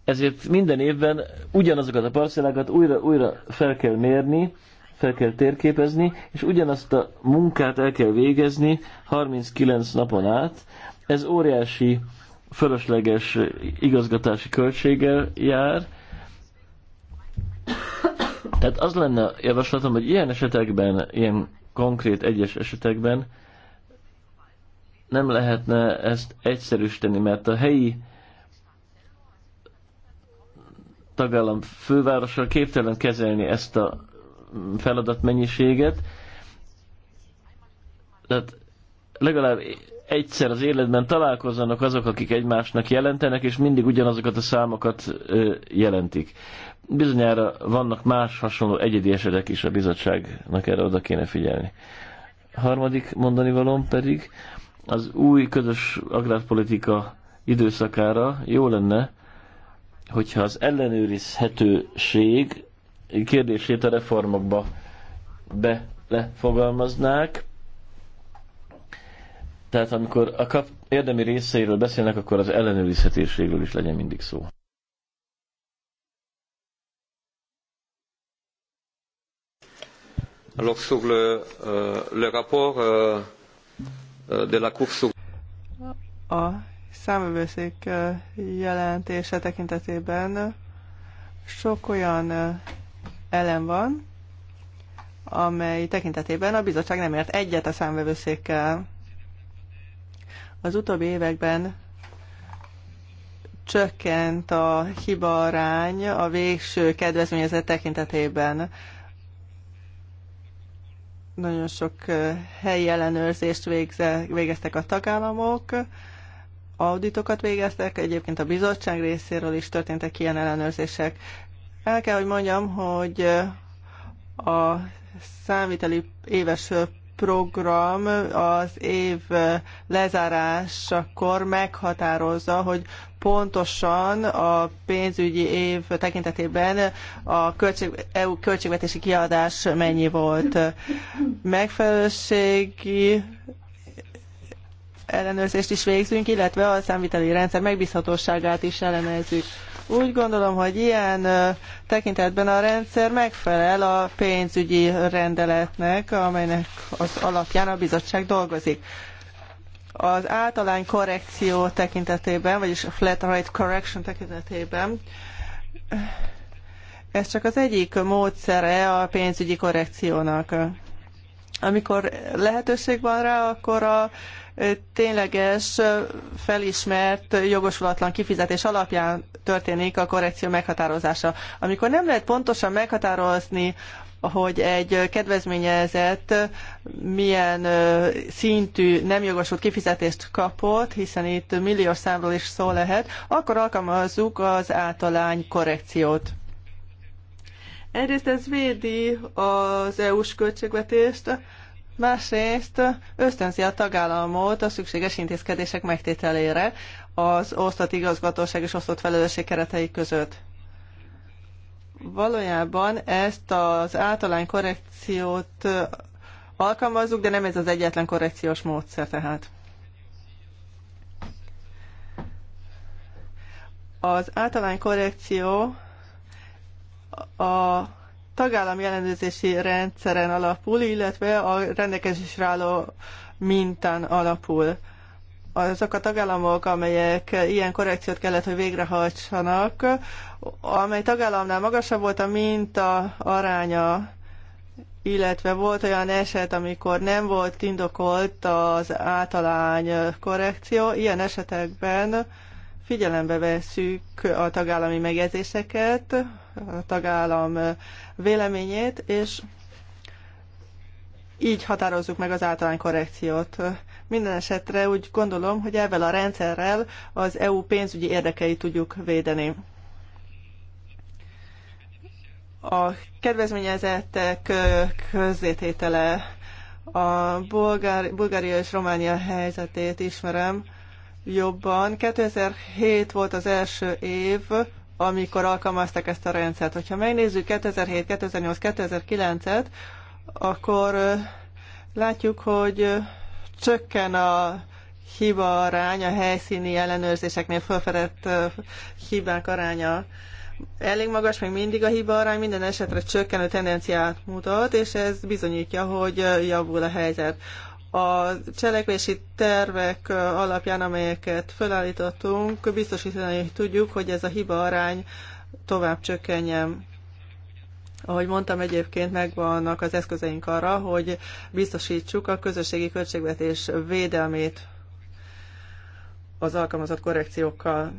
ezért minden évben ugyanazokat a parcellákat újra-újra fel kell mérni, fel kell térképezni, és ugyanazt a munkát el kell végezni 39 napon át. Ez óriási fölösleges igazgatási költséggel jár. Tehát az lenne javaslatom, hogy ilyen esetekben, ilyen konkrét egyes esetekben nem lehetne ezt egyszerűsíteni, mert a helyi tagállam fővárosa képtelen kezelni ezt a feladatmennyiséget. Tehát legalább egyszer az életben találkozzanak azok, akik egymásnak jelentenek, és mindig ugyanazokat a számokat jelentik. Bizonyára vannak más hasonló egyedi esetek is a bizottságnak erre oda kéne figyelni. Harmadik mondani valom pedig, az új közös agrárpolitika időszakára jó lenne, hogyha az ellenőrizhetőség kérdését a reformokba be lefogalmaznák, tehát amikor a kap érdemi részeiről beszélnek, akkor az ellenőrizhetőségről is legyen mindig szó. Euh, euh, euh, a számövőszék jelentése tekintetében sok olyan elem van, amely tekintetében a bizottság nem ért egyet a számvevőszékkel. Az utóbbi években csökkent a hiba arány a végső kedvezményezet tekintetében. Nagyon sok helyi ellenőrzést végze, végeztek a tagállamok, auditokat végeztek, egyébként a bizottság részéről is történtek ilyen ellenőrzések. El kell, hogy mondjam, hogy a számviteli éves program az év lezárásakor meghatározza, hogy pontosan a pénzügyi év tekintetében a költség, EU költségvetési kiadás mennyi volt. Megfelelőségi ellenőrzést is végzünk, illetve a számviteli rendszer megbízhatóságát is ellenezzük. Úgy gondolom, hogy ilyen tekintetben a rendszer megfelel a pénzügyi rendeletnek, amelynek az alapján a bizottság dolgozik. Az általány korrekció tekintetében, vagyis a flat rate correction tekintetében ez csak az egyik módszere a pénzügyi korrekciónak. Amikor lehetőség van rá, akkor a tényleges, felismert, jogosulatlan kifizetés alapján történik a korrekció meghatározása. Amikor nem lehet pontosan meghatározni, hogy egy kedvezményezett milyen szintű nem jogosult kifizetést kapott, hiszen itt milliós számról is szó lehet, akkor alkalmazzuk az általány korrekciót. Egyrészt ez védi az EU-s költségvetést, másrészt ösztönzi a tagállamot a szükséges intézkedések megtételére az osztott igazgatóság és osztott felelősség keretei között. Valójában ezt az általány korrekciót alkalmazzuk, de nem ez az egyetlen korrekciós módszer tehát. Az általány korrekció a tagállami ellenőrzési rendszeren alapul, illetve a rendelkezésre álló mintán alapul. Azok a tagállamok, amelyek ilyen korrekciót kellett, hogy végrehajtsanak, amely tagállamnál magasabb volt a minta aránya, illetve volt olyan eset, amikor nem volt indokolt az általány korrekció, ilyen esetekben figyelembe veszük a tagállami megjegyzéseket, tagállam véleményét, és így határozzuk meg az általány korrekciót. Minden esetre úgy gondolom, hogy ezzel a rendszerrel az EU pénzügyi érdekeit tudjuk védeni. A kedvezményezettek közzététele a Bulgári- Bulgária és Románia helyzetét ismerem jobban. 2007 volt az első év, amikor alkalmazták ezt a rendszert. Hogyha megnézzük 2007, 2008, 2009-et, akkor látjuk, hogy csökken a hiba arány, a helyszíni ellenőrzéseknél felfedett hibák aránya. Elég magas még mindig a hiba arány, minden esetre csökkenő tendenciát mutat, és ez bizonyítja, hogy javul a helyzet a cselekvési tervek alapján, amelyeket felállítottunk, biztosítani tudjuk, hogy ez a hiba arány tovább csökkenjen. Ahogy mondtam, egyébként megvannak az eszközeink arra, hogy biztosítsuk a közösségi költségvetés védelmét az alkalmazott korrekciókkal.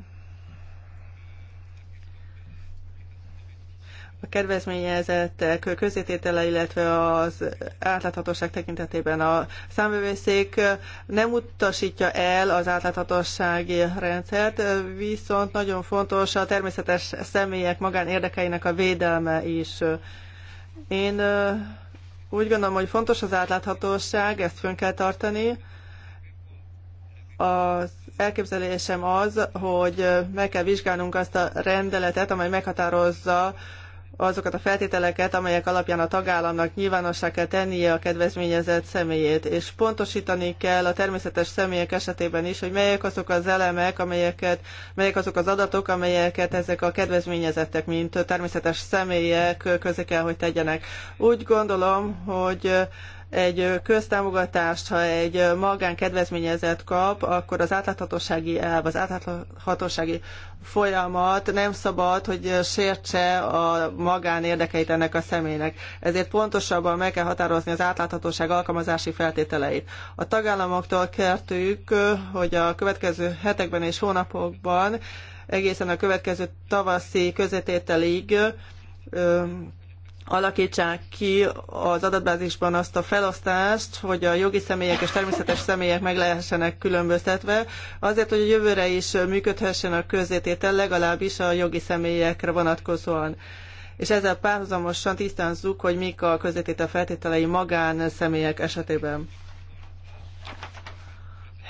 a kedvezményezett közététele, illetve az átláthatóság tekintetében a számvevőszék nem utasítja el az átláthatósági rendszert, viszont nagyon fontos a természetes személyek magánérdekeinek a védelme is. Én úgy gondolom, hogy fontos az átláthatóság, ezt fönn kell tartani. Az elképzelésem az, hogy meg kell vizsgálnunk azt a rendeletet, amely meghatározza azokat a feltételeket, amelyek alapján a tagállamnak nyilvánossá kell tennie a kedvezményezett személyét, és pontosítani kell a természetes személyek esetében is, hogy melyek azok az elemek, amelyeket, melyek azok az adatok, amelyeket ezek a kedvezményezettek, mint természetes személyek közé kell, hogy tegyenek. Úgy gondolom, hogy egy köztámogatást, ha egy magánkedvezményezett kap, akkor az átláthatósági elv, az átláthatósági folyamat nem szabad, hogy sértse a magán érdekeit ennek a személynek. Ezért pontosabban meg kell határozni az átláthatóság alkalmazási feltételeit. A tagállamoktól kértük, hogy a következő hetekben és hónapokban egészen a következő tavaszi közvetételig alakítsák ki az adatbázisban azt a felosztást, hogy a jogi személyek és természetes személyek meg lehessenek különböztetve, azért, hogy a jövőre is működhessen a közzététel, legalábbis a jogi személyekre vonatkozóan. És ezzel párhuzamosan tisztázzuk, hogy mik a közzététel feltételei magán személyek esetében.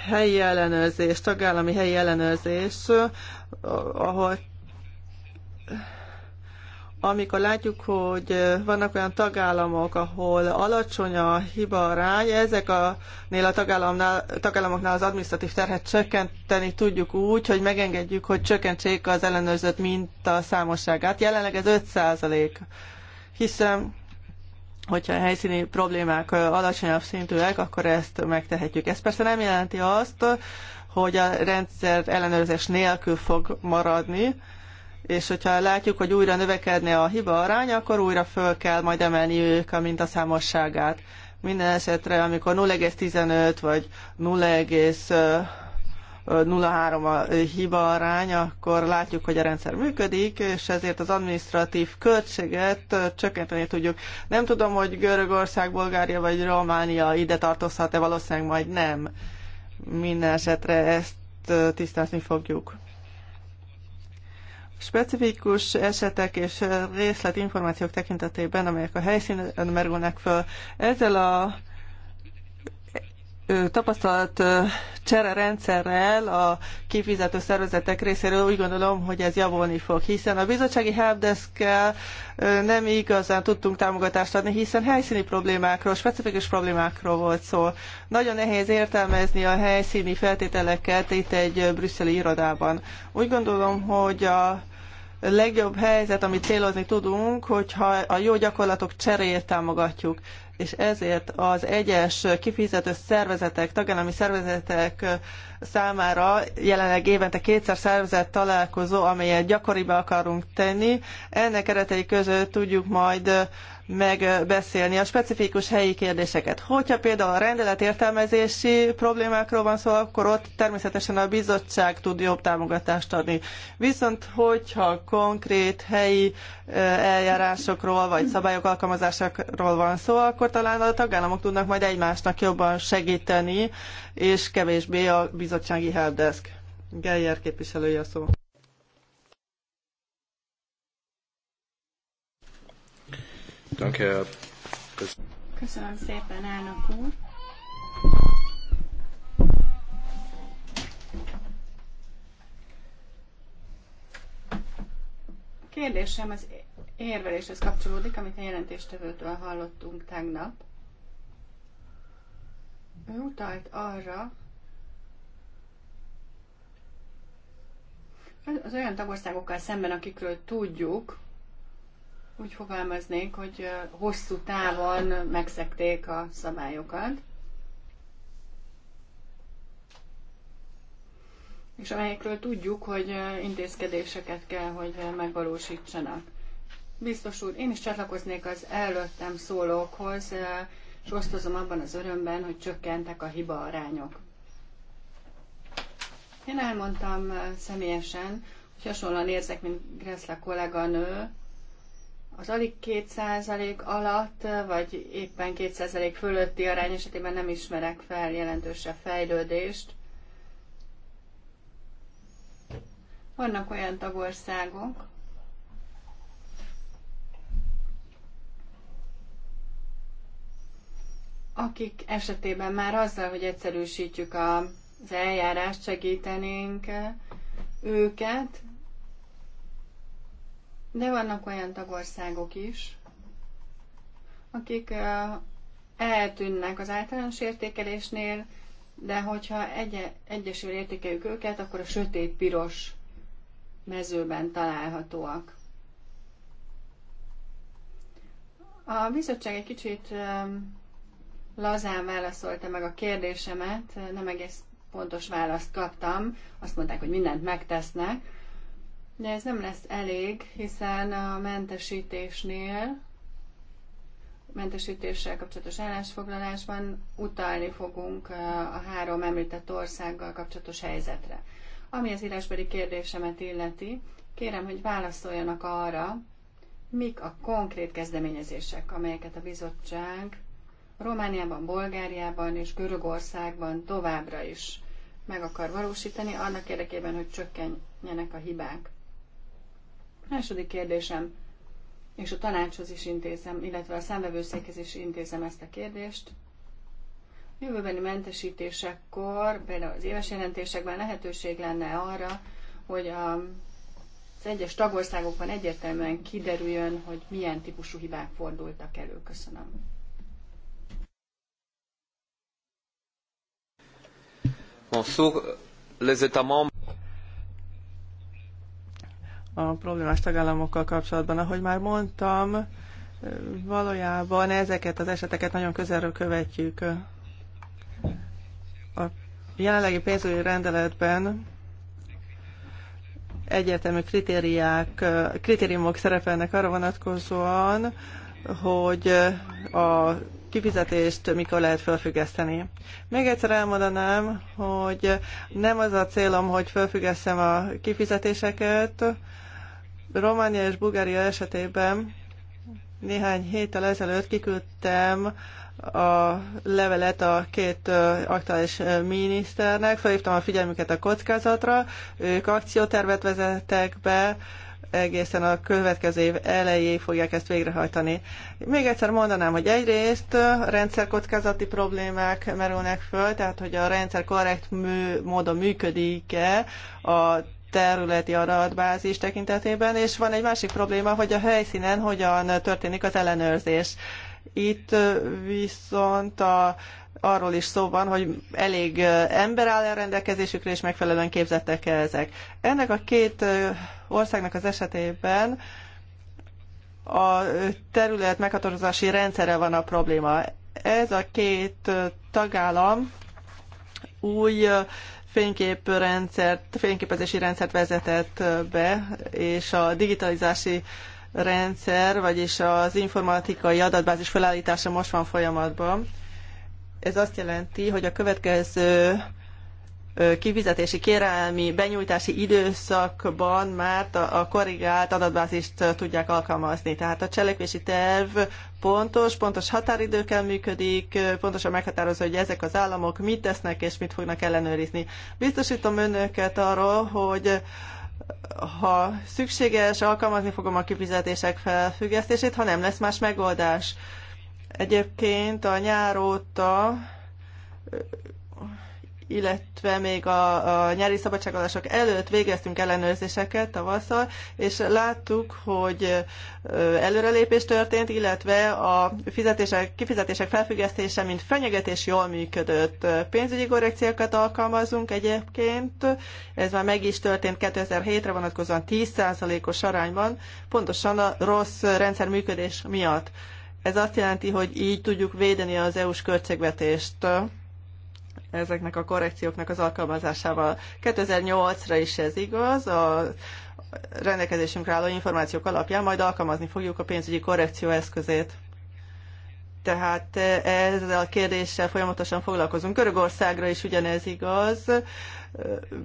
Helyi ellenőrzés, tagállami helyi ellenőrzés, ahol amikor látjuk, hogy vannak olyan tagállamok, ahol alacsony a hiba arány, ezek a, tagállamoknál az administratív terhet csökkenteni tudjuk úgy, hogy megengedjük, hogy csökkentsék az ellenőrzött minta számosságát. Jelenleg ez 5 százalék. hiszen, hogyha a helyszíni problémák alacsonyabb szintűek, akkor ezt megtehetjük. Ez persze nem jelenti azt, hogy a rendszer ellenőrzés nélkül fog maradni, és hogyha látjuk, hogy újra növekedne a hiba arány, akkor újra föl kell majd emelni ők a mintaszámosságát. Minden esetre, amikor 0,15 vagy 0,03 a hiba arány, akkor látjuk, hogy a rendszer működik, és ezért az administratív költséget csökkenteni tudjuk. Nem tudom, hogy Görögország, Bulgária vagy Románia ide tartozhat-e, valószínűleg majd nem. Minden esetre ezt tisztázni fogjuk specifikus esetek és részletinformációk tekintetében, amelyek a helyszínen merülnek föl. Ezzel a tapasztalat csere rendszerrel a kifizető szervezetek részéről úgy gondolom, hogy ez javulni fog, hiszen a bizottsági helpdesk nem igazán tudtunk támogatást adni, hiszen helyszíni problémákról, specifikus problémákról volt szó. Nagyon nehéz értelmezni a helyszíni feltételeket itt egy brüsszeli irodában. Úgy gondolom, hogy a legjobb helyzet, amit célozni tudunk, hogyha a jó gyakorlatok cseréjét támogatjuk, és ezért az egyes kifizető szervezetek, tagállami szervezetek számára jelenleg évente kétszer szervezett találkozó, amelyet gyakoriba akarunk tenni. Ennek keretei között tudjuk majd megbeszélni a specifikus helyi kérdéseket. Hogyha például a rendelet értelmezési problémákról van szó, akkor ott természetesen a bizottság tud jobb támogatást adni. Viszont hogyha konkrét helyi eh, eljárásokról vagy szabályok alkalmazásáról van szó, akkor talán a tagállamok tudnak majd egymásnak jobban segíteni, és kevésbé a bizottsági helpdesk. Geyer képviselője a szó. Köszönöm szépen, elnök úr. kérdésem az érveléshez kapcsolódik, amit a jelentéstevőtől hallottunk tegnap. Ő utalt arra, az olyan tagországokkal szemben, akikről tudjuk, úgy fogalmaznék, hogy hosszú távon megszekték a szabályokat, és amelyekről tudjuk, hogy intézkedéseket kell, hogy megvalósítsanak. Biztos úr, én is csatlakoznék az előttem szólókhoz, és osztozom abban az örömben, hogy csökkentek a hiba arányok. Én elmondtam személyesen, hogy hasonlóan érzek, mint Greszla kolléganő, az alig 2% alatt, vagy éppen 2% fölötti arány esetében nem ismerek fel jelentősebb fejlődést. Vannak olyan tagországok, akik esetében már azzal, hogy egyszerűsítjük az eljárást, segítenénk őket, de vannak olyan tagországok is, akik eltűnnek az általános értékelésnél, de hogyha egy egyesül értékeljük őket, akkor a sötét-piros mezőben találhatóak. A bizottság egy kicsit lazán válaszolta meg a kérdésemet, nem egész pontos választ kaptam. Azt mondták, hogy mindent megtesznek de ez nem lesz elég, hiszen a mentesítésnél, mentesítéssel kapcsolatos állásfoglalásban utalni fogunk a három említett országgal kapcsolatos helyzetre. Ami az írásbeli kérdésemet illeti, kérem, hogy válaszoljanak arra, mik a konkrét kezdeményezések, amelyeket a bizottság Romániában, Bulgáriában és Görögországban továbbra is meg akar valósítani, annak érdekében, hogy csökkenjenek a hibák. Második kérdésem, és a tanácshoz is intézem, illetve a számvevőszékhez is intézem ezt a kérdést. Jövőbeni mentesítésekkor, például az éves jelentésekben lehetőség lenne arra, hogy a, az egyes tagországokban egyértelműen kiderüljön, hogy milyen típusú hibák fordultak elő. Köszönöm. Bonsoir, les États membres a problémás tagállamokkal kapcsolatban. Ahogy már mondtam, valójában ezeket az eseteket nagyon közelről követjük. A jelenlegi pénzügyi rendeletben egyértelmű kritériák, kritériumok szerepelnek arra vonatkozóan, hogy a kifizetést mikor lehet felfüggeszteni. Még egyszer elmondanám, hogy nem az a célom, hogy felfüggesszem a kifizetéseket, Románia és Bulgária esetében néhány héttel ezelőtt kiküldtem a levelet a két aktuális miniszternek, felhívtam a figyelmüket a kockázatra, ők akciótervet vezettek be, egészen a következő év elejéig fogják ezt végrehajtani. Még egyszer mondanám, hogy egyrészt rendszerkockázati problémák merülnek föl, tehát hogy a rendszer korrekt mű, módon működik-e, a területi adatbázis tekintetében, és van egy másik probléma, hogy a helyszínen hogyan történik az ellenőrzés. Itt viszont a, arról is szó van, hogy elég ember áll a rendelkezésükre, és megfelelően képzettek -e ezek. Ennek a két országnak az esetében a terület meghatározási rendszere van a probléma. Ez a két tagállam új fényképrendszert, fényképezési rendszert vezetett be, és a digitalizási rendszer, vagyis az informatikai adatbázis felállítása most van folyamatban. Ez azt jelenti, hogy a következő kifizetési kérelmi benyújtási időszakban már a korrigált adatbázist tudják alkalmazni. Tehát a cselekvési terv pontos, pontos határidőkkel működik, pontosan meghatározza, hogy ezek az államok mit tesznek és mit fognak ellenőrizni. Biztosítom önöket arról, hogy ha szükséges, alkalmazni fogom a kifizetések felfüggesztését, ha nem lesz más megoldás. Egyébként a nyár óta illetve még a, a nyári szabadságadások előtt végeztünk ellenőrzéseket tavasszal, és láttuk, hogy előrelépés történt, illetve a fizetések, kifizetések felfüggesztése, mint fenyegetés jól működött. Pénzügyi korrekciókat alkalmazunk egyébként, ez már meg is történt 2007-re vonatkozóan 10%-os arányban, pontosan a rossz rendszer működés miatt. Ez azt jelenti, hogy így tudjuk védeni az EU-s költségvetést ezeknek a korrekcióknak az alkalmazásával. 2008-ra is ez igaz, a rendelkezésünkre álló információk alapján majd alkalmazni fogjuk a pénzügyi korrekció eszközét. Tehát ezzel a kérdéssel folyamatosan foglalkozunk. Görögországra is ugyanez igaz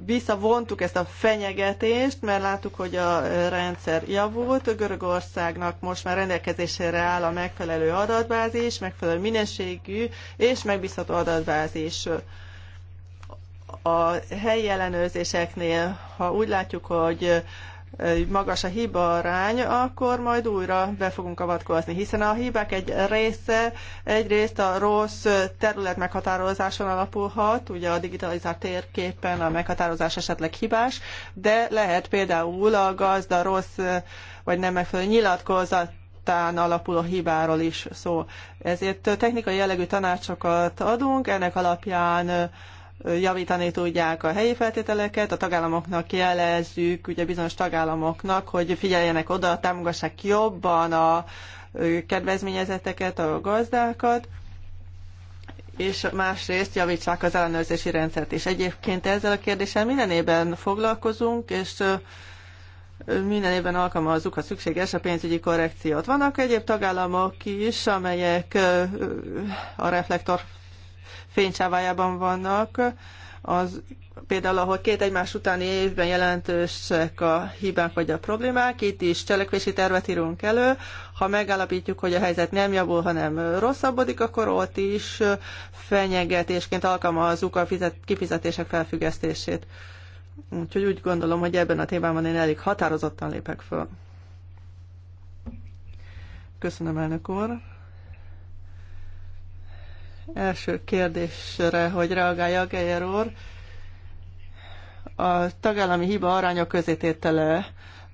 visszavontuk ezt a fenyegetést, mert láttuk, hogy a rendszer javult. Görögországnak most már rendelkezésére áll a megfelelő adatbázis, megfelelő minőségű és megbízható adatbázis. A helyi ellenőrzéseknél, ha úgy látjuk, hogy magas a hiba arány, akkor majd újra be fogunk avatkozni, hiszen a hibák egy része egyrészt a rossz terület meghatározáson alapulhat, ugye a digitalizált térképen a meghatározás esetleg hibás, de lehet például a gazda rossz vagy nem megfelelő nyilatkozat alapul alapuló hibáról is szó. Ezért technikai jellegű tanácsokat adunk, ennek alapján javítani tudják a helyi feltételeket, a tagállamoknak jelezzük, ugye bizonyos tagállamoknak, hogy figyeljenek oda, támogassák jobban a kedvezményezeteket, a gazdákat, és másrészt javítsák az ellenőrzési rendszert is. Egyébként ezzel a kérdéssel minden évben foglalkozunk, és minden évben alkalmazzuk, ha szükséges, a pénzügyi korrekciót. Vannak egyéb tagállamok is, amelyek a reflektor fénycsávájában vannak, az például, ahol két egymás utáni évben jelentősek a hibák vagy a problémák, itt is cselekvési tervet írunk elő. Ha megállapítjuk, hogy a helyzet nem javul, hanem rosszabbodik, akkor ott is fenyegetésként alkalmazzuk a fizet, kifizetések felfüggesztését. Úgyhogy úgy gondolom, hogy ebben a témában én elég határozottan lépek föl. Köszönöm, elnök úr első kérdésre, hogy reagálja Geyer úr. A tagállami hiba aránya közététele.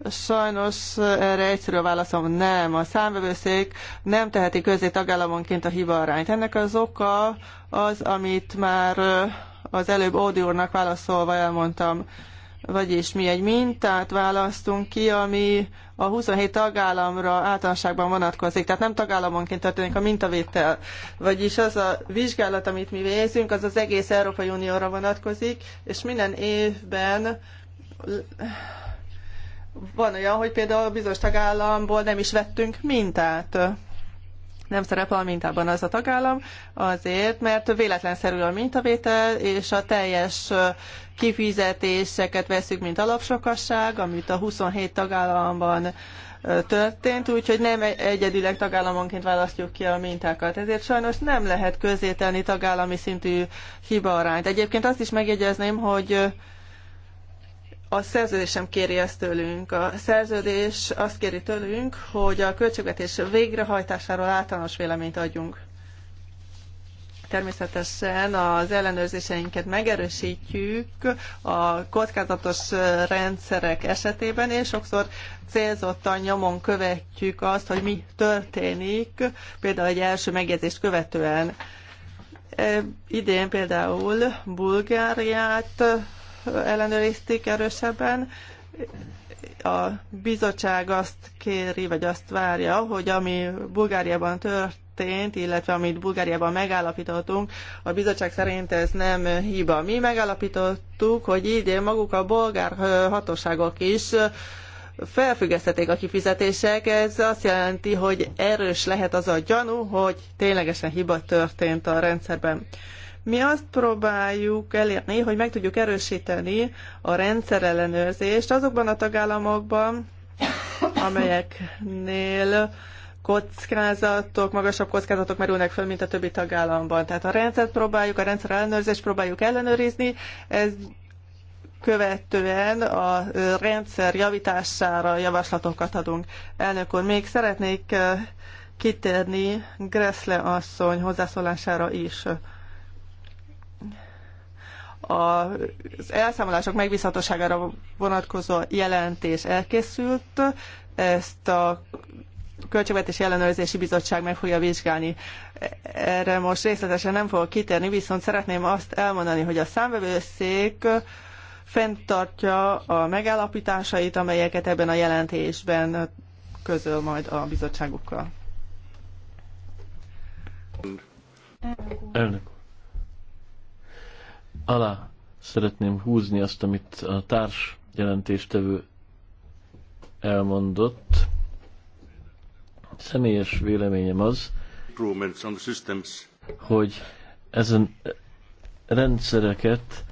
Sajnos erre egyszerű a válaszom nem. A számvevőszék nem teheti közé tagállamonként a hiba arányt. Ennek az oka az, amit már az előbb Ódi úrnak válaszolva elmondtam vagyis mi egy mintát választunk ki, ami a 27 tagállamra általánosságban vonatkozik, tehát nem tagállamonként történik a mintavétel. Vagyis az a vizsgálat, amit mi végzünk, az az egész Európai Unióra vonatkozik, és minden évben van olyan, hogy például bizonyos tagállamból nem is vettünk mintát nem szerepel a mintában az a tagállam, azért, mert véletlenszerű a mintavétel, és a teljes kifizetéseket veszük, mint alapsokasság, amit a 27 tagállamban történt, úgyhogy nem e- egyedileg tagállamonként választjuk ki a mintákat. Ezért sajnos nem lehet közzétenni tagállami szintű hibaarányt. Egyébként azt is megjegyezném, hogy a szerződés sem kéri ezt tőlünk. A szerződés azt kéri tőlünk, hogy a költségvetés végrehajtásáról általános véleményt adjunk természetesen az ellenőrzéseinket megerősítjük a kockázatos rendszerek esetében, és sokszor célzottan nyomon követjük azt, hogy mi történik, például egy első megjegyzést követően. E, idén például Bulgáriát ellenőrizték erősebben, a bizottság azt kéri, vagy azt várja, hogy ami Bulgáriában tört, történt, illetve amit Bulgáriában megállapítottunk, a bizottság szerint ez nem hiba. Mi megállapítottuk, hogy idén maguk a bolgár hatóságok is felfüggesztették a kifizetések, ez azt jelenti, hogy erős lehet az a gyanú, hogy ténylegesen hiba történt a rendszerben. Mi azt próbáljuk elérni, hogy meg tudjuk erősíteni a rendszerellenőrzést azokban a tagállamokban, amelyeknél kockázatok, magasabb kockázatok merülnek föl, mint a többi tagállamban. Tehát a rendszert próbáljuk, a rendszer ellenőrzést próbáljuk ellenőrizni, ez követően a rendszer javítására javaslatokat adunk. Elnök úr, még szeretnék eh, kitérni Greszle asszony hozzászólására is. Az elszámolások megbízhatóságára vonatkozó jelentés elkészült, ezt a Költségvetési Ellenőrzési Bizottság meg fogja vizsgálni. Erre most részletesen nem fogok kitérni, viszont szeretném azt elmondani, hogy a számvevőszék fenntartja a megállapításait, amelyeket ebben a jelentésben közöl majd a bizottságukkal. Elnök Alá szeretném húzni azt, amit a társ jelentéstevő elmondott. Személyes véleményem az, hogy ezen rendszereket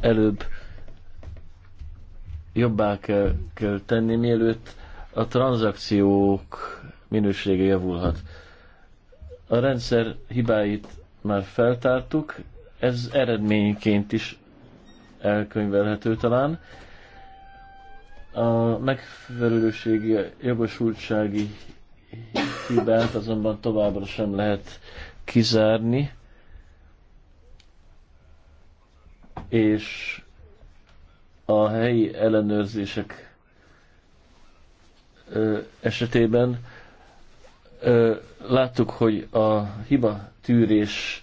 előbb jobbá kell, kell tenni, mielőtt a tranzakciók minősége javulhat. A rendszer hibáit már feltártuk, ez eredményként is elkönyvelhető talán. A megfelelőségi, jogosultsági hibát azonban továbbra sem lehet kizárni, és a helyi ellenőrzések esetében láttuk, hogy a hiba tűrés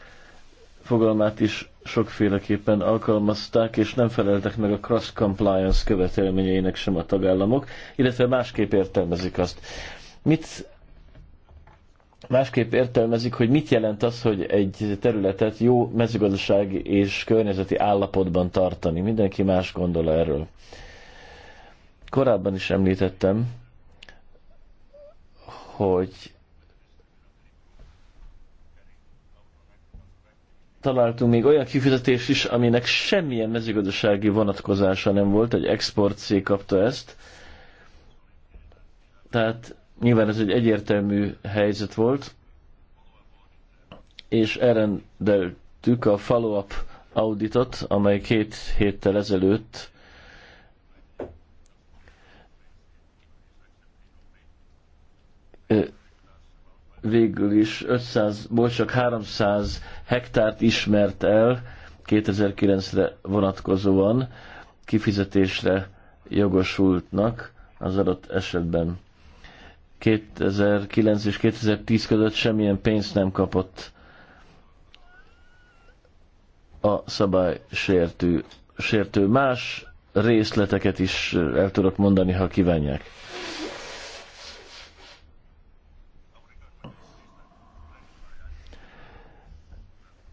fogalmát is sokféleképpen alkalmazták, és nem feleltek meg a cross compliance követelményeinek sem a tagállamok, illetve másképp értelmezik azt. Mit másképp értelmezik, hogy mit jelent az, hogy egy területet jó mezőgazdasági és környezeti állapotban tartani. Mindenki más gondol erről. Korábban is említettem, hogy találtunk még olyan kifizetés is, aminek semmilyen mezőgazdasági vonatkozása nem volt, egy exportcég kapta ezt. Tehát Nyilván ez egy egyértelmű helyzet volt, és elrendeltük a follow-up auditot, amely két héttel ezelőtt végül is 500-ból csak 300 hektárt ismert el 2009-re vonatkozóan kifizetésre jogosultnak az adott esetben. 2009 és 2010 között semmilyen pénzt nem kapott a szabálysértő sértő. Más részleteket is el tudok mondani, ha kívánják.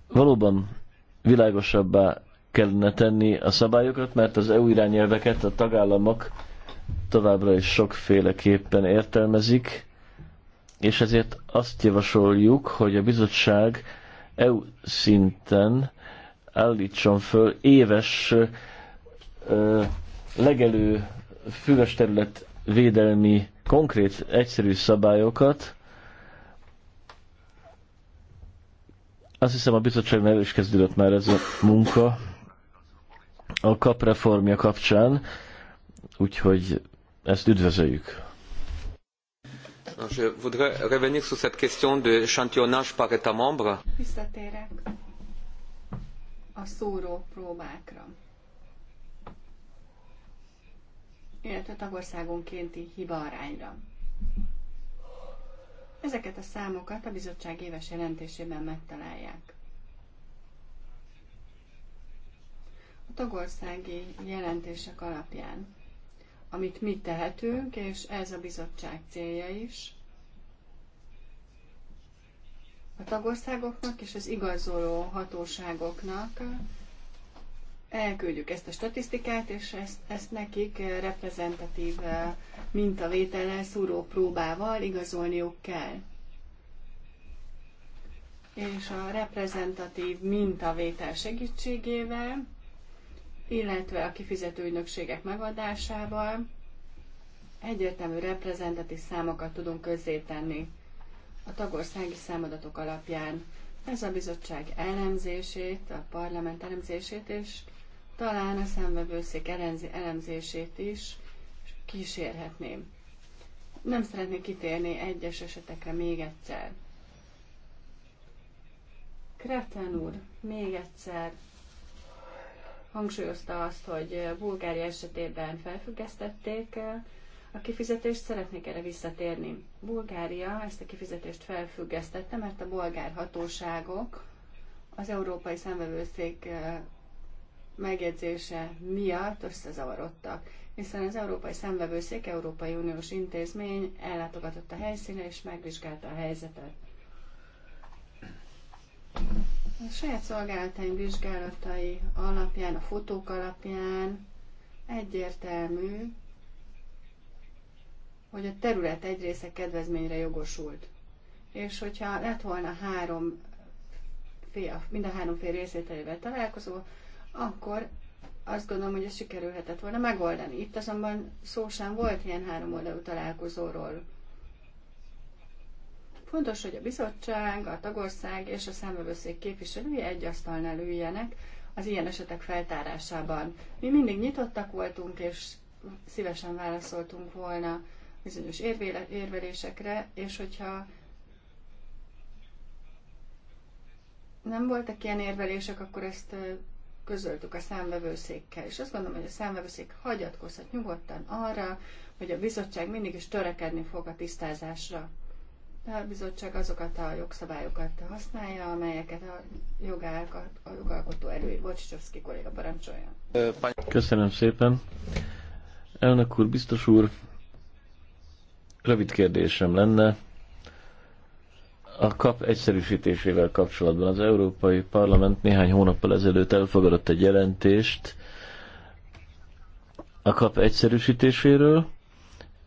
Valóban világosabbá kellene tenni a szabályokat, mert az EU irányelveket a tagállamok továbbra is sokféleképpen értelmezik, és ezért azt javasoljuk, hogy a bizottság EU szinten állítson föl éves ö, legelő füves terület védelmi konkrét, egyszerű szabályokat. Azt hiszem a bizottságnál is kezdődött már ez a munka a kapreformja kapcsán, úgyhogy ezt üdvözöljük. Je voudrais revenir sur cette question de chantillonnage par État membre. Visszatérek a szóró próbákra. Illetve tagországonkénti hibaarányra. Ezeket a számokat a bizottság éves jelentésében megtalálják. A tagországi jelentések alapján amit mi tehetünk, és ez a bizottság célja is. A tagországoknak és az igazoló hatóságoknak elküldjük ezt a statisztikát, és ezt, ezt nekik reprezentatív eh, mintavétellel, szúró próbával igazolniuk kell. És a reprezentatív mintavétel segítségével illetve a kifizető ügynökségek megadásával egyértelmű reprezentatív számokat tudunk közzétenni a tagországi számadatok alapján. Ez a bizottság elemzését, a parlament elemzését és talán a szemvevőszék elemzését is kísérhetném. Nem szeretnék kitérni egyes esetekre még egyszer. Kreten úr, még egyszer hangsúlyozta azt, hogy Bulgária esetében felfüggesztették eh, a kifizetést, szeretnék erre visszatérni. Bulgária ezt a kifizetést felfüggesztette, mert a bolgár hatóságok az Európai Számvevőszék eh, megjegyzése miatt összezavarodtak, hiszen az Európai Számvevőszék Európai Uniós Intézmény ellátogatott a helyszínre és megvizsgálta a helyzetet. A saját szolgálataim vizsgálatai alapján, a fotók alapján egyértelmű, hogy a terület egy része kedvezményre jogosult. És hogyha lett volna három fél, mind a három fél részételével találkozó, akkor azt gondolom, hogy ez sikerülhetett volna megoldani. Itt azonban szó sem volt ilyen három oldalú találkozóról. Fontos, hogy a bizottság, a tagország és a számvevőszék képviselői egy asztalnál üljenek az ilyen esetek feltárásában. Mi mindig nyitottak voltunk, és szívesen válaszoltunk volna bizonyos érvéle, érvelésekre, és hogyha nem voltak ilyen érvelések, akkor ezt közöltük a számvevőszékkel, és azt gondolom, hogy a számvevőszék hagyatkozhat nyugodtan arra, hogy a bizottság mindig is törekedni fog a tisztázásra a bizottság azokat a jogszabályokat használja, amelyeket a, jogálkat, a jogalkotó előír. Bocsicsovszki kolléga parancsolja. Köszönöm szépen. Elnök úr, biztos úr, rövid kérdésem lenne. A kap egyszerűsítésével kapcsolatban az Európai Parlament néhány hónappal ezelőtt elfogadott egy jelentést a kap egyszerűsítéséről,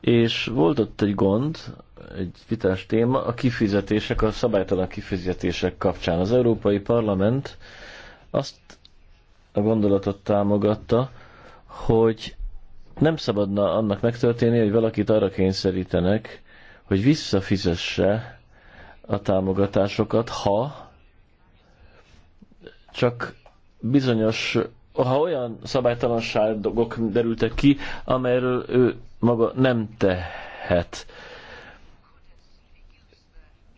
és volt ott egy gond, egy vitás téma, a kifizetések, a szabálytalan kifizetések kapcsán. Az Európai Parlament azt a gondolatot támogatta, hogy nem szabadna annak megtörténni, hogy valakit arra kényszerítenek, hogy visszafizesse a támogatásokat, ha csak bizonyos, ha olyan szabálytalanságok derültek ki, amelyről ő maga nem tehet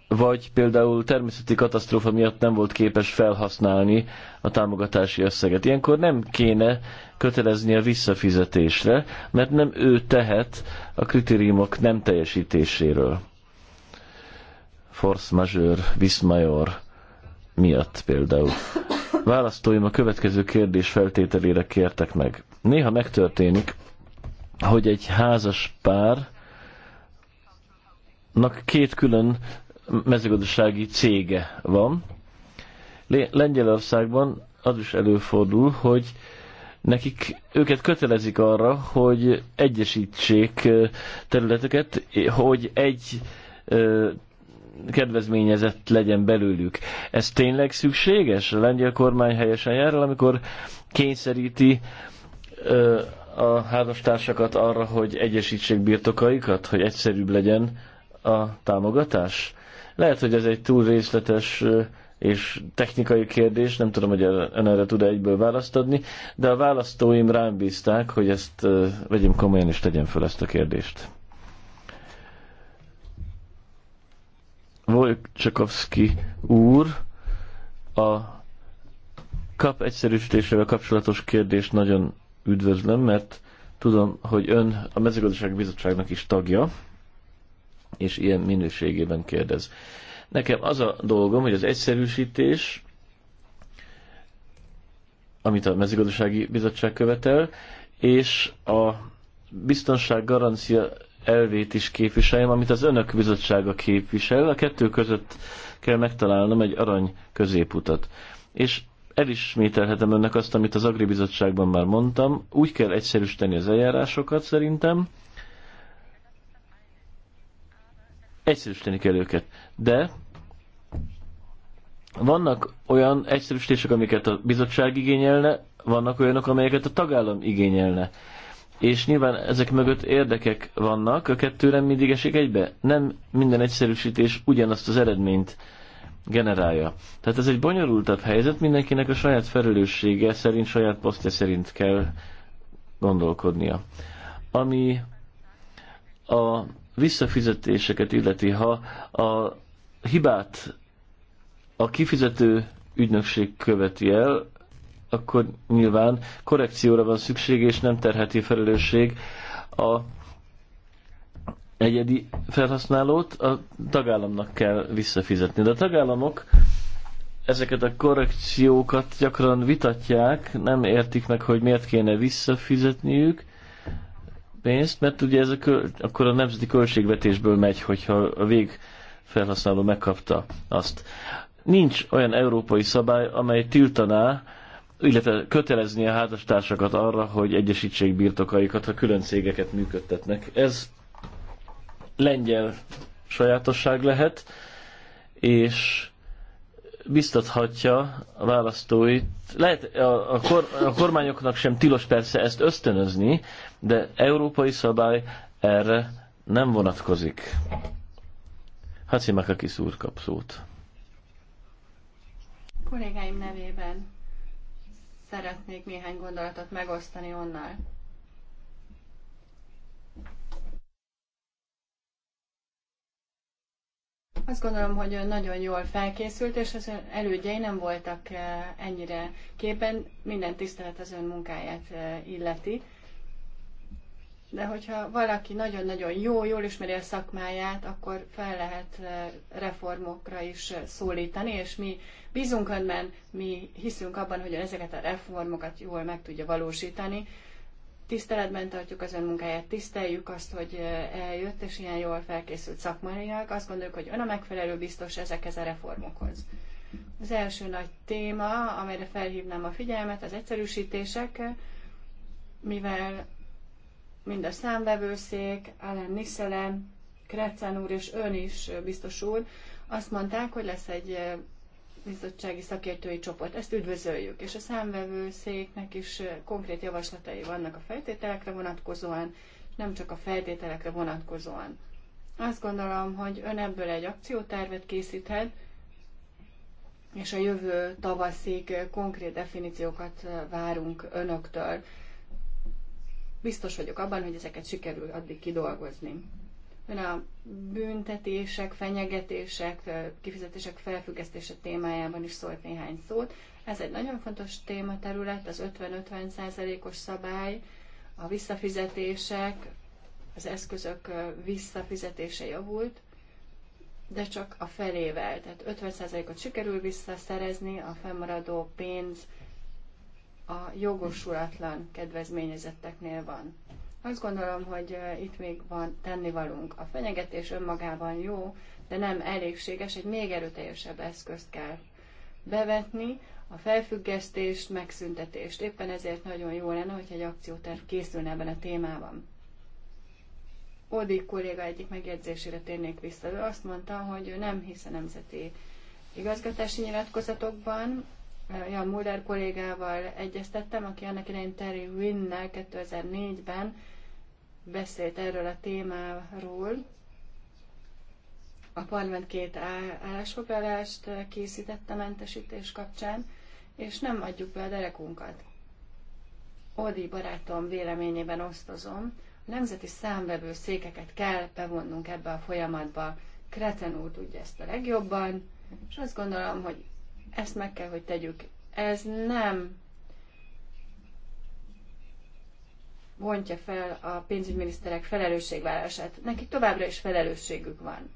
vagy például természeti katasztrófa miatt nem volt képes felhasználni a támogatási összeget. Ilyenkor nem kéne kötelezni a visszafizetésre, mert nem ő tehet a kritériumok nem teljesítéséről. Force majeure, major miatt például. Választóim a következő kérdés feltételére kértek meg. Néha megtörténik, hogy egy házas pár két külön mezőgazdasági cége van. Lengyelországban az is előfordul, hogy nekik őket kötelezik arra, hogy egyesítsék területeket, hogy egy kedvezményezett legyen belőlük. Ez tényleg szükséges? A lengyel kormány helyesen jár el, amikor kényszeríti a házastársakat arra, hogy egyesítsék birtokaikat, hogy egyszerűbb legyen a támogatás? Lehet, hogy ez egy túl részletes és technikai kérdés, nem tudom, hogy ön erre tud -e egyből választ adni, de a választóim rám bízták, hogy ezt vegyem komolyan és tegyem fel ezt a kérdést. Vojcsakovszki úr a kap egyszerűsítésével kapcsolatos kérdést nagyon üdvözlöm, mert tudom, hogy ön a mezőgazdasági bizottságnak is tagja, és ilyen minőségében kérdez. Nekem az a dolgom, hogy az egyszerűsítés, amit a mezőgazdasági bizottság követel, és a biztonság garancia elvét is képviseljem, amit az önök bizottsága képvisel. A kettő között kell megtalálnom egy arany középutat. És elismételhetem önnek azt, amit az Agribizottságban már mondtam. Úgy kell egyszerűsíteni az eljárásokat szerintem, egyszerűsíteni kell őket. De vannak olyan egyszerűsítések, amiket a bizottság igényelne, vannak olyanok, amelyeket a tagállam igényelne. És nyilván ezek mögött érdekek vannak, a kettő nem mindig esik egybe. Nem minden egyszerűsítés ugyanazt az eredményt generálja. Tehát ez egy bonyolultabb helyzet, mindenkinek a saját felelőssége szerint, saját posztja szerint kell gondolkodnia. Ami a visszafizetéseket illeti, ha a hibát a kifizető ügynökség követi el, akkor nyilván korrekcióra van szükség, és nem terheti felelősség a egyedi felhasználót, a tagállamnak kell visszafizetni. De a tagállamok ezeket a korrekciókat gyakran vitatják, nem értik meg, hogy miért kéne visszafizetniük, pénzt, mert ugye ez a kö, akkor a nemzeti költségvetésből megy, hogyha a vég felhasználó megkapta azt. Nincs olyan európai szabály, amely tiltaná, illetve kötelezni a házastársakat arra, hogy egyesítsék birtokaikat, ha külön cégeket működtetnek. Ez lengyel sajátosság lehet, és biztathatja a választóit. Lehet, a, a, kor, a kormányoknak sem tilos persze ezt ösztönözni, de európai szabály erre nem vonatkozik. kis úr kap szót. Kollégáim nevében szeretnék néhány gondolatot megosztani onnal. Azt gondolom, hogy ön nagyon jól felkészült, és az ön elődjei nem voltak eh, ennyire képen. Minden tisztelet az ön munkáját eh, illeti de hogyha valaki nagyon-nagyon jó, jól ismeri a szakmáját, akkor fel lehet eh, reformokra is eh, szólítani, és mi bízunk önben, mi hiszünk abban, hogy ezeket a reformokat jól meg tudja valósítani. Tiszteletben tartjuk az ön munkáját, tiszteljük azt, hogy eh, eljött, és ilyen jól felkészült szakmaiak. Azt gondoljuk, hogy ön a megfelelő biztos ezekhez a reformokhoz. Az első nagy téma, amelyre felhívnám a figyelmet, az egyszerűsítések, mivel mind a számbevőszék, Alan Niszele, Kretzen úr és ön is, biztos úr, azt mondták, hogy lesz egy bizottsági szakértői csoport. Ezt üdvözöljük, és a számvevőszéknek is konkrét javaslatai vannak a feltételekre vonatkozóan, és nem csak a feltételekre vonatkozóan. Azt gondolom, hogy ön ebből egy akciótervet készíthet, és a jövő tavaszig konkrét definíciókat várunk önöktől biztos vagyok abban, hogy ezeket sikerül addig kidolgozni. Ön a büntetések, fenyegetések, kifizetések felfüggesztése témájában is szólt néhány szót. Ez egy nagyon fontos tématerület, az 50-50 százalékos -50 szabály, a visszafizetések, az eszközök visszafizetése javult, de csak a felével. Tehát 50%-ot sikerül visszaszerezni, a fennmaradó pénz a jogosulatlan kedvezményezetteknél van. Azt gondolom, hogy itt még van tennivalunk. A fenyegetés önmagában jó, de nem elégséges, egy még erőteljesebb eszközt kell bevetni, a felfüggesztést, megszüntetést. Éppen ezért nagyon jó lenne, hogyha egy akcióterv készülne ebben a témában. Ódi kolléga egyik megjegyzésére térnék vissza. Ő azt mondta, hogy ő nem hisz a nemzeti igazgatási nyilatkozatokban, Eh, Jan Mulder kollégával egyeztettem, aki annak idején Terry Winnel 2004-ben beszélt erről a témáról. A parlament két állásfoglalást készítette mentesítés kapcsán, és nem adjuk be a derekunkat. Odi barátom véleményében osztozom, a nemzeti számvevő székeket kell bevonnunk ebbe a folyamatba. Kreten úr tudja ezt a legjobban, és azt gondolom, hogy ezt meg kell, hogy tegyük. Ez nem vontja fel a pénzügyminiszterek felelősségvállását. Nekik továbbra is felelősségük van.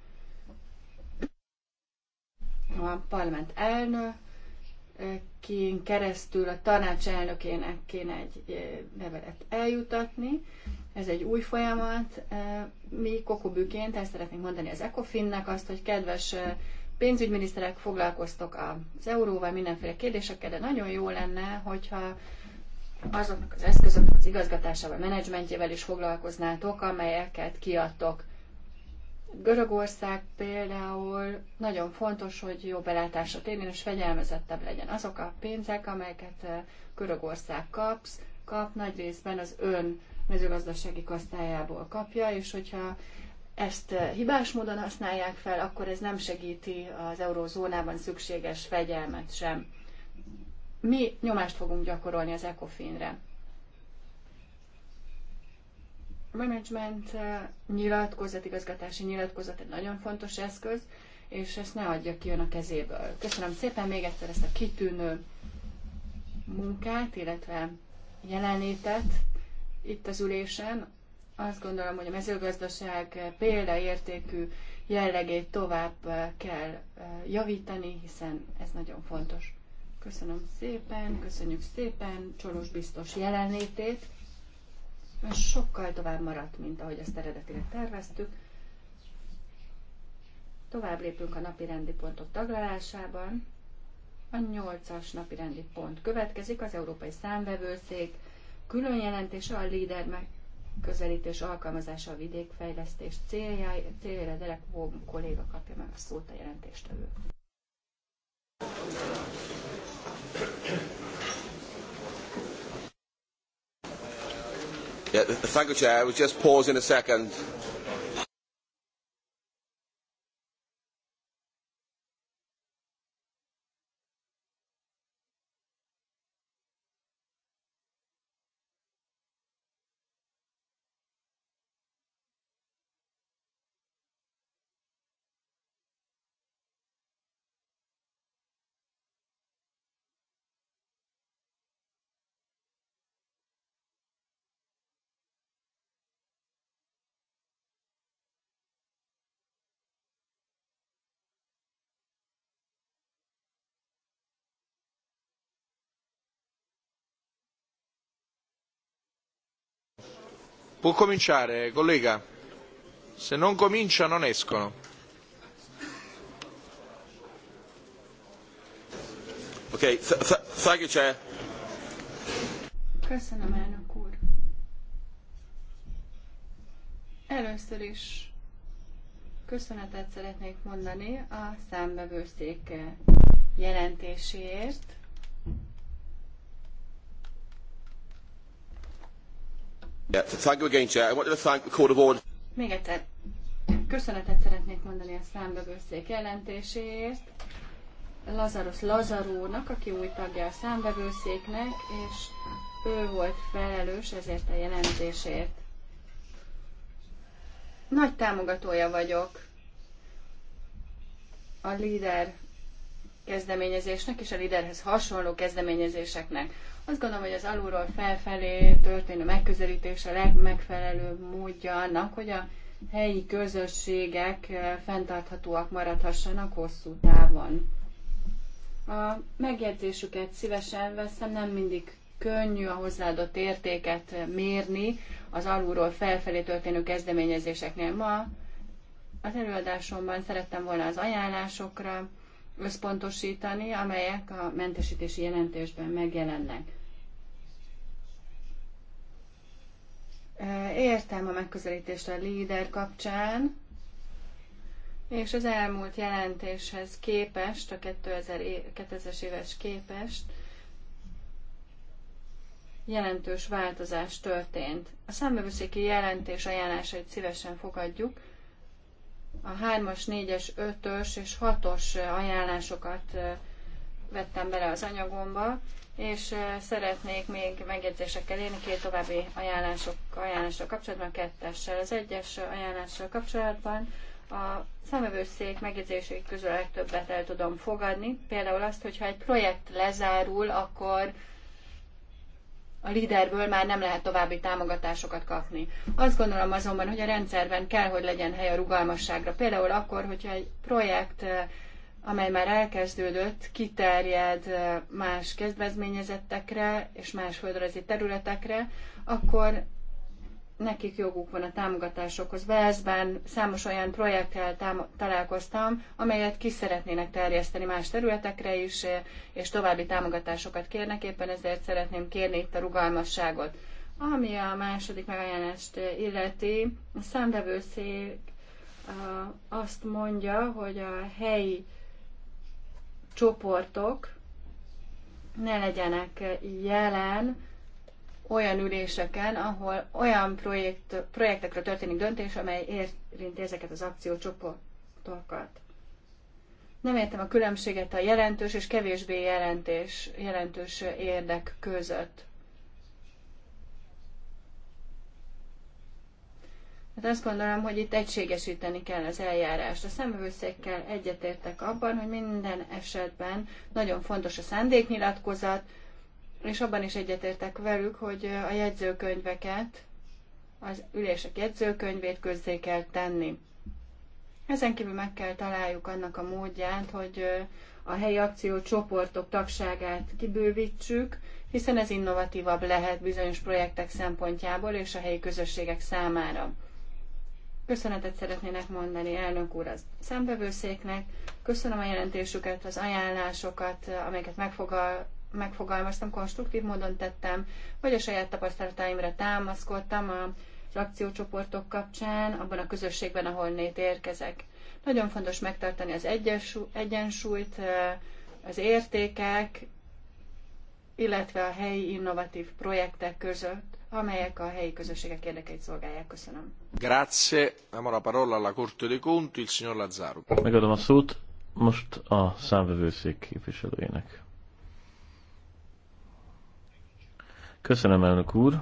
A parlament elnökén keresztül a tanács elnökének kéne egy eh, levelet eljutatni. Ez egy új folyamat. Eh, mi kokobüként el szeretnénk mondani az ECOFIN-nek azt, hogy kedves eh, pénzügyminiszterek foglalkoztok az euróval, mindenféle kérdésekkel, de nagyon jó lenne, hogyha azoknak az eszközöknek az igazgatásával, menedzsmentjével is foglalkoznátok, amelyeket kiadtok. Görögország például nagyon fontos, hogy jó belátásra térjen és fegyelmezettebb legyen. Azok a pénzek, amelyeket eh, Görögország kapsz, kap, nagy részben az ön mezőgazdasági kasztályából kapja, és hogyha ezt eh, hibás módon használják fel, akkor ez nem segíti az eurózónában szükséges fegyelmet sem. Mi nyomást fogunk gyakorolni az ECOFIN-re. A management eh, nyilatkozat, igazgatási nyilatkozat egy nagyon fontos eszköz, és ezt ne adja ki ön a kezéből. Köszönöm szépen még egyszer ezt a kitűnő munkát, illetve jelenlétet itt az ülésen, azt gondolom, hogy a mezőgazdaság példaértékű jellegét tovább kell eh, javítani, hiszen ez nagyon fontos. Köszönöm szépen, köszönjük szépen csolós biztos jelenlétét. Ön sokkal tovább maradt, mint ahogy ezt eredetileg terveztük. Tovább lépünk a napi rendi pontok taglalásában. A nyolcas napi rendi pont következik, az Európai Számvevőszék külön jelentése a Leader közelítés alkalmazása a vidékfejlesztés céljára. Céljára Derek kolléga kapja meg a szót a jelentéstevő. Yeah, thank you, Chair. I was just pausing a second. Può cominciare, collega. Se non comincia non escono. Köszönöm, elnök úr. Először is köszönetet szeretnék mondani a számbevőszék jelentéséért Még egyszer köszönetet szeretnék mondani a számbevőszék jelentéséért. Lazarus Lazarónak, aki új tagja a számbevőszéknek, és ő volt felelős ezért a jelentésért. Nagy támogatója vagyok a líder kezdeményezésnek és a líderhez hasonló kezdeményezéseknek. Azt gondolom, hogy az alulról felfelé történő megközelítés a legmegfelelőbb módja annak, hogy a helyi közösségek eh, fenntarthatóak maradhassanak hosszú távon. A megjegyzésüket szívesen veszem, nem mindig könnyű a hozzáadott értéket eh, mérni az alulról felfelé történő kezdeményezéseknél. Ma az előadásomban szerettem volna az ajánlásokra, összpontosítani, amelyek a mentesítési jelentésben megjelennek. Értem a megközelítést a líder kapcsán, és az elmúlt jelentéshez képest, a 2000-es éves képest jelentős változás történt. A számbevőszéki jelentés ajánlásait szívesen fogadjuk, a 3-as, 4-es, 5-ös és 6-os ajánlásokat vettem bele az anyagomba, és szeretnék még megjegyzésekkel élni két további ajánlások, ajánlással kapcsolatban, a kettessel. Az egyes ajánlással kapcsolatban a számövőszék megjegyzéseik közül a legtöbbet el tudom fogadni. Például azt, hogyha egy projekt lezárul, akkor a líderből már nem lehet további támogatásokat kapni. Azt gondolom azonban, hogy a rendszerben kell, hogy legyen hely a rugalmasságra. Például akkor, hogyha egy projekt, eh, amely már elkezdődött, kiterjed eh, más kezdvezményezettekre és más földrajzi területekre, akkor nekik joguk van a támogatásokhoz. Velszben számos olyan projekttel találkoztam, amelyet ki szeretnének terjeszteni más területekre is, és további támogatásokat kérnek, éppen ezért szeretném kérni itt a rugalmasságot. Ami a második megajánlást illeti, a számvevőszék azt mondja, hogy a helyi csoportok ne legyenek jelen, olyan üléseken, ahol olyan projekt, projektekről történik döntés, amely érinti ezeket az akciócsoportokat. Nem értem a különbséget a jelentős és kevésbé jelentés, jelentős érdek között. Hát azt gondolom, hogy itt egységesíteni kell az eljárást. A szemvőszékkel egyetértek abban, hogy minden esetben nagyon fontos a szándéknyilatkozat, és abban is egyetértek velük, hogy a jegyzőkönyveket, az ülések jegyzőkönyvét közzé kell tenni. Ezen kívül meg kell találjuk annak a módját, hogy a helyi akciócsoportok tagságát kibővítsük, hiszen ez innovatívabb lehet bizonyos projektek szempontjából és a helyi közösségek számára. Köszönetet szeretnének mondani elnök úr az szembevőszéknek. köszönöm a jelentésüket, az ajánlásokat, amelyeket megfogal megfogalmaztam, konstruktív módon tettem, vagy a saját tapasztalataimra támaszkodtam az akciócsoportok kapcsán, abban a közösségben, ahol nét érkezek. Nagyon fontos megtartani az egyensúlyt, az értékek, illetve a helyi innovatív projektek között, amelyek a helyi közösségek érdekeit szolgálják. Köszönöm. Grazie. a parola alla Corte dei Conti, il signor Lazzaro. Megadom a szót most a számvevőszék képviselőjének. Köszönöm, elnök úr.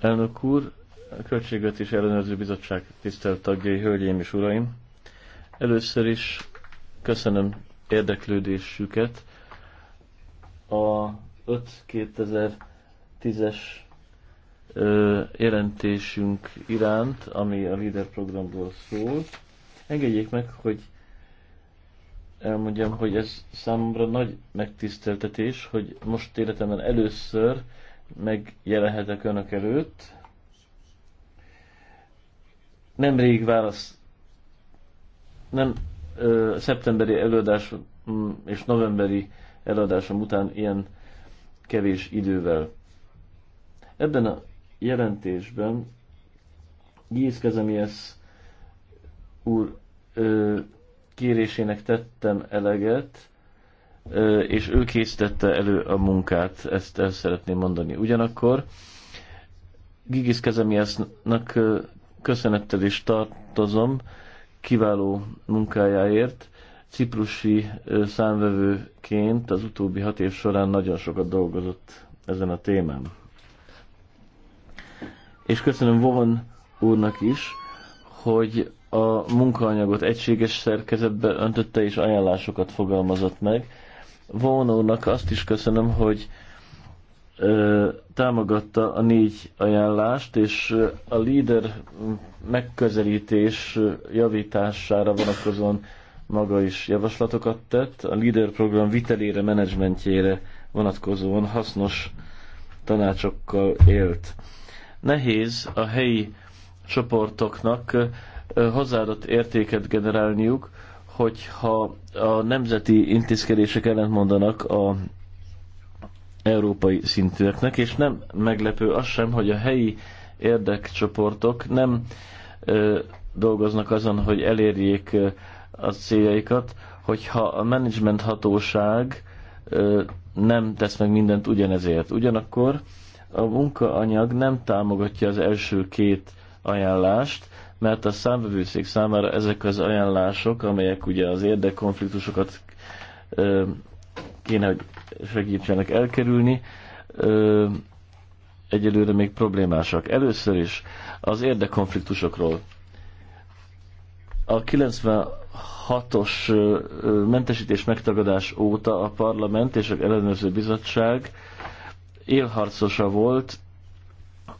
Elnök úr, a Költségvetés Ellenőrző Bizottság tisztelt tagjai, hölgyeim és uraim. Először is köszönöm érdeklődésüket a 5-2010-es jelentésünk iránt, ami a Leader programról szól. Engedjék meg, hogy elmondjam, hogy ez számomra nagy megtiszteltetés, hogy most életemben először megjelenhetek önök előtt. Nemrég válasz, nem ö, szeptemberi előadás és novemberi előadásom után ilyen kevés idővel. Ebben a jelentésben Gíz Kezemiesz úr ö, kérésének tettem eleget, és ő készítette elő a munkát, ezt el szeretném mondani. Ugyanakkor Gigis Kezemiasznak köszönettel is tartozom kiváló munkájáért. Ciprusi számvevőként az utóbbi hat év során nagyon sokat dolgozott ezen a témán. És köszönöm Vovon úrnak is, hogy a munkaanyagot egységes szerkezetbe öntötte és ajánlásokat fogalmazott meg. Vónónak azt is köszönöm, hogy ö, támogatta a négy ajánlást, és a líder megközelítés javítására vonatkozóan maga is javaslatokat tett. A líder program vitelére, menedzsmentjére vonatkozóan hasznos tanácsokkal élt. Nehéz a helyi csoportoknak hozzáadott értéket generálniuk, hogyha a nemzeti intézkedések mondanak a európai szintűeknek, és nem meglepő az sem, hogy a helyi érdekcsoportok nem ö, dolgoznak azon, hogy elérjék ö, a céljaikat, hogyha a menedzsment hatóság ö, nem tesz meg mindent ugyanezért. Ugyanakkor a munkaanyag nem támogatja az első két ajánlást, mert a számvevőszék számára ezek az ajánlások, amelyek ugye az érdekkonfliktusokat kéne, hogy segítsenek elkerülni, egyelőre még problémásak. Először is az érdekkonfliktusokról. A 96-os mentesítés megtagadás óta a parlament és az ellenőrző bizottság élharcosa volt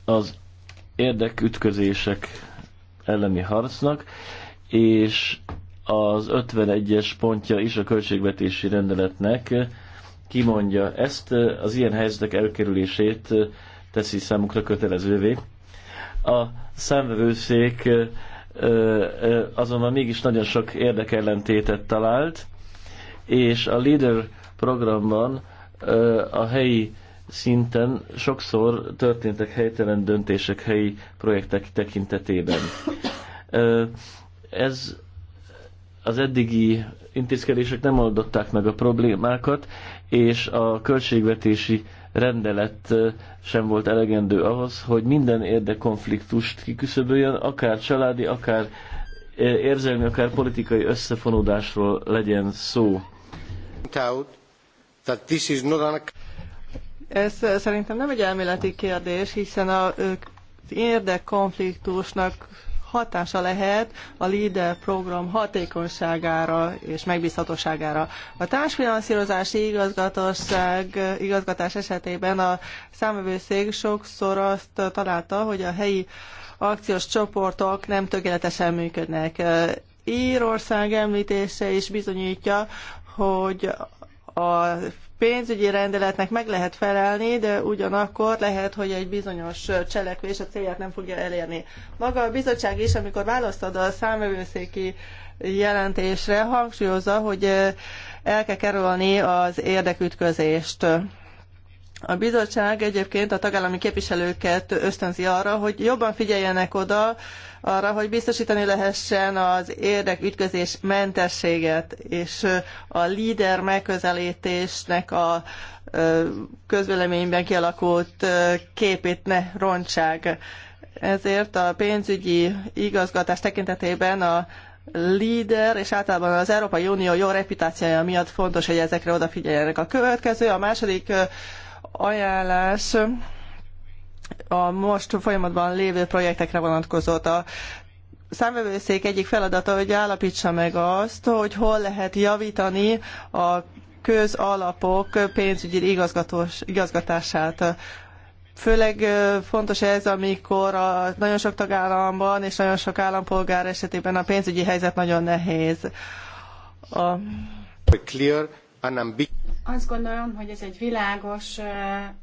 az érdekütközések elleni harcnak, és az 51-es pontja is a költségvetési rendeletnek kimondja ezt, az ilyen helyzetek elkerülését teszi számukra kötelezővé. A számvevőszék azonban mégis nagyon sok érdekellentétet talált, és a LEADER programban a helyi szinten sokszor történtek helytelen döntések helyi projektek tekintetében. Ez az eddigi intézkedések nem oldották meg a problémákat, és a költségvetési rendelet sem volt elegendő ahhoz, hogy minden érdekkonfliktust kiküszöböljön, akár családi, akár érzelmi, akár politikai összefonódásról legyen szó. Ez szerintem nem egy elméleti kérdés, hiszen a érdekkonfliktusnak hatása lehet a LEADER program hatékonyságára és megbízhatóságára. A társfinanszírozási igazgatóság igazgatás esetében a számövőszék sokszor azt találta, hogy a helyi akciós csoportok nem tökéletesen működnek. Írország említése is bizonyítja, hogy a pénzügyi rendeletnek meg lehet felelni, de ugyanakkor lehet, hogy egy bizonyos cselekvés a célját nem fogja elérni. Maga a bizottság is, amikor választ ad a számvevőszéki jelentésre, hangsúlyozza, hogy eh, el kell kerülni az érdekütközést. A bizottság egyébként a tagállami képviselőket ösztönzi arra, hogy jobban figyeljenek oda arra, hogy biztosítani lehessen az érdekütközés mentességet, és a líder megközelítésnek a közvéleményben kialakult képét ne rontsák. Ezért a pénzügyi igazgatás tekintetében a líder, és általában az Európai Unió jó reputációja miatt fontos, hogy ezekre odafigyeljenek. A következő, a második ajánlás a most folyamatban lévő projektekre vonatkozott. A számvevőszék egyik feladata, hogy állapítsa meg azt, hogy hol lehet javítani a közalapok pénzügyi igazgatós, igazgatását. Főleg fontos ez, amikor a nagyon sok tagállamban és nagyon sok állampolgár esetében a pénzügyi helyzet nagyon nehéz. A azt gondolom, hogy ez egy világos,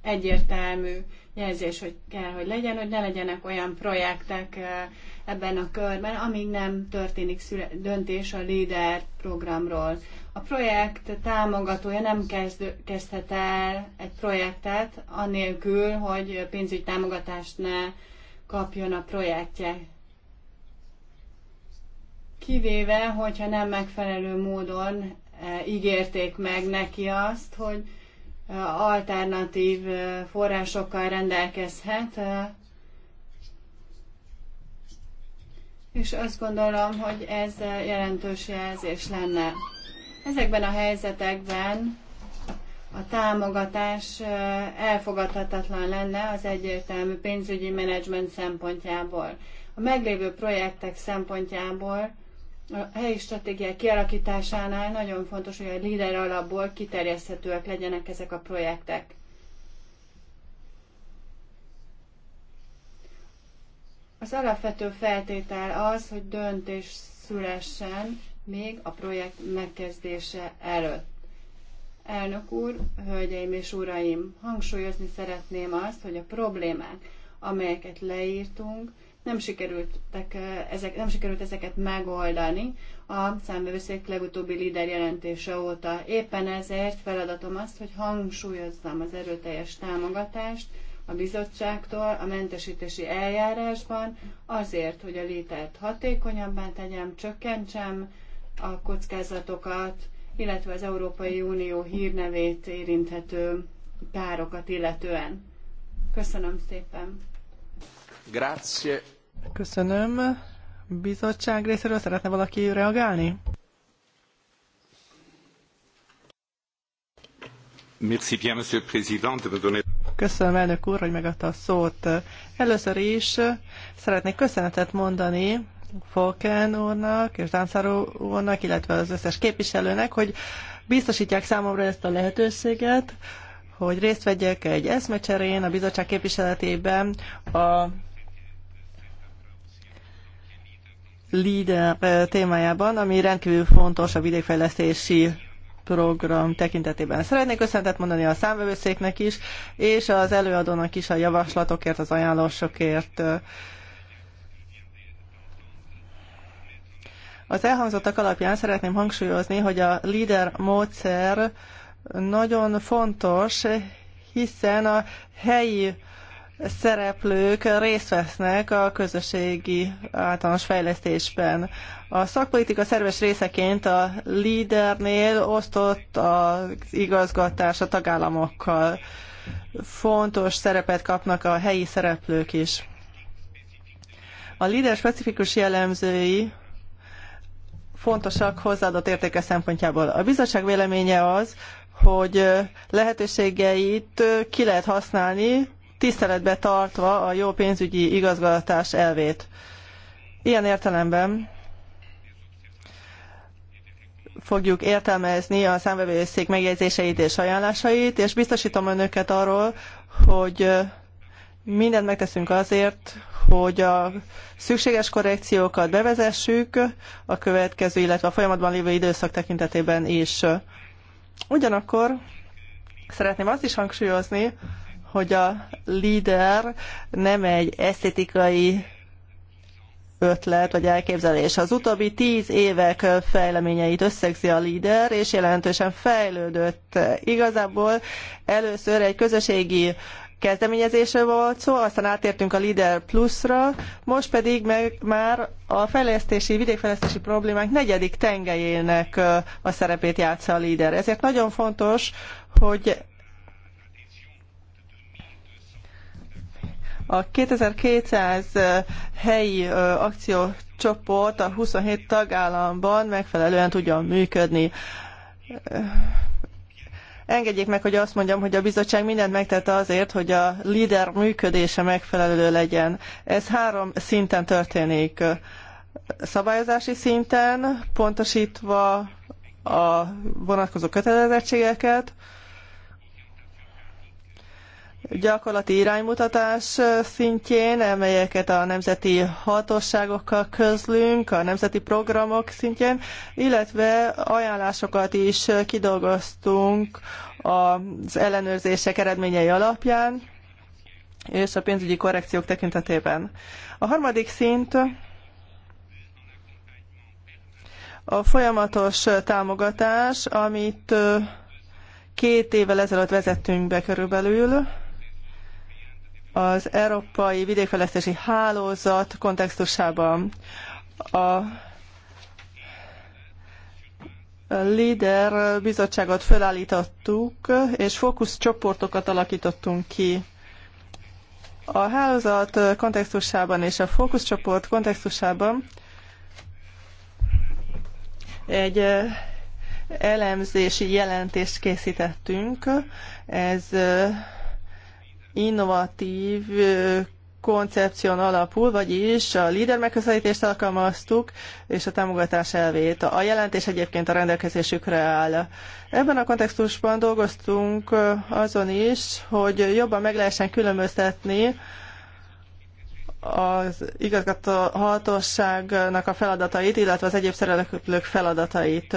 egyértelmű jelzés, hogy kell, hogy legyen, hogy ne legyenek olyan projektek ebben a körben, amíg nem történik döntés a LEADER programról. A projekt támogatója nem kezd, kezdhet el egy projektet, anélkül, hogy pénzügyi támogatást ne kapjon a projektje. Kivéve, hogyha nem megfelelő módon E, ígérték meg neki azt, hogy e, alternatív e, forrásokkal rendelkezhet, és azt gondolom, hogy ez jelentős jelzés lenne. Ezekben a helyzetekben a támogatás elfogadhatatlan lenne az egyértelmű pénzügyi menedzsment szempontjából. A meglévő projektek szempontjából a helyi stratégiák kialakításánál nagyon fontos, hogy a líder alapból kiterjeszthetőek legyenek ezek a projektek. Az alapvető feltétel az, hogy döntés szülessen még a projekt megkezdése előtt. Elnök úr, hölgyeim és uraim, hangsúlyozni szeretném azt, hogy a problémák, amelyeket leírtunk, nem sikerültek eh, ezek, nem sikerült ezeket megoldani a számbevőszék legutóbbi líder jelentése óta. Éppen ezért feladatom azt, hogy hangsúlyozzam az erőteljes támogatást a bizottságtól a mentesítési eljárásban azért, hogy a létert hatékonyabbá tegyem, csökkentsem a kockázatokat, illetve az Európai Unió hírnevét érinthető károkat illetően. Köszönöm szépen! Grazie. Köszönöm. Bizottság részéről szeretne valaki reagálni? Merci bien, monsieur le président, de me donner... Köszönöm, elnök úr, hogy megadta a szót. Először is szeretnék köszönetet mondani Falken úrnak és Dánszáró úrnak, illetve az összes képviselőnek, hogy biztosítják számomra ezt a lehetőséget, hogy részt vegyek egy eszmecserén a bizottság képviseletében a LEADER eh, témájában, ami rendkívül fontos a vidékfejlesztési program tekintetében. Szeretnék köszöntet mondani a számvevőszéknek is, és az előadónak is a javaslatokért, az ajánlásokért. Az elhangzottak alapján szeretném hangsúlyozni, hogy a LEADER módszer nagyon fontos, hiszen a helyi szereplők részt vesznek a közösségi általános fejlesztésben. A szakpolitika szerves részeként a lídernél osztott az igazgatás a tagállamokkal. Fontos szerepet kapnak a helyi szereplők is. A líder specifikus jellemzői fontosak hozzáadott értéke szempontjából. A bizottság véleménye az, hogy lehetőségeit ki lehet használni tiszteletbe tartva a jó pénzügyi igazgatás elvét. Ilyen értelemben fogjuk értelmezni a számvevőszék megjegyzéseit és ajánlásait, és biztosítom önöket arról, hogy mindent megteszünk azért, hogy a szükséges korrekciókat bevezessük a következő, illetve a folyamatban lévő időszak tekintetében is. Ugyanakkor szeretném azt is hangsúlyozni, hogy a líder nem egy esztétikai ötlet vagy elképzelés. Az utóbbi tíz évek fejleményeit összegzi a líder, és jelentősen fejlődött. Igazából először egy közösségi kezdeményezésről volt szó, aztán átértünk a Leader Plus-ra, most pedig meg már a fejlesztési, vidékfejlesztési problémák negyedik tengelyének a szerepét játsza a Leader. Ezért nagyon fontos, hogy A 2200 helyi akciócsoport a 27 tagállamban megfelelően tudjon működni. Engedjék meg, hogy azt mondjam, hogy a bizottság mindent megtette azért, hogy a líder működése megfelelő legyen. Ez három szinten történik. Szabályozási szinten, pontosítva a vonatkozó kötelezettségeket, gyakorlati iránymutatás szintjén, amelyeket a nemzeti hatóságokkal közlünk, a nemzeti programok szintjén, illetve ajánlásokat is kidolgoztunk az ellenőrzések eredményei alapján és a pénzügyi korrekciók tekintetében. A harmadik szint a folyamatos támogatás, amit két évvel ezelőtt vezettünk be körülbelül, az Európai Vidékfejlesztési Hálózat kontextusában a LEADER bizottságot felállítottuk, és fókuszcsoportokat alakítottunk ki. A hálózat kontextusában és a fókuszcsoport kontextusában egy elemzési jelentést készítettünk. Ez innovatív koncepción alapul, vagyis a líder megközelítést alkalmaztuk, és a támogatás elvét. A jelentés egyébként a rendelkezésükre áll. Ebben a kontextusban dolgoztunk azon is, hogy jobban meg lehessen különböztetni az igazgató a feladatait, illetve az egyéb szereplők feladatait.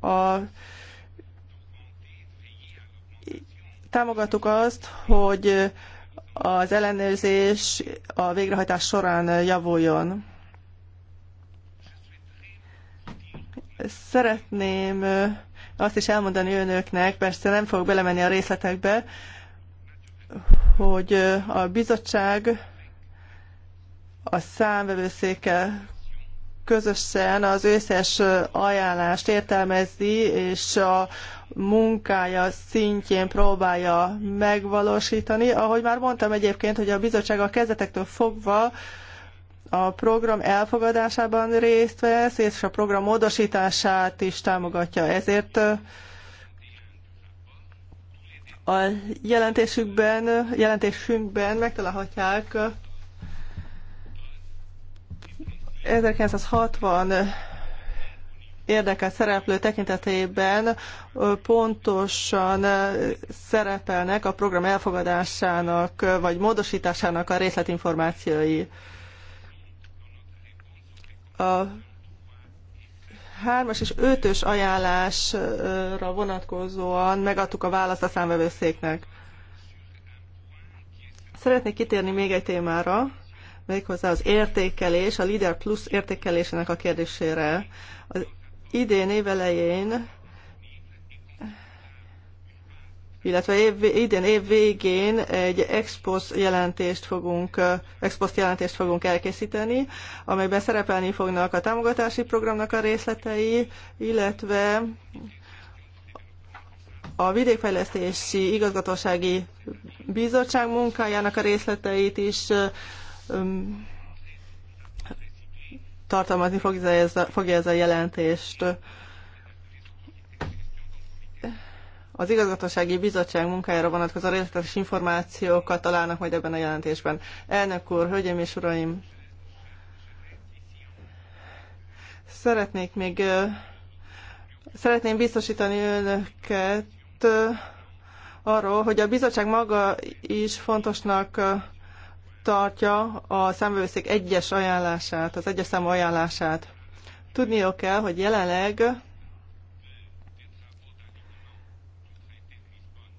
A Támogattuk azt, hogy az ellenőrzés a végrehajtás során javuljon. Szeretném azt is elmondani önöknek, persze nem fogok belemenni a részletekbe, hogy a bizottság a számvevőszékkel közösen az összes ajánlást értelmezi, és a, munkája szintjén próbálja megvalósítani. Ahogy már mondtam egyébként, hogy a bizottság a kezdetektől fogva a program elfogadásában részt vesz, és a program módosítását is támogatja. Ezért a jelentésükben, jelentésünkben megtalálhatják 1960 érdekelt szereplő tekintetében pontosan szerepelnek a program elfogadásának vagy módosításának a részletinformációi. A hármas és ötös ajánlásra vonatkozóan megadtuk a választ a számvevőszéknek. Szeretnék kitérni még egy témára, méghozzá az értékelés, a Leader Plus értékelésének a kérdésére. Az idén évelején, illetve év, idén év végén egy expos jelentést fogunk, expos jelentést fogunk elkészíteni, amelyben szerepelni fognak a támogatási programnak a részletei, illetve a vidékfejlesztési igazgatósági bizottság munkájának a részleteit is um, tartalmazni fogja ez a, fogja ez a jelentést. Az igazgatósági bizottság munkájára vonatkozó részletes információkat találnak majd ebben a jelentésben. Elnök úr, hölgyeim és uraim! Szeretnék még szeretném biztosítani önöket arról, hogy a bizottság maga is fontosnak tartja a számvevőszék egyes ajánlását, az egyes számú ajánlását. Tudniuk kell, hogy jelenleg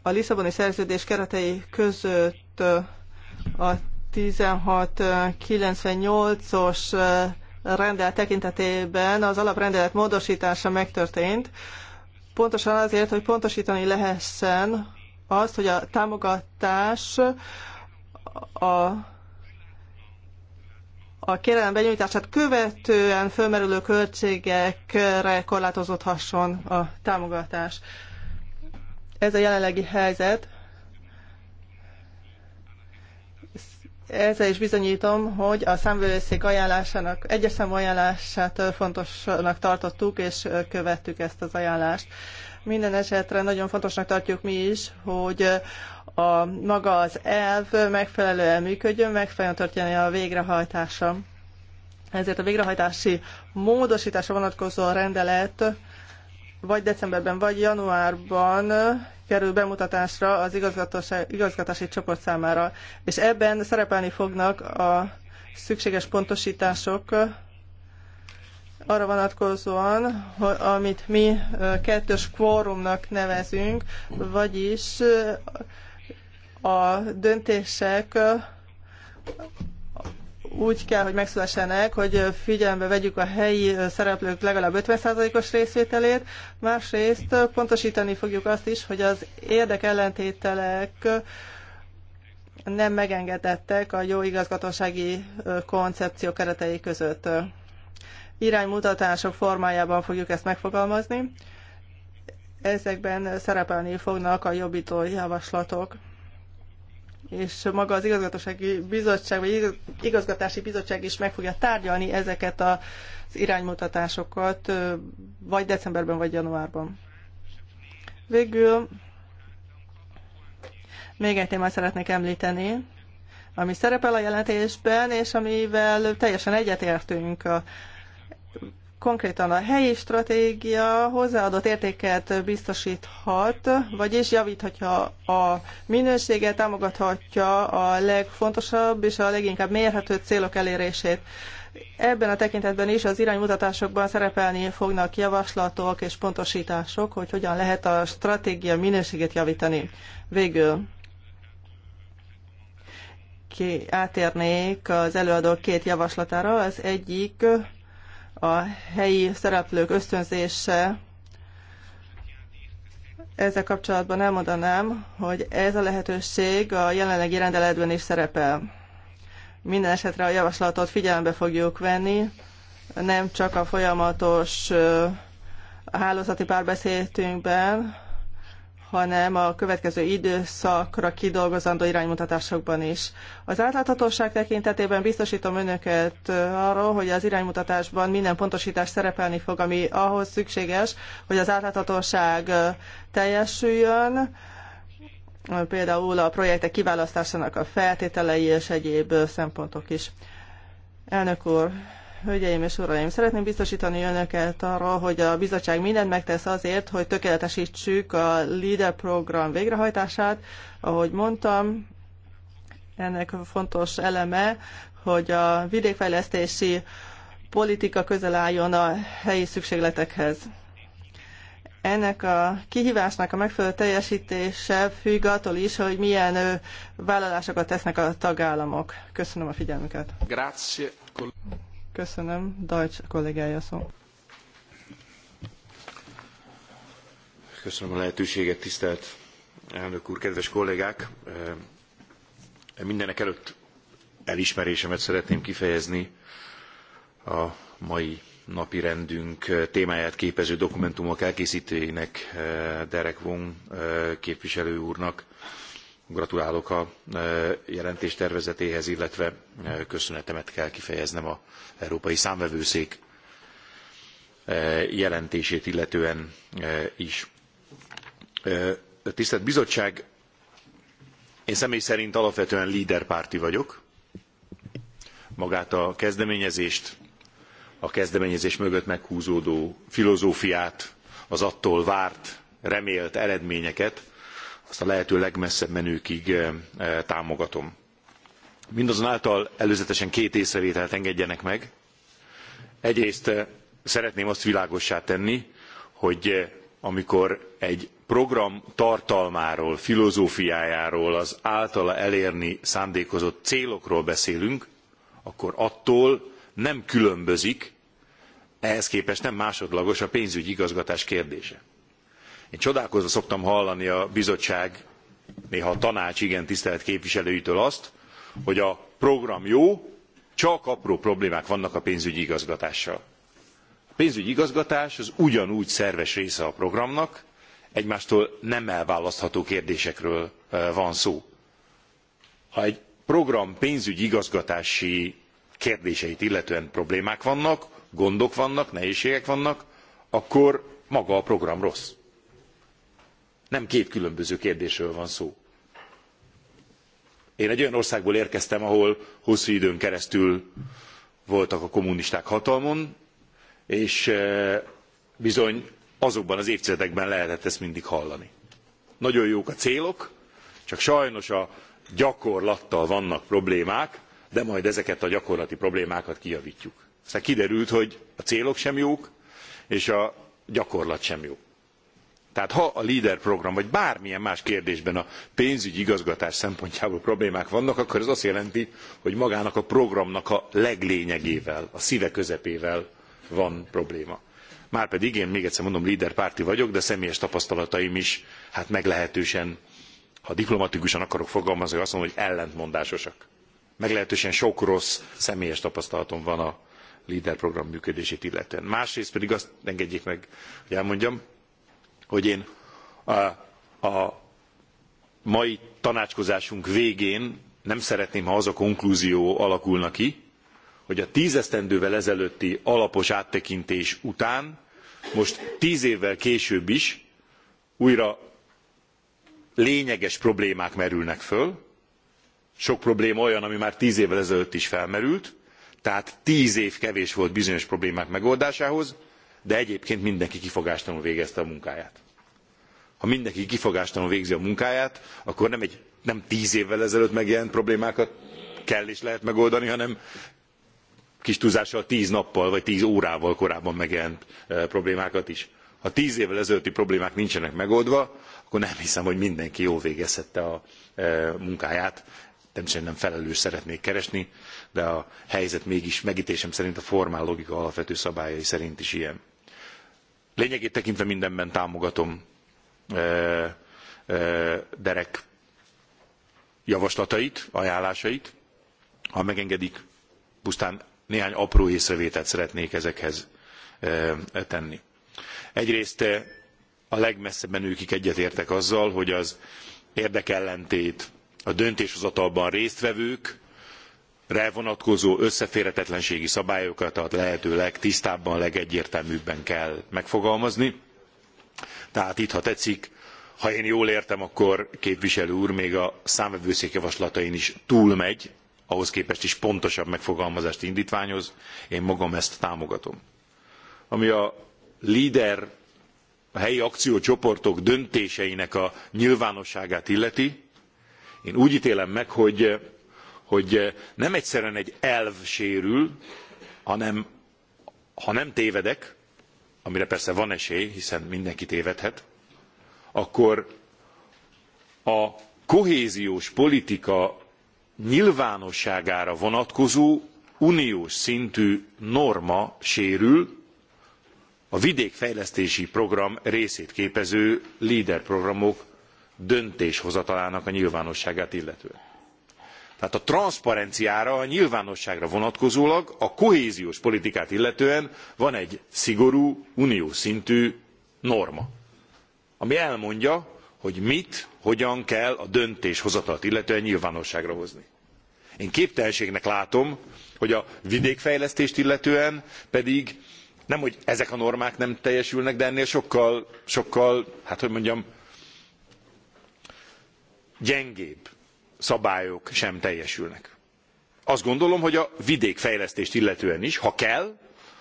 a Lisszaboni szerződés keretei között a 1698-os rendelet tekintetében az alaprendelet módosítása megtörtént, pontosan azért, hogy pontosítani lehessen azt, hogy a támogatás a a kérelem benyújtását követően fölmerülő költségekre korlátozódhasson a támogatás. Ez a jelenlegi helyzet. Ezzel is bizonyítom, hogy a számvőszék ajánlásának, egyes számú ajánlását fontosnak tartottuk, és követtük ezt az ajánlást. Minden esetre nagyon fontosnak tartjuk mi is, hogy a maga az elv megfelelően működjön, megfelelően történjen a végrehajtása. Ezért a végrehajtási módosításra vonatkozó rendelet vagy decemberben, vagy januárban kerül bemutatásra az igazgatási csoport számára, és ebben szerepelni fognak a szükséges pontosítások arra vonatkozóan, amit mi kettős kvórumnak nevezünk, vagyis a döntések úgy kell, hogy megszülessenek, hogy figyelembe vegyük a helyi szereplők legalább 50%-os részvételét, másrészt pontosítani fogjuk azt is, hogy az érdekellentételek nem megengedettek a jó igazgatósági koncepció keretei között iránymutatások formájában fogjuk ezt megfogalmazni. Ezekben szerepelni fognak a jobbító javaslatok. És maga az igazgatósági bizottság, vagy igazgatási bizottság is meg fogja tárgyalni ezeket az iránymutatásokat, vagy decemberben, vagy januárban. Végül még egy témát szeretnék említeni, ami szerepel a jelentésben, és amivel teljesen egyetértünk konkrétan a helyi stratégia hozzáadott értéket biztosíthat, vagyis javíthatja a minőséget, támogathatja a legfontosabb és a leginkább mérhető célok elérését. Ebben a tekintetben is az iránymutatásokban szerepelni fognak javaslatok és pontosítások, hogy hogyan lehet a stratégia minőségét javítani. Végül ki, átérnék az előadó két javaslatára. Az egyik a helyi szereplők ösztönzése. Ezzel kapcsolatban elmondanám, hogy ez a lehetőség a jelenlegi rendeletben is szerepel. Minden esetre a javaslatot figyelembe fogjuk venni, nem csak a folyamatos hálózati párbeszédünkben, hanem a következő időszakra kidolgozandó iránymutatásokban is. Az átláthatóság tekintetében biztosítom önöket arról, hogy az iránymutatásban minden pontosítás szerepelni fog, ami ahhoz szükséges, hogy az átláthatóság teljesüljön, például a projektek kiválasztásának a feltételei és egyéb szempontok is. Elnök úr, Hölgyeim és uraim, szeretném biztosítani önöket arról, hogy a bizottság mindent megtesz azért, hogy tökéletesítsük a LEADER program végrehajtását. Ahogy mondtam, ennek fontos eleme, hogy a vidékfejlesztési politika közel álljon a helyi szükségletekhez. Ennek a kihívásnak a megfelelő teljesítése függ attól is, hogy milyen vállalásokat tesznek a tagállamok. Köszönöm a figyelmüket. Grazie. Köszönöm. Deutsch kollégája szó. Köszönöm a lehetőséget, tisztelt elnök úr, kedves kollégák! E, mindenek előtt elismerésemet szeretném kifejezni a mai napi rendünk témáját képező dokumentumok elkészítőjének, e, Derek Wong e, képviselő úrnak, Gratulálok a e, jelentés tervezetéhez, illetve e, köszönetemet kell kifejeznem a Európai Számvevőszék e, jelentését illetően is. Tisztelt Bizottság, én személy szerint alapvetően líderpárti vagyok. Magát a kezdeményezést, a kezdeményezés mögött meghúzódó filozófiát, az attól várt, remélt eredményeket ezt a lehető legmesszebb menőkig eh, eh, támogatom. Mindazonáltal előzetesen két észrevételt engedjenek meg. Egyrészt eh, szeretném azt világossá tenni, hogy amikor egy program tartalmáról, filozófiájáról, az általa elérni szándékozott célokról beszélünk, akkor attól nem különbözik, ehhez képest nem másodlagos a pénzügyi igazgatás kérdése. Én csodálkozva szoktam hallani a bizottság, néha a tanács igen tisztelt képviselőitől azt, hogy a program jó, csak apró problémák vannak a pénzügyi igazgatással. A pénzügyi igazgatás az ugyanúgy szerves része a programnak, egymástól nem elválasztható kérdésekről eh, van szó. Ha egy program pénzügyi igazgatási kérdéseit illetően problémák vannak, gondok vannak, nehézségek vannak, akkor maga a program rossz. Nem két különböző kérdésről van szó. Én egy olyan országból érkeztem, ahol hosszú időn keresztül voltak a kommunisták hatalmon, és eh, bizony azokban az évtizedekben lehetett ezt mindig hallani. Nagyon jók a célok, csak sajnos a gyakorlattal vannak problémák, de majd ezeket a gyakorlati problémákat kijavítjuk. Aztán kiderült, hogy a célok sem jók, és a gyakorlat sem jó. Tehát ha a LEADER program, vagy bármilyen más kérdésben a pénzügyi igazgatás szempontjából problémák vannak, akkor ez azt jelenti, hogy magának a programnak a leglényegével, a szíve közepével van probléma. Márpedig én még egyszer mondom, LEADER párti vagyok, de személyes tapasztalataim is, hát meglehetősen, ha diplomatikusan akarok fogalmazni, azt mondom, hogy ellentmondásosak. Meglehetősen sok rossz személyes tapasztalatom van a LEADER program működését illetően. Másrészt pedig azt engedjék meg, hogy elmondjam, hogy én a, a mai tanácskozásunk végén nem szeretném, ha az a konklúzió alakulna ki, hogy a tízesztendővel ezelőtti alapos áttekintés után most tíz évvel később is újra lényeges problémák merülnek föl. Sok probléma olyan, ami már tíz évvel ezelőtt is felmerült, tehát tíz év kevés volt bizonyos problémák megoldásához, de egyébként mindenki kifogástalanul végezte a munkáját. Ha mindenki kifogástalanul végzi a munkáját, akkor nem, egy, nem tíz évvel ezelőtt megjelent problémákat kell és lehet megoldani, hanem kis túlzással tíz nappal vagy tíz órával korábban megjelent eh, problémákat is. Ha tíz évvel ezelőtti problémák nincsenek megoldva, akkor nem hiszem, hogy mindenki jól végezhette a eh, munkáját. Természetesen nem felelős szeretnék keresni, de a helyzet mégis megítésem szerint a formál logika alapvető szabályai szerint is ilyen lényegét tekintve mindenben támogatom Derek javaslatait, ajánlásait. Ha megengedik, pusztán néhány apró észrevételt szeretnék ezekhez tenni. Egyrészt a legmesszebb menőkig egyetértek azzal, hogy az érdekellentét a döntéshozatalban résztvevők re vonatkozó összeférhetetlenségi szabályokat a lehető legtisztábban, legegyértelműbben kell megfogalmazni. Tehát itt, ha tetszik, ha én jól értem, akkor képviselő úr még a számvevőszék javaslatain is túlmegy, ahhoz képest is pontosabb megfogalmazást indítványoz. Én magam ezt támogatom. Ami a líder a helyi akciócsoportok döntéseinek a nyilvánosságát illeti, én úgy ítélem meg, hogy hogy eh, nem egyszerűen egy elv sérül, hanem ha nem tévedek, amire persze van esély, hiszen mindenki tévedhet, akkor a kohéziós politika nyilvánosságára vonatkozó uniós szintű norma sérül, a vidékfejlesztési program részét képező leader programok döntéshozatalának a nyilvánosságát illetően tehát a transzparenciára a nyilvánosságra vonatkozólag a kohéziós politikát illetően van egy szigorú uniós szintű norma ami elmondja hogy mit hogyan kell a döntéshozatalt illetően nyilvánosságra hozni. én képtelenségnek látom hogy a vidékfejlesztést illetően pedig nem hogy ezek a normák nem teljesülnek de ennél sokkal sokkal hát hogy mondjam gyengébb szabályok sem teljesülnek. Azt gondolom, hogy a vidékfejlesztést illetően is, ha kell,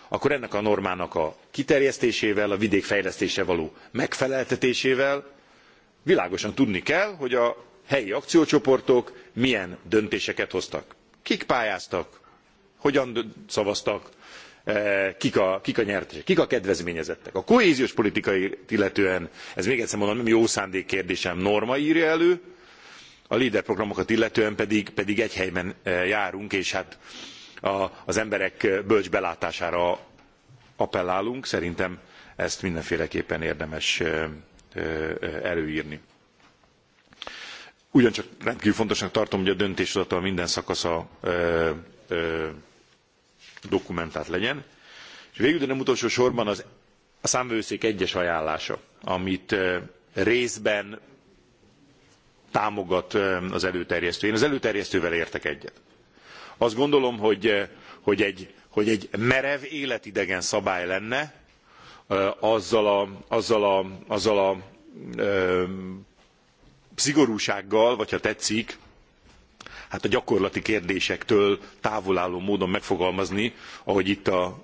akkor ennek a normának a kiterjesztésével, a vidékfejlesztése való megfeleltetésével világosan tudni kell, hogy a helyi akciócsoportok milyen döntéseket hoztak. Kik pályáztak, hogyan szavaztak, e, kik a, kik a nyertesek, kik a kedvezményezettek. A kohéziós politikai illetően, ez még egyszer mondom, nem jó szándék kérdésem, norma írja elő, a leader programokat illetően pedig, pedig egy helyben e, járunk, és hát az emberek bölcs belátására appellálunk. Szerintem ezt mindenféleképpen érdemes e, e, előírni. Ugyancsak rendkívül fontosnak tartom, hogy a döntéshozatal minden szakasza ö, ö, dokumentált legyen. És végül, de nem utolsó sorban az, a számvőszék egyes ajánlása, amit részben támogat az előterjesztő. Én az előterjesztővel értek egyet. Azt gondolom, hogy, hogy, egy, hogy egy merev, életidegen szabály lenne azzal a, azzal a, azzal a ö, szigorúsággal, vagy ha tetszik, hát a gyakorlati kérdésektől távolálló módon megfogalmazni, ahogy itt a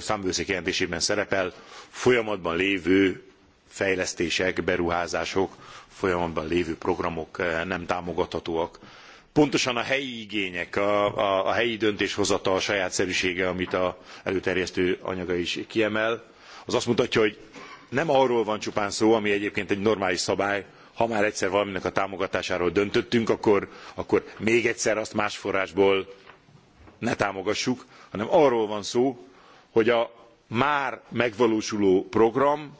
számvőszék jelentésében szerepel, folyamatban lévő fejlesztések, beruházások, folyamatban lévő programok eh, nem támogathatóak. Pontosan a helyi igények, a, a, a helyi döntéshozata, a sajátszerűsége, amit a előterjesztő anyaga is kiemel, az azt mutatja, hogy nem arról van csupán szó, ami egyébként egy normális szabály, ha már egyszer valaminek a támogatásáról döntöttünk, akkor, akkor még egyszer azt más forrásból ne támogassuk, hanem arról van szó, hogy a már megvalósuló program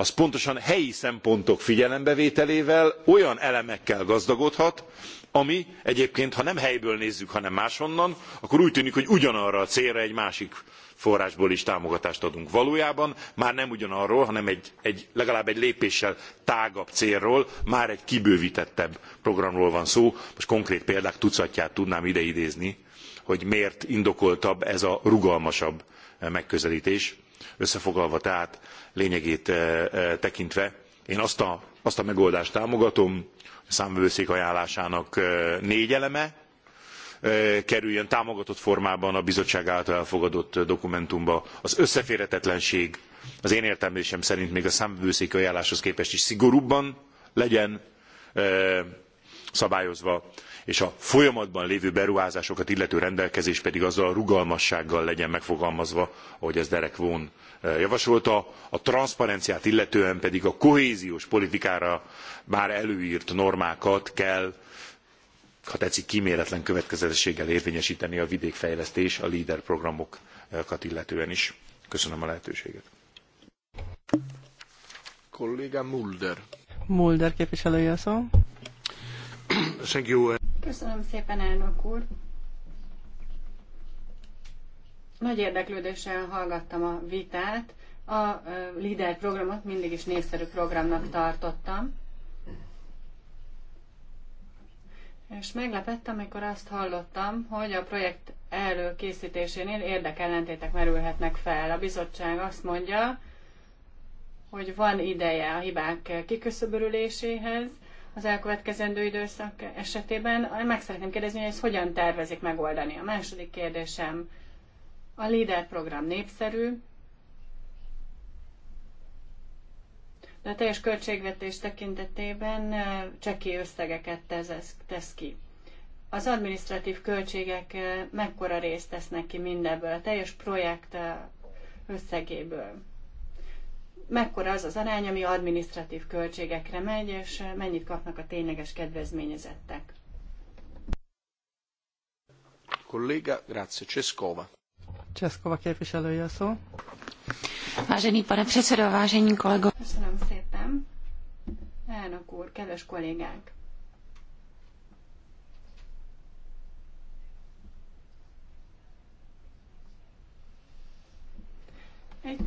az pontosan helyi szempontok figyelembevételével olyan elemekkel gazdagodhat ami egyébként ha nem helyből nézzük hanem máshonnan akkor úgy tűnik hogy ugyanarra a célra egy másik forrásból is támogatást adunk. valójában már nem ugyanarról hanem egy, egy, legalább egy lépéssel tágabb célról már egy kibővtettebb programról van szó most konkrét példák tucatját tudnám ide idézni hogy miért indokoltabb ez a rugalmasabb megközeltés Összefoglalva tehát lényegét eh, eh, tekintve, én azt a, azt a megoldást támogatom, a számvevőszék ajánlásának eh, négy eleme kerüljön támogatott formában a bizottság által elfogadott dokumentumba. Az összeférhetetlenség az én értelmésem szerint még a számvevőszék ajánláshoz képest is szigorúbban legyen szabályozva és a folyamatban lévő beruházásokat illető rendelkezés pedig azzal a rugalmassággal legyen megfogalmazva, ahogy ez Derek Vaughan eh, javasolta, a transzparenciát illetően pedig a kohéziós politikára már előírt normákat kell ha tetszik, kíméletlen következetességgel érvényesíteni a vidékfejlesztés, a LEADER programokat illetően is. Köszönöm a lehetőséget. Kolléga Mulder. Mulder képviselője szó. Thank you. Köszönöm szépen, elnök úr. Nagy érdeklődéssel hallgattam a vitát. A LIDER programot mindig is népszerű programnak tartottam. És meglepettem, amikor azt hallottam, hogy a projekt előkészítésénél érdekellentétek merülhetnek fel. A bizottság azt mondja, hogy van ideje a hibák kiküszöbörüléséhez, az elkövetkezendő időszak esetében. Meg szeretném kérdezni, hogy ezt hogyan tervezik megoldani. A második kérdésem, a LIDER program népszerű, de a teljes költségvetés tekintetében eh, cseki összegeket tesz, ki. Az administratív költségek eh, mekkora részt tesznek ki mindebből, a teljes projekt eh, összegéből? mekkora az az arány, ami administratív költségekre megy, és mennyit kapnak a tényleges kedvezményezettek. Kolléga, grazie. Cseszkova. Cseszkova képviselője a szó. Vážený pane předsedo, vážení kolego. Köszönöm szépen. Elnök úr, kedves kollégák. Egy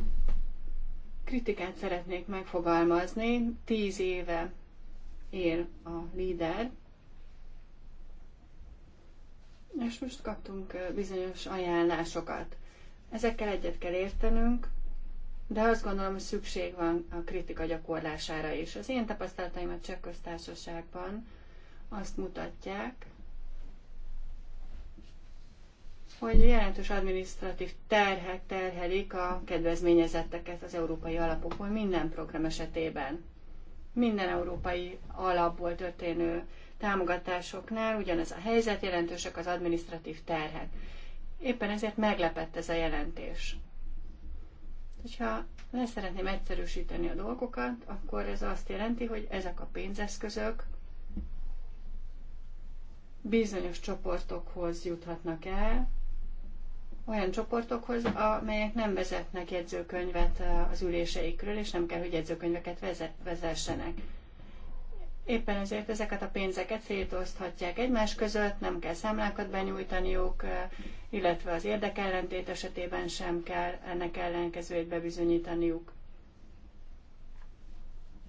kritikát szeretnék megfogalmazni. Tíz éve él a líder, és most kaptunk bizonyos ajánlásokat. Ezekkel egyet kell értenünk, de azt gondolom, hogy szükség van a kritika gyakorlására is. Az én tapasztalataim a cseh köztársaságban azt mutatják, hogy jelentős adminisztratív terhek terhelik a kedvezményezetteket az európai alapokból minden program esetében. Minden európai alapból történő támogatásoknál ugyanez a helyzet, jelentősek az adminisztratív terhek. Éppen ezért meglepett ez a jelentés. Hogyha le szeretném egyszerűsíteni a dolgokat, akkor ez azt jelenti, hogy ezek a pénzeszközök bizonyos csoportokhoz juthatnak el, olyan csoportokhoz, amelyek nem vezetnek jegyzőkönyvet eh, az üléseikről, és nem kell, hogy jegyzőkönyveket vezessenek. Éppen ezért ezeket a pénzeket szétoszthatják egymás között, nem kell számlákat benyújtaniuk, eh, illetve az érdekellentét esetében sem kell ennek ellenkezőjét bebizonyítaniuk.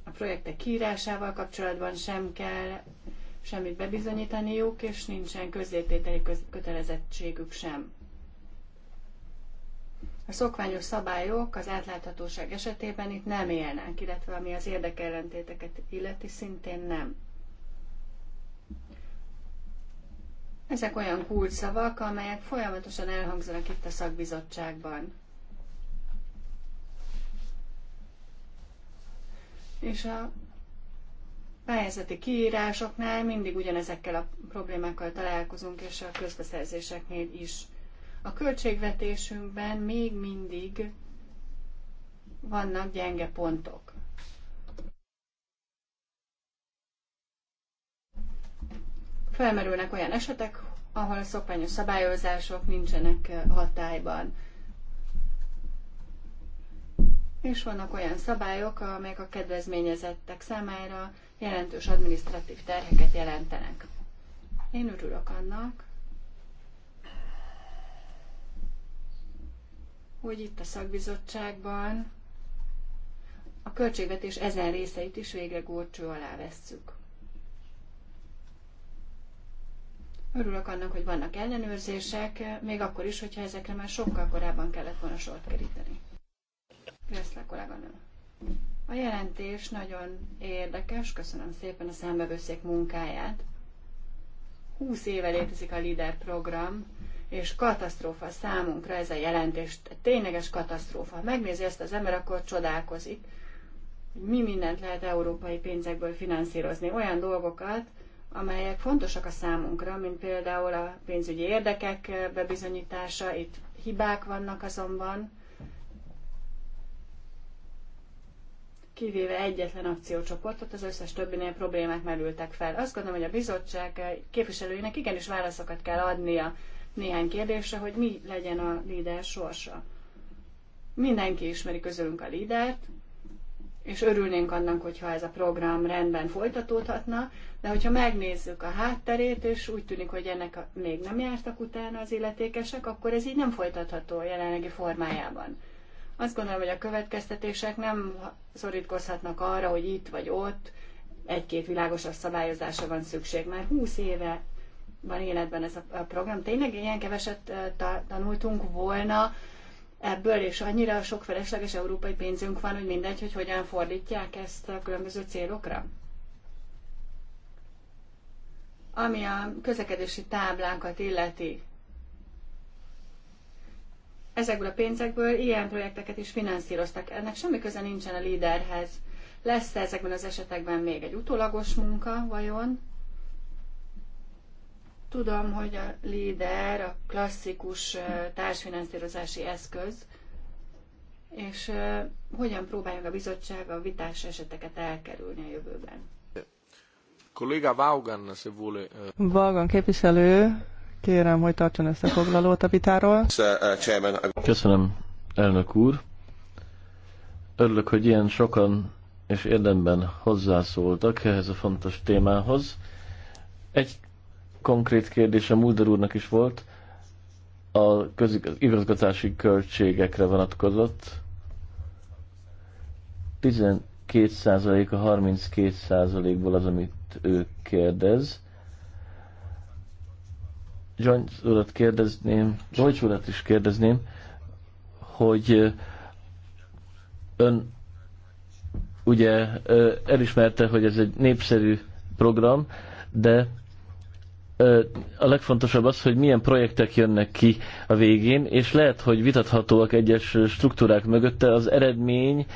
A projektek kiírásával kapcsolatban sem kell semmit bebizonyítaniuk, és nincsen közzétételi kötelezettségük sem. A szokványos szabályok az átláthatóság esetében itt nem élnek, illetve ami az érdekellentéteket illeti, szintén nem. Ezek olyan kulcsszavak, amelyek folyamatosan elhangzanak itt a szakbizottságban. És a pályázati kiírásoknál mindig ugyanezekkel a problémákkal találkozunk, és a közbeszerzéseknél is. A költségvetésünkben még mindig vannak gyenge pontok. Felmerülnek olyan esetek, ahol a szokványos szabályozások nincsenek eh, hatályban. És vannak olyan szabályok, amelyek a kedvezményezettek számára jelentős administratív terheket jelentenek. Én örülök annak, hogy itt a szakbizottságban a költségvetés ezen részeit is végre górcső alá vesszük. Örülök annak, hogy vannak ellenőrzések, még akkor is, hogyha ezekre már sokkal korábban kellett volna sort keríteni. Köszönöm, kolléganő. A jelentés nagyon érdekes, köszönöm szépen a számbevőszék munkáját. 20 éve létezik a LIDER program, és katasztrófa számunkra ez a jelentés, tényleges katasztrófa. Ha megnézi ezt az ember, akkor csodálkozik, hogy mi mindent lehet európai pénzekből finanszírozni, olyan dolgokat, amelyek fontosak a számunkra, mint például a pénzügyi érdekek bebizonyítása, itt hibák vannak azonban, kivéve egyetlen akciócsoportot, az összes többinél problémák merültek fel. Azt gondolom, hogy a bizottság képviselőinek igenis válaszokat kell adnia néhány kérdésre, hogy mi legyen a líder sorsa. Mindenki ismeri közülünk a lídert, és örülnénk annak, hogyha ez a program rendben folytatódhatna, de hogyha megnézzük a hátterét, és úgy tűnik, hogy ennek még nem jártak utána az illetékesek, akkor ez így nem folytatható a jelenlegi formájában. Azt gondolom, hogy a következtetések nem szorítkozhatnak arra, hogy itt vagy ott egy-két világosabb szabályozásra van szükség. Már 20 éve van életben ez a program. Tényleg ilyen keveset tanultunk volna ebből, és annyira sok felesleges európai pénzünk van, hogy mindegy, hogy hogyan fordítják ezt a különböző célokra. Ami a közlekedési táblánkat illeti, ezekből a pénzekből ilyen projekteket is finanszíroztak. Ennek semmi köze nincsen a líderhez. Lesz -e ezekben az esetekben még egy utólagos munka vajon? Tudom, hogy a LIDER a klasszikus társfinanszírozási eszköz, és hogyan próbáljuk a bizottság a vitás eseteket elkerülni a jövőben. Kolléga Vaughan, se vuole... Vaughan képviselő, kérem, hogy tartson összefoglalót a vitáról. Uh, Köszönöm, elnök úr. Örülök, hogy ilyen sokan és érdemben hozzászóltak ehhez a fontos témához. Egy konkrét kérdése Mulder úrnak is volt, a közigazgatási költségekre vonatkozott. 12% a 32%-ból az, amit ő kérdez. Jones urat kérdezném, Jones urat is kérdezném, hogy ön ugye elismerte, hogy ez egy népszerű program, de a legfontosabb az, hogy milyen projektek jönnek ki a végén, és lehet, hogy vitathatóak egyes struktúrák mögötte. Az eredmény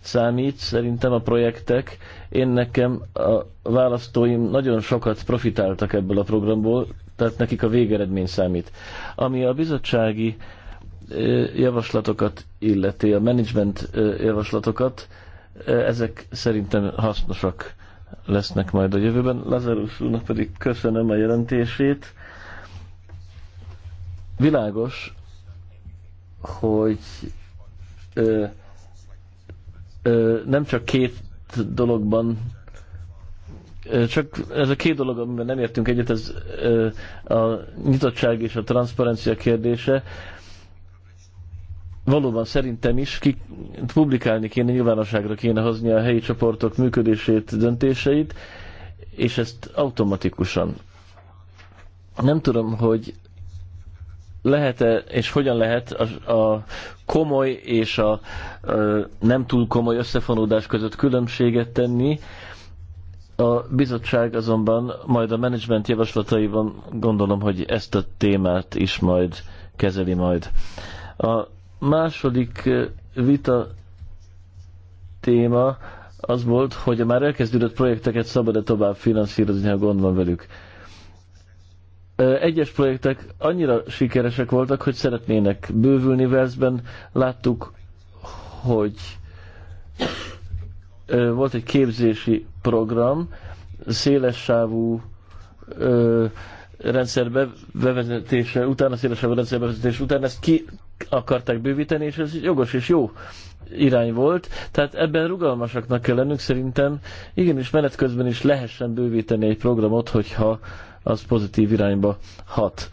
számít szerintem a projektek. Én nekem a választóim nagyon sokat profitáltak ebből a programból, tehát nekik a végeredmény számít. Ami a bizottsági javaslatokat illeti, a management javaslatokat, ezek szerintem hasznosak lesznek majd a jövőben. Lazarus úrnak pedig köszönöm a jelentését. Világos, hogy ö, ö, nem csak két dologban csak ez a két dolog, amiben nem értünk egyet, ez a nyitottság és a transzparencia kérdése valóban szerintem is ki, publikálni kéne, nyilvánosságra kéne hozni a helyi csoportok működését, döntéseit, és ezt automatikusan. Nem tudom, hogy lehet-e, és hogyan lehet a, a komoly és a, a nem túl komoly összefonódás között különbséget tenni. A bizottság azonban majd a menedzsment javaslataiban gondolom, hogy ezt a témát is majd kezeli majd. A második eh, vita téma az volt, hogy a már elkezdődött projekteket szabad-e tovább finanszírozni, ha gond van velük. Eh, egyes projektek annyira sikeresek voltak, hogy szeretnének bővülni Velszben. Láttuk, hogy eh, volt egy képzési program, széles sávú rendszerbe bevezetése után, a rendszerbe rendszerbevezetés után ezt ki akarták bővíteni, és ez jogos és jó irány volt. Tehát ebben rugalmasaknak kell lennünk szerintem. Igenis menet közben is lehessen bővíteni egy programot, hogyha az pozitív irányba hat.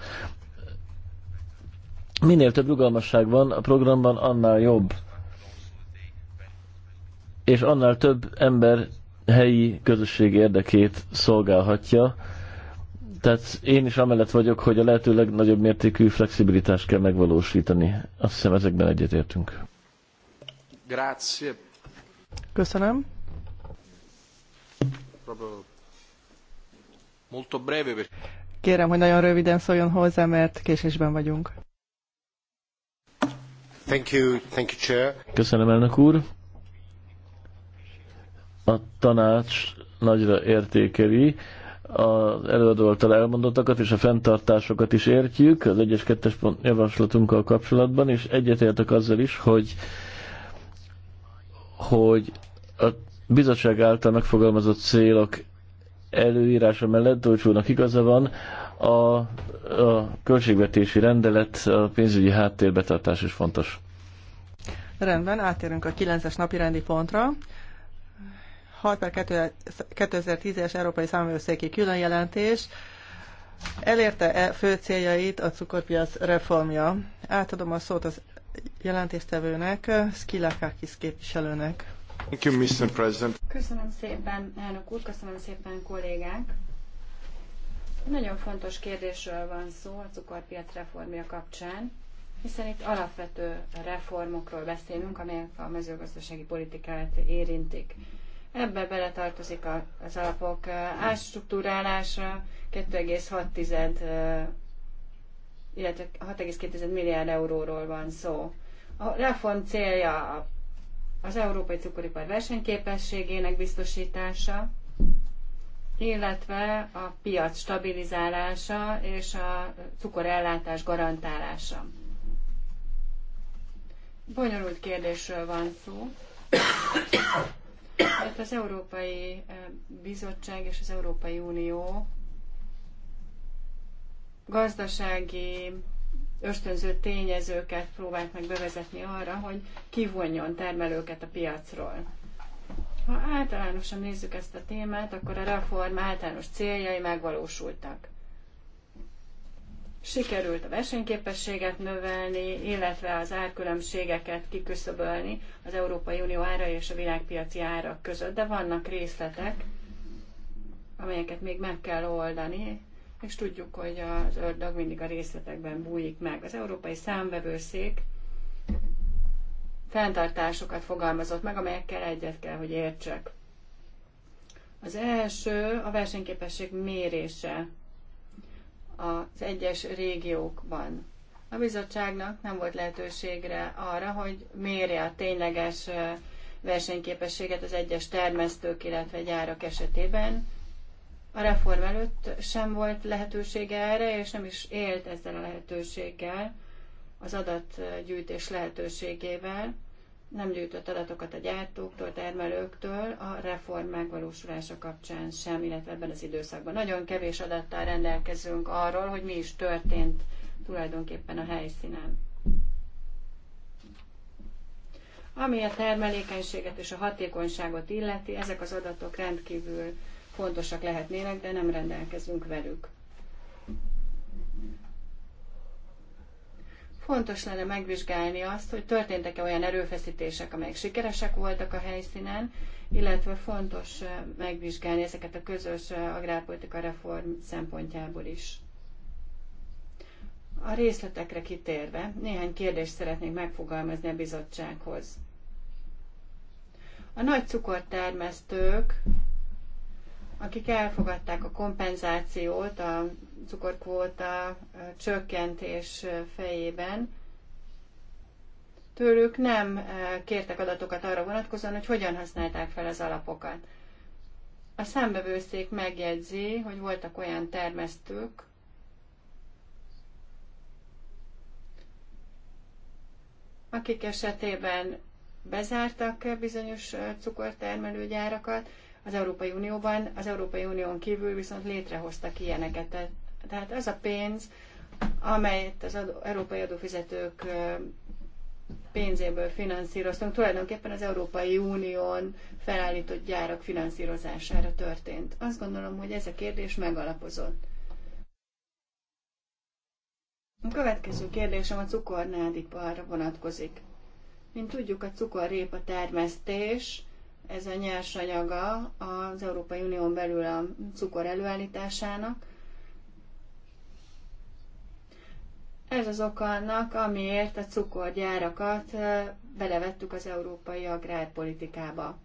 Minél több rugalmasság van a programban, annál jobb. És annál több ember helyi közösség érdekét szolgálhatja, tehát én is amellett vagyok, hogy a lehető legnagyobb mértékű flexibilitást kell megvalósítani. Azt hiszem ezekben egyetértünk. Grazie. Köszönöm. Molto breve. Kérem, hogy nagyon röviden szóljon hozzá, mert késésben vagyunk. Thank you, thank you, Chair. Köszönöm, elnök úr. A tanács nagyra értékeli az előadó által elmondottakat és a fenntartásokat is értjük az 1 2 pont javaslatunkkal kapcsolatban, és egyetértek azzal is, hogy, hogy a bizottság által megfogalmazott célok előírása mellett Dolcsónak igaza van, a, a költségvetési rendelet, a pénzügyi háttérbetartás is fontos. Rendben, átérünk a 9-es napi rendi pontra. 6 per 2010-es Európai Számvevőszéki különjelentés elérte-e fő céljait a cukorpiac reformja? Átadom a szót az jelentéstevőnek, Skilakakis képviselőnek. Thank you, Mr. President. Köszönöm szépen, elnök úr, köszönöm szépen, kollégák. Nagyon fontos kérdésről van szó a cukorpiac reformja kapcsán, hiszen itt alapvető reformokról beszélünk, amelyek a mezőgazdasági politikát érintik. Ebbe beletartozik az alapok átstruktúrálása 2,6 illetve 6,2 milliárd euróról van szó. A reform célja az európai cukoripar versenyképességének biztosítása, illetve a piac stabilizálása és a cukorellátás garantálása. Bonyolult kérdésről van szó. Hát az Európai Bizottság és az Európai Unió gazdasági ösztönző tényezőket próbált meg bevezetni arra, hogy kivonjon termelőket a piacról. Ha általánosan nézzük ezt a témát, akkor a reform általános céljai megvalósultak sikerült a versenyképességet növelni, illetve az árkülönbségeket kiküszöbölni az Európai Unió ára és a világpiaci árak között, de vannak részletek, amelyeket még meg kell oldani, és tudjuk, hogy az ördög mindig a részletekben bújik meg. Az Európai Számvevőszék fenntartásokat fogalmazott meg, amelyekkel egyet kell, hogy értsek. Az első a versenyképesség mérése az egyes régiókban. A bizottságnak nem volt lehetőségre arra, hogy mérje a tényleges versenyképességet az egyes termesztők, illetve gyárak esetében. A reform előtt sem volt lehetősége erre, és nem is élt ezzel a lehetőséggel, az adatgyűjtés lehetőségével nem gyűjtött adatokat a gyártóktól, termelőktől a reform megvalósulása kapcsán sem, illetve ebben az időszakban. Nagyon kevés adattal rendelkezünk arról, hogy mi is történt tulajdonképpen a helyszínen. Ami a termelékenységet és a hatékonyságot illeti, ezek az adatok rendkívül fontosak lehetnének, de nem rendelkezünk velük. Fontos lenne megvizsgálni azt, hogy történtek-e olyan erőfeszítések, amelyek sikeresek voltak a helyszínen, illetve fontos megvizsgálni ezeket a közös agrárpolitika reform szempontjából is. A részletekre kitérve néhány kérdést szeretnék megfogalmazni a bizottsághoz. A nagy cukortermesztők akik elfogadták a kompenzációt a cukorkvóta csökkentés fejében, tőlük nem e, kértek adatokat arra vonatkozóan, hogy hogyan használták fel az alapokat. A számbevőszék megjegyzi, hogy voltak olyan termesztők, akik esetében bezártak bizonyos e, cukortermelőgyárakat, az Európai Unióban, az Európai Unión kívül viszont létrehoztak ilyeneket. Tehát az a pénz, amelyet az adó, európai adófizetők pénzéből finanszíroztunk, tulajdonképpen az Európai Unión felállított gyárak finanszírozására történt. Azt gondolom, hogy ez a kérdés megalapozott. A következő kérdésem a cukornádiparra vonatkozik. Mint tudjuk, a cukorrépa termesztés ez a nyersanyaga az Európai Unión belül a cukor előállításának. Ez az oka annak, amiért a cukorgyárakat belevettük az európai agrárpolitikába.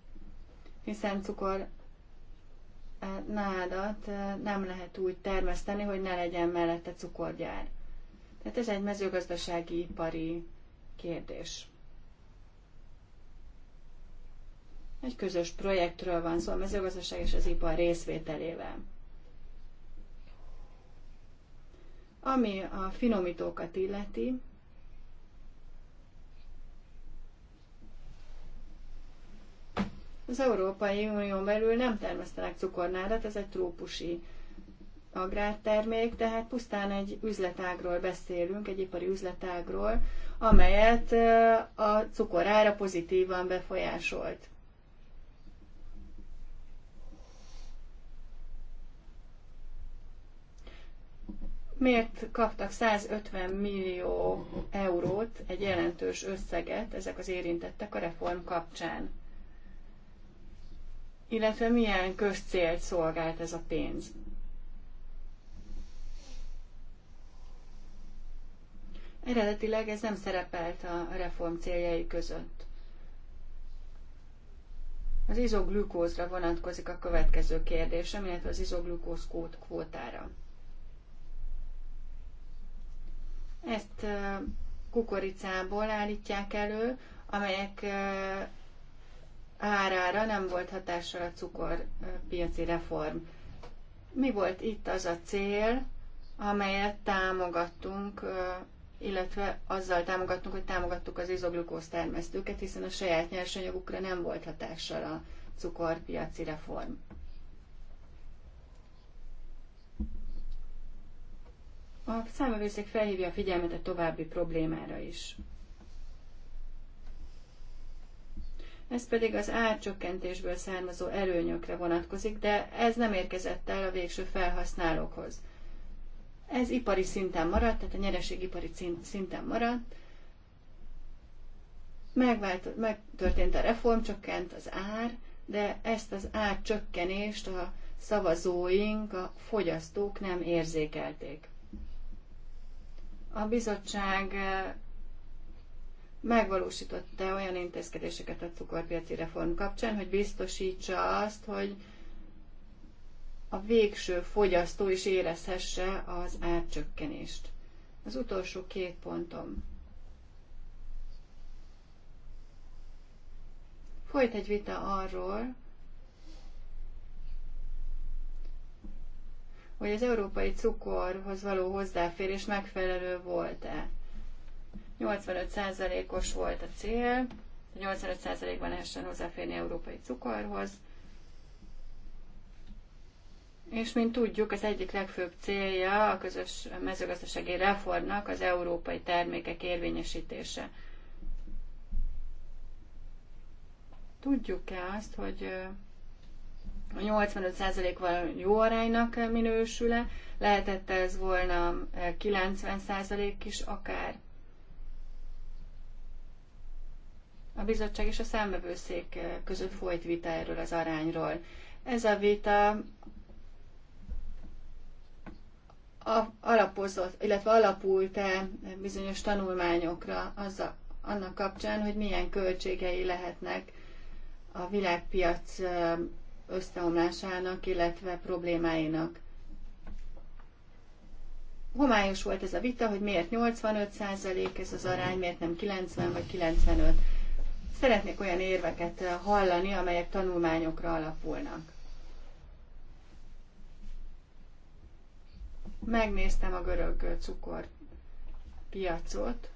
Hiszen cukor nádat nem lehet úgy termeszteni, hogy ne legyen mellette cukorgyár. Tehát ez egy mezőgazdasági ipari kérdés. Egy közös projektről van szó a mezőgazdaság és az ipar részvételével. Ami a finomítókat illeti, az Európai Unió belül nem termesztenek cukornádat, ez egy trópusi agrártermék, tehát pusztán egy üzletágról beszélünk, egy ipari üzletágról, amelyet a cukorára pozitívan befolyásolt. miért kaptak 150 millió eurót, egy jelentős összeget ezek az érintettek a reform kapcsán? Illetve milyen közcélt szolgált ez a pénz? Eredetileg ez nem szerepelt a reform céljai között. Az izoglükózra vonatkozik a következő kérdésem, illetve az izoglükóz kvótára. Ezt kukoricából állítják elő, amelyek árára nem volt hatással a cukorpiaci reform. Mi volt itt az a cél, amelyet támogattunk, illetve azzal támogattunk, hogy támogattuk az izoglukóz termesztőket, hiszen a saját nyersanyagukra nem volt hatással a cukorpiaci reform. A számövőszék felhívja a figyelmet a további problémára is. Ez pedig az árcsökkentésből származó előnyökre vonatkozik, de ez nem érkezett el a végső felhasználókhoz. Ez ipari szinten maradt, tehát a nyereség ipari szinten maradt. Megvált, megtörtént a reform, csökkent az ár, de ezt az árcsökkenést a szavazóink, a fogyasztók nem érzékelték a bizottság megvalósította olyan intézkedéseket a cukorpiaci reform kapcsán, hogy biztosítsa azt, hogy a végső fogyasztó is érezhesse az árcsökkenést. Az utolsó két pontom. Folyt egy vita arról, hogy az európai cukorhoz való hozzáférés megfelelő volt-e. 85%-os volt a cél, 85%-ban lehessen hozzáférni európai cukorhoz, és mint tudjuk, az egyik legfőbb célja a közös mezőgazdasági reformnak az európai termékek érvényesítése. Tudjuk-e azt, hogy 85%-val jó aránynak minősül-e, lehetett ez volna 90% eh, is akár. A bizottság és a számbevőszék eh, között folyt vita erről az arányról. Ez a vita alapozott, illetve alapult-e bizonyos tanulmányokra az a annak kapcsán, hogy milyen költségei lehetnek a világpiac eh, összeomlásának, illetve problémáinak. Homályos volt ez a vita, hogy miért 85% ez az arány, miért nem 90 vagy 95. Szeretnék olyan érveket eh, hallani, amelyek tanulmányokra alapulnak. Megnéztem a görög cukorpiacot,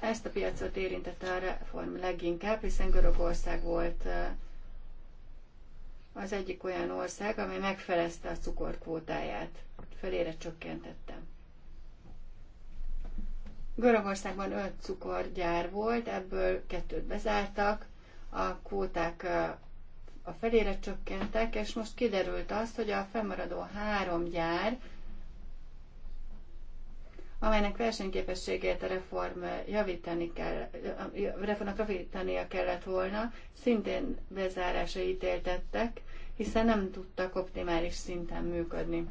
ezt a piacot érintette a reform leginkább, hiszen Görögország volt eh, az egyik olyan ország, ami megfelezte a cukorkvótáját. Felére csökkentette. Görögországban öt cukorgyár volt, ebből kettőt bezártak, a kvóták a felére csökkentek, és most kiderült az, hogy a fennmaradó három gyár amelynek versenyképességét a reform javítani kell, a reformnak javítania kellett volna, szintén bezárásra ítéltettek, hiszen nem tudtak optimális szinten működni.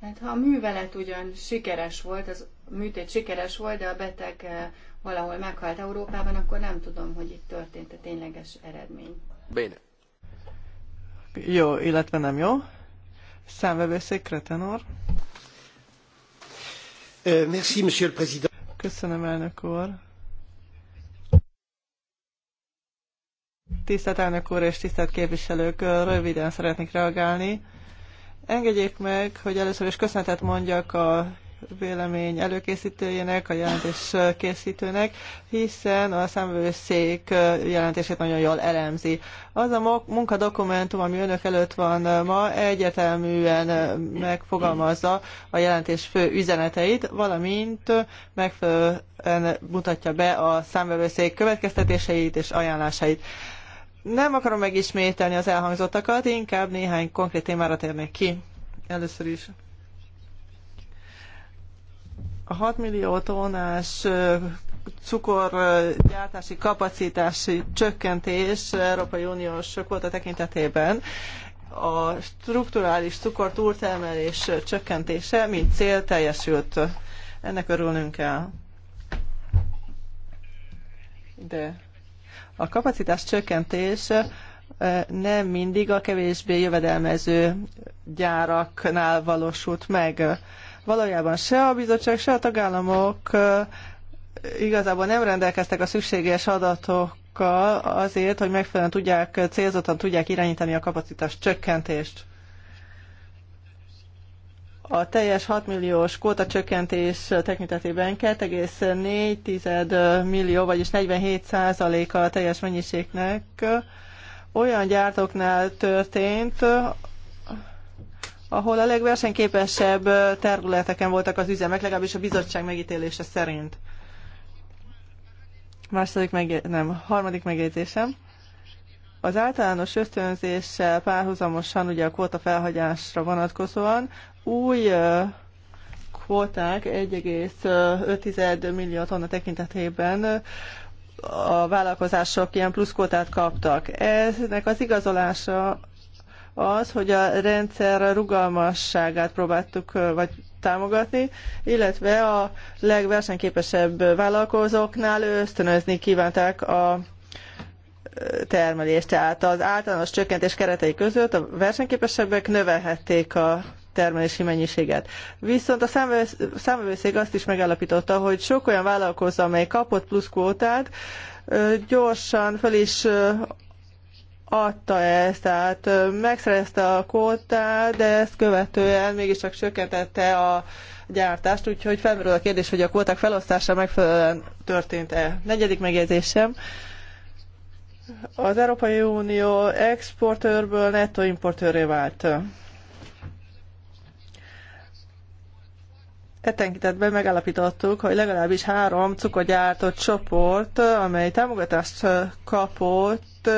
Hát ha a művelet ugyan sikeres volt, az műtét sikeres volt, de a beteg eh, valahol meghalt Európában, akkor nem tudom, hogy itt történt a tényleges eredmény. Béne jó, illetve nem jó. Számvevőszékre, tenor. Merci, monsieur le président. Köszönöm, elnök úr. Tisztelt elnök úr és tisztelt képviselők, röviden szeretnék reagálni. Engedjék meg, hogy először is köszönetet mondjak a vélemény előkészítőjének, a jelentés készítőnek, hiszen a számvőszék jelentését nagyon jól elemzi. Az a munkadokumentum, ami önök előtt van ma, egyetelműen megfogalmazza a jelentés fő üzeneteit, valamint megfelelően mutatja be a számvevőszék következtetéseit és ajánlásait. Nem akarom megismételni az elhangzottakat, inkább néhány konkrét témára térnék ki. Először is a 6 millió tonás cukorgyártási kapacitási csökkentés Európai Uniós kvóta tekintetében a strukturális cukor túltermelés csökkentése, mint cél teljesült. Ennek örülnünk kell. De a kapacitás csökkentés nem mindig a kevésbé jövedelmező gyáraknál valósult meg. Valójában se a bizottság, se a tagállamok igazából nem rendelkeztek a szükséges adatokkal azért, hogy megfelelően tudják, célzottan tudják irányítani a kapacitás csökkentést. A teljes 6 milliós kóta csökkentés tekintetében 2,4 millió, vagyis 47 százaléka a teljes mennyiségnek olyan gyártóknál történt, ahol a legversenyképesebb területeken voltak az üzemek, legalábbis a bizottság megítélése szerint. Második meg nem, harmadik megjegyzésem. Az általános ösztönzéssel párhuzamosan ugye a kvóta felhagyásra vonatkozóan új kvóták 1,5 millió tonna tekintetében a vállalkozások ilyen plusz kvótát kaptak. Eznek az igazolása az, hogy a rendszer rugalmasságát próbáltuk, vagy támogatni, illetve a legversenyképesebb vállalkozóknál ösztönözni kívánták a termelést. Tehát az általános csökkentés keretei között a versenyképesebbek növelhették a termelési mennyiséget. Viszont a számvevőszék azt is megállapította, hogy sok olyan vállalkozó, amely kapott plusz kvótát, gyorsan fel is adta ezt, tehát megszerezte a kótát, de ezt követően mégiscsak sökkentette a gyártást, úgyhogy felmerül a kérdés, hogy a kóták felosztása megfelelően történt-e. Negyedik megjegyzésem. Az Európai Unió exportőrből netto importőré vált. E megállapítottuk, hogy legalábbis három cukorgyártott csoport, amely támogatást kapott,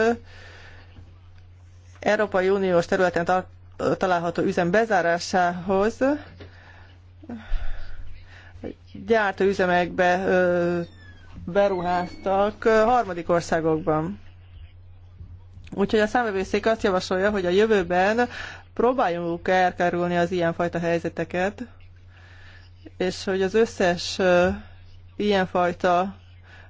Európai Uniós területen található üzem bezárásához gyártóüzemekbe beruháztak harmadik országokban. Úgyhogy a számvevőszék azt javasolja, hogy a jövőben próbáljunk elkerülni az ilyenfajta helyzeteket, és hogy az összes ilyenfajta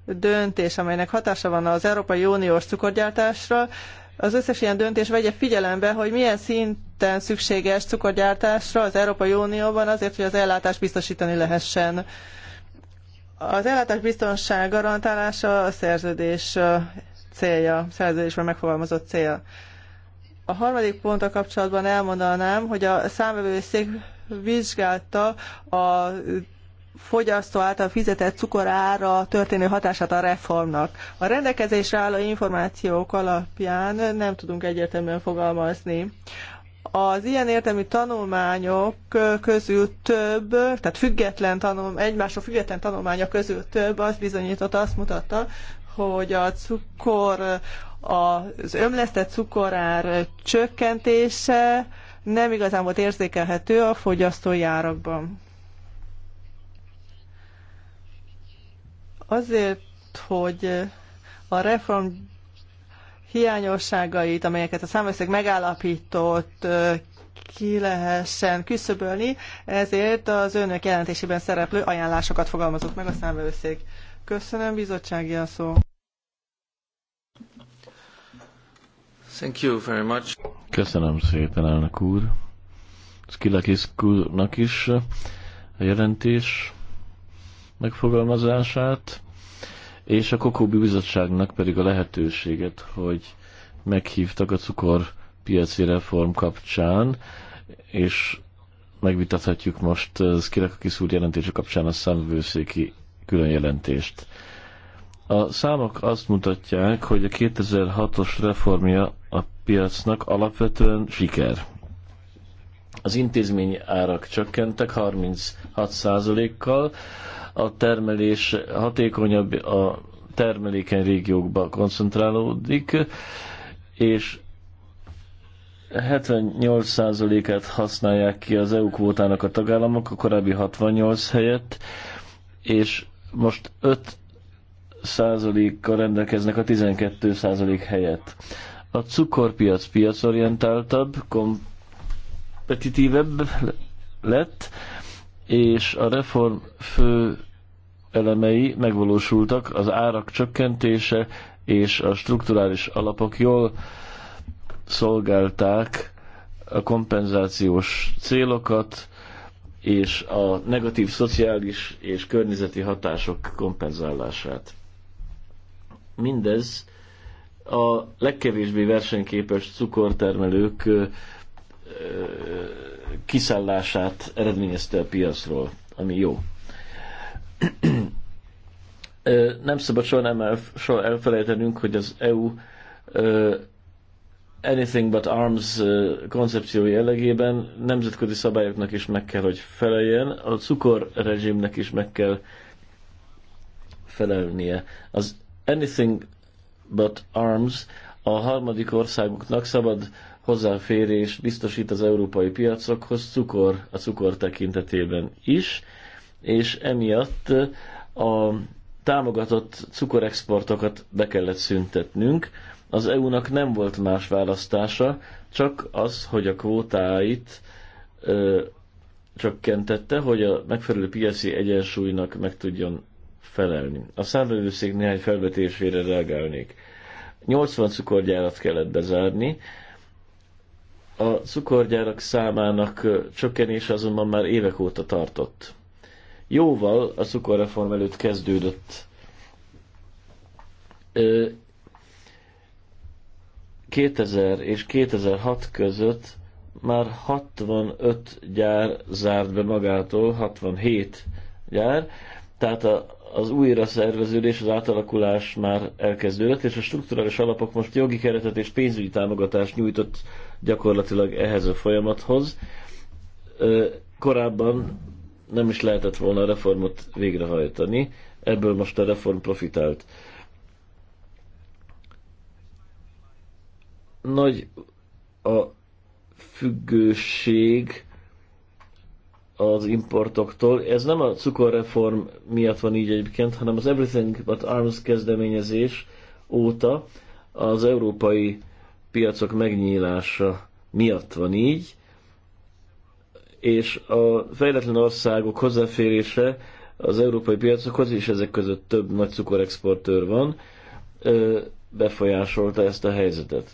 döntés, amelynek hatása van az Európai Uniós cukorgyártásra, az összes ilyen döntés vegye figyelembe, hogy milyen szinten szükséges cukorgyártásra az Európai Unióban azért, hogy az ellátást biztosítani lehessen. Az ellátás biztonság garantálása a szerződés célja, szerződésben megfogalmazott cél. A harmadik ponttal kapcsolatban elmondanám, hogy a számvevőszék vizsgálta a fogyasztó által fizetett cukorára történő hatását a reformnak. A rendelkezésre álló információk alapján nem tudunk egyértelműen fogalmazni. Az ilyen értelmű tanulmányok közül több, tehát független tanul, egymásról független tanulmányok közül több azt bizonyította, azt mutatta, hogy a cukor, az ömlesztett cukorár csökkentése nem igazán volt érzékelhető a fogyasztói árakban. Azért, hogy a reform hiányosságait, amelyeket a számveszék megállapított, ki lehessen küszöbölni, ezért az önök jelentésében szereplő ajánlásokat fogalmazott meg a számvevőszék. Köszönöm, bizottsági a szó. Thank you very much. Köszönöm szépen, elnök úr. Skilakis úrnak is a jelentés megfogalmazását, és a Kokóbi Bizottságnak pedig a lehetőséget, hogy meghívtak a cukorpiaci reform kapcsán, és megvitathatjuk most eh, az a kiszúr jelentése kapcsán a számvőszéki külön jelentést. A számok azt mutatják, hogy a 2006-os reformja a piacnak alapvetően siker. Az intézményi árak csökkentek 36%-kal, a termelés hatékonyabb a termelékeny régiókba koncentrálódik, és 78%-át használják ki az EU kvótának a tagállamok, a korábbi 68 helyett, és most 5 kal rendelkeznek a 12 százalék helyett. A cukorpiac piacorientáltabb, kompetitívebb lett, és a reform fő elemei megvalósultak, az árak csökkentése és a strukturális alapok jól szolgálták a kompenzációs célokat, és a negatív szociális és környezeti hatások kompenzálását. Mindez a legkevésbé versenyképes cukortermelők kiszállását eredményezte a piacról, ami jó nem szabad soha, nem soha elfelejtenünk, hogy az EU anything but arms koncepció jellegében nemzetközi szabályoknak is meg kell, hogy feleljen, a cukorrezsimnek is meg kell felelnie. Az anything but arms a harmadik országoknak szabad hozzáférés biztosít az európai piacokhoz cukor, a cukor tekintetében is és emiatt eh, a támogatott cukorexportokat be kellett szüntetnünk. Az EU-nak nem volt más választása, csak az, hogy a kvótáit ö, eh, csökkentette, hogy a megfelelő piaci egyensúlynak meg tudjon felelni. A számvevőszék néhány felvetésére reagálnék. 80 cukorgyárat kellett bezárni, a cukorgyárak számának eh, csökkenése azonban már évek óta tartott jóval a cukorreform előtt kezdődött. 2000 és 2006 között már 65 gyár zárt be magától, 67 gyár, tehát a, az újra szerveződés, az átalakulás már elkezdődött, és a strukturális alapok most jogi keretet és pénzügyi támogatást nyújtott gyakorlatilag ehhez a folyamathoz. Korábban nem is lehetett volna a reformot végrehajtani, ebből most a reform profitált. Nagy a függőség az importoktól. Ez nem a cukorreform miatt van így egyébként, hanem az Everything But Arms kezdeményezés óta az európai piacok megnyílása miatt van így, és a fejletlen országok hozzáférése az európai piacokhoz, és ezek között több nagy cukorexportőr van, befolyásolta ezt a helyzetet.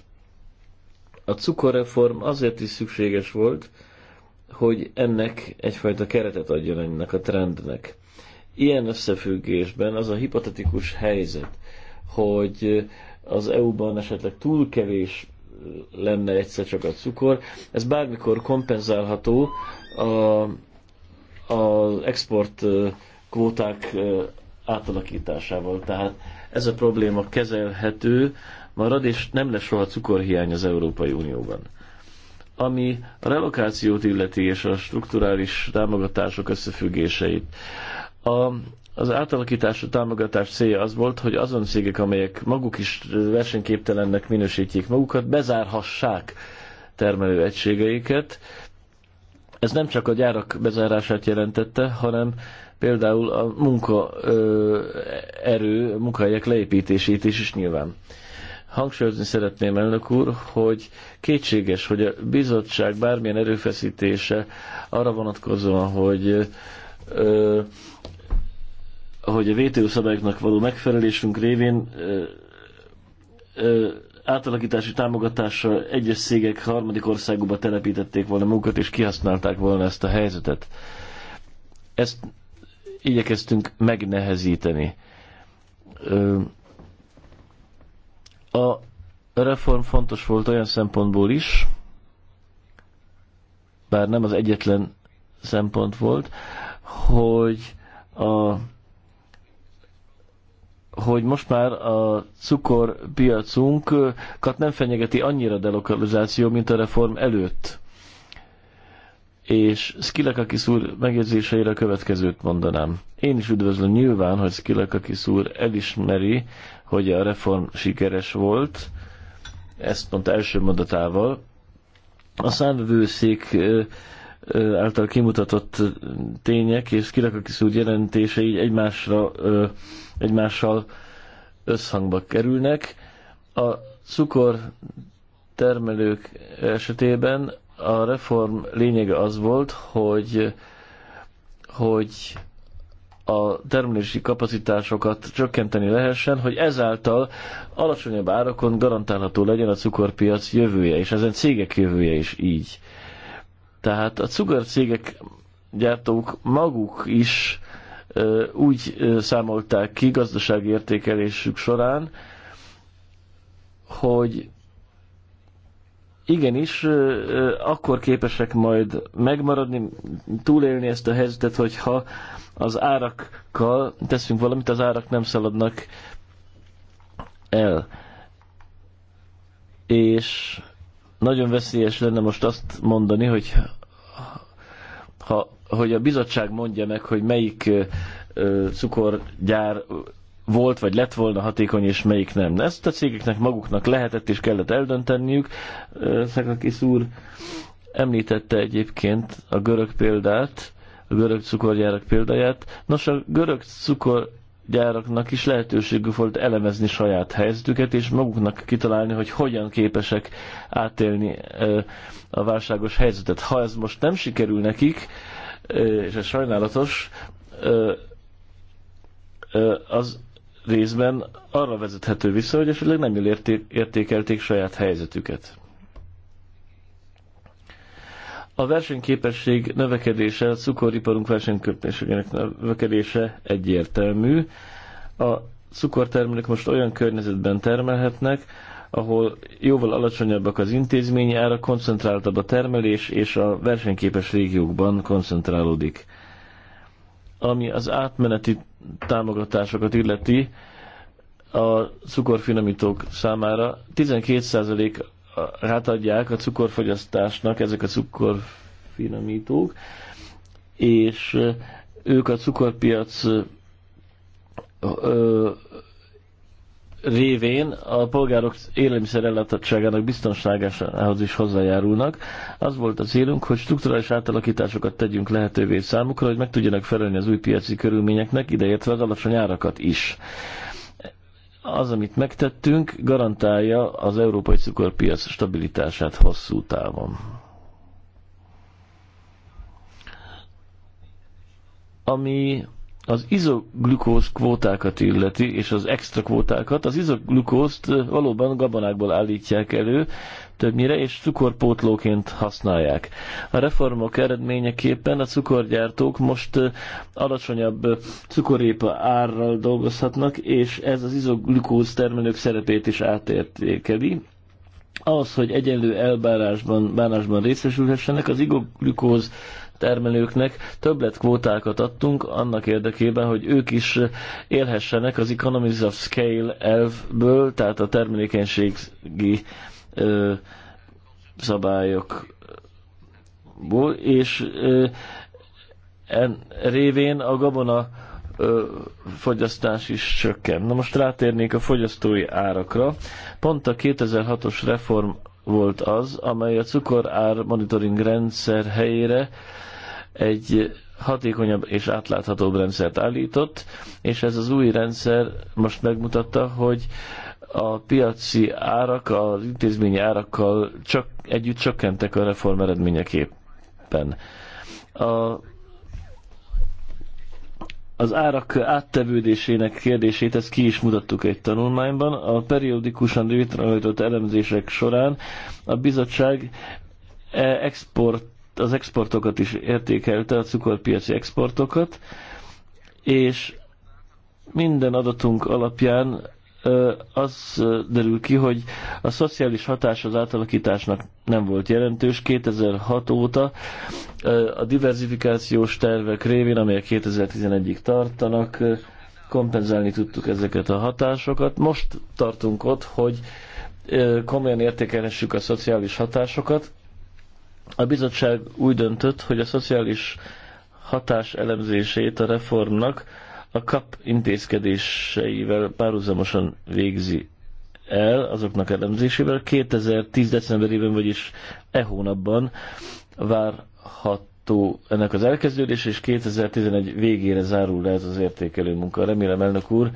A cukorreform azért is szükséges volt, hogy ennek egyfajta keretet adjon ennek a trendnek. Ilyen összefüggésben az a hipotetikus helyzet, hogy az EU-ban esetleg túl kevés lenne egyszer csak a cukor, ez bármikor kompenzálható a, az export kvóták átalakításával. Tehát ez a probléma kezelhető marad, és nem lesz soha cukorhiány az Európai Unióban. Ami a relokációt illeti és a strukturális támogatások összefüggéseit, a, az a támogatás célja az volt, hogy azon cégek, amelyek maguk is versenyképtelennek minősítjék magukat, bezárhassák egységeiket. Ez nem csak a gyárak bezárását jelentette, hanem például a munkaerő, munkahelyek leépítését is, is nyilván. Hangsúlyozni szeretném, elnök úr, hogy kétséges, hogy a bizottság bármilyen erőfeszítése arra vonatkozóan, hogy ö, hogy a WTO szabályoknak való megfelelésünk révén ö, ö, átalakítási támogatásra egyes szégek harmadik országokba telepítették volna munkat, és kihasználták volna ezt a helyzetet. Ezt igyekeztünk megnehezíteni. A reform fontos volt olyan szempontból is, bár nem az egyetlen szempont volt, hogy a hogy most már a cukorpiacunkat nem fenyegeti annyira delokalizáció, mint a reform előtt. És Skilakakis úr megjegyzéseire a következőt mondanám. Én is üdvözlöm nyilván, hogy Skilakakis úr elismeri, hogy a reform sikeres volt, ezt mondta első mondatával. A számvevőszék által kimutatott tények és Kirakakis úr jelentése így egymásra, egymással összhangba kerülnek. A cukor termelők esetében a reform lényege az volt, hogy, hogy a termelési kapacitásokat csökkenteni lehessen, hogy ezáltal alacsonyabb árakon garantálható legyen a cukorpiac jövője, és ezen cégek jövője is így. Tehát a cukorcégek gyártók maguk is úgy számolták ki gazdasági értékelésük során, hogy igenis, akkor képesek majd megmaradni, túlélni ezt a helyzetet, hogyha az árakkal teszünk valamit, az árak nem szaladnak el. És nagyon veszélyes lenne most azt mondani, hogy ha, hogy a bizottság mondja meg, hogy melyik ö, cukorgyár volt, vagy lett volna hatékony, és melyik nem. Ezt a cégeknek maguknak lehetett és kellett eldönteniük. Szakakis úr említette egyébként a görög példát, a görög cukorgyárak példáját. Nos, a görög cukor gyáraknak is lehetőségű volt elemezni saját helyzetüket, és maguknak kitalálni, hogy hogyan képesek átélni a válságos helyzetet. Ha ez most nem sikerül nekik, és ez sajnálatos, az részben arra vezethető vissza, hogy esetleg nem jól értékelték saját helyzetüket. A versenyképesség növekedése, a cukoriparunk versenyképességének növekedése egyértelmű. A cukortermelők most olyan környezetben termelhetnek, ahol jóval alacsonyabbak az intézményi ára, koncentráltabb a termelés, és a versenyképes régiókban koncentrálódik. Ami az átmeneti támogatásokat illeti, a cukorfinomítók számára 12% átadják a cukorfogyasztásnak ezek a cukorfinomítók, és ők a cukorpiac révén a polgárok élelmiszer ellátottságának biztonságához is hozzájárulnak. Az volt a célunk, hogy strukturális átalakításokat tegyünk lehetővé számukra, hogy meg tudjanak felelni az új piaci körülményeknek, ideértve az alacsony árakat is az, amit megtettünk, garantálja az európai cukorpiac stabilitását hosszú távon. Ami az izoglukóz kvótákat illeti, és az extra kvótákat, az izoglukózt valóban gabonákból állítják elő, többnyire, és cukorpótlóként használják. A reformok eredményeképpen a cukorgyártók most alacsonyabb cukorépa árral dolgozhatnak, és ez az izoglükóz termelők szerepét is átértékeli, ahhoz, hogy egyenlő elbárásban bánásban részesülhessenek, az igoglükóz termelőknek többletkvótákat adtunk annak érdekében, hogy ők is élhessenek az Economies of Scale elvből, tehát a termelékenységi ö, szabályokból, és ö, en, révén a gabona ö, fogyasztás is csökken. Na most rátérnék a fogyasztói árakra. Pont a 2006-os reform volt az, amely a cukorár monitoring rendszer helyére egy hatékonyabb és átláthatóbb rendszert állított, és ez az új rendszer most megmutatta, hogy a piaci árak az intézményi árakkal csak, együtt csökkentek a reform eredményeképpen. A, az árak áttevődésének kérdését, ezt ki is mutattuk egy tanulmányban. A periódikusan létrehajtott elemzések során a bizottság e export, az exportokat is értékelte, a cukorpiaci exportokat, és minden adatunk alapján az derül ki, hogy a szociális hatás az átalakításnak nem volt jelentős. 2006 óta a diversifikációs tervek révén, amelyek 2011-ig tartanak, kompenzálni tudtuk ezeket a hatásokat. Most tartunk ott, hogy komolyan értékelhessük a szociális hatásokat. A bizottság úgy döntött, hogy a szociális hatás elemzését a reformnak a kap intézkedéseivel párhuzamosan végzi el azoknak elemzésével. 2010. decemberében, vagyis e hónapban várható ennek az elkezdődés, és 2011 végére zárul le ez az értékelő munka. Remélem, elnök úr,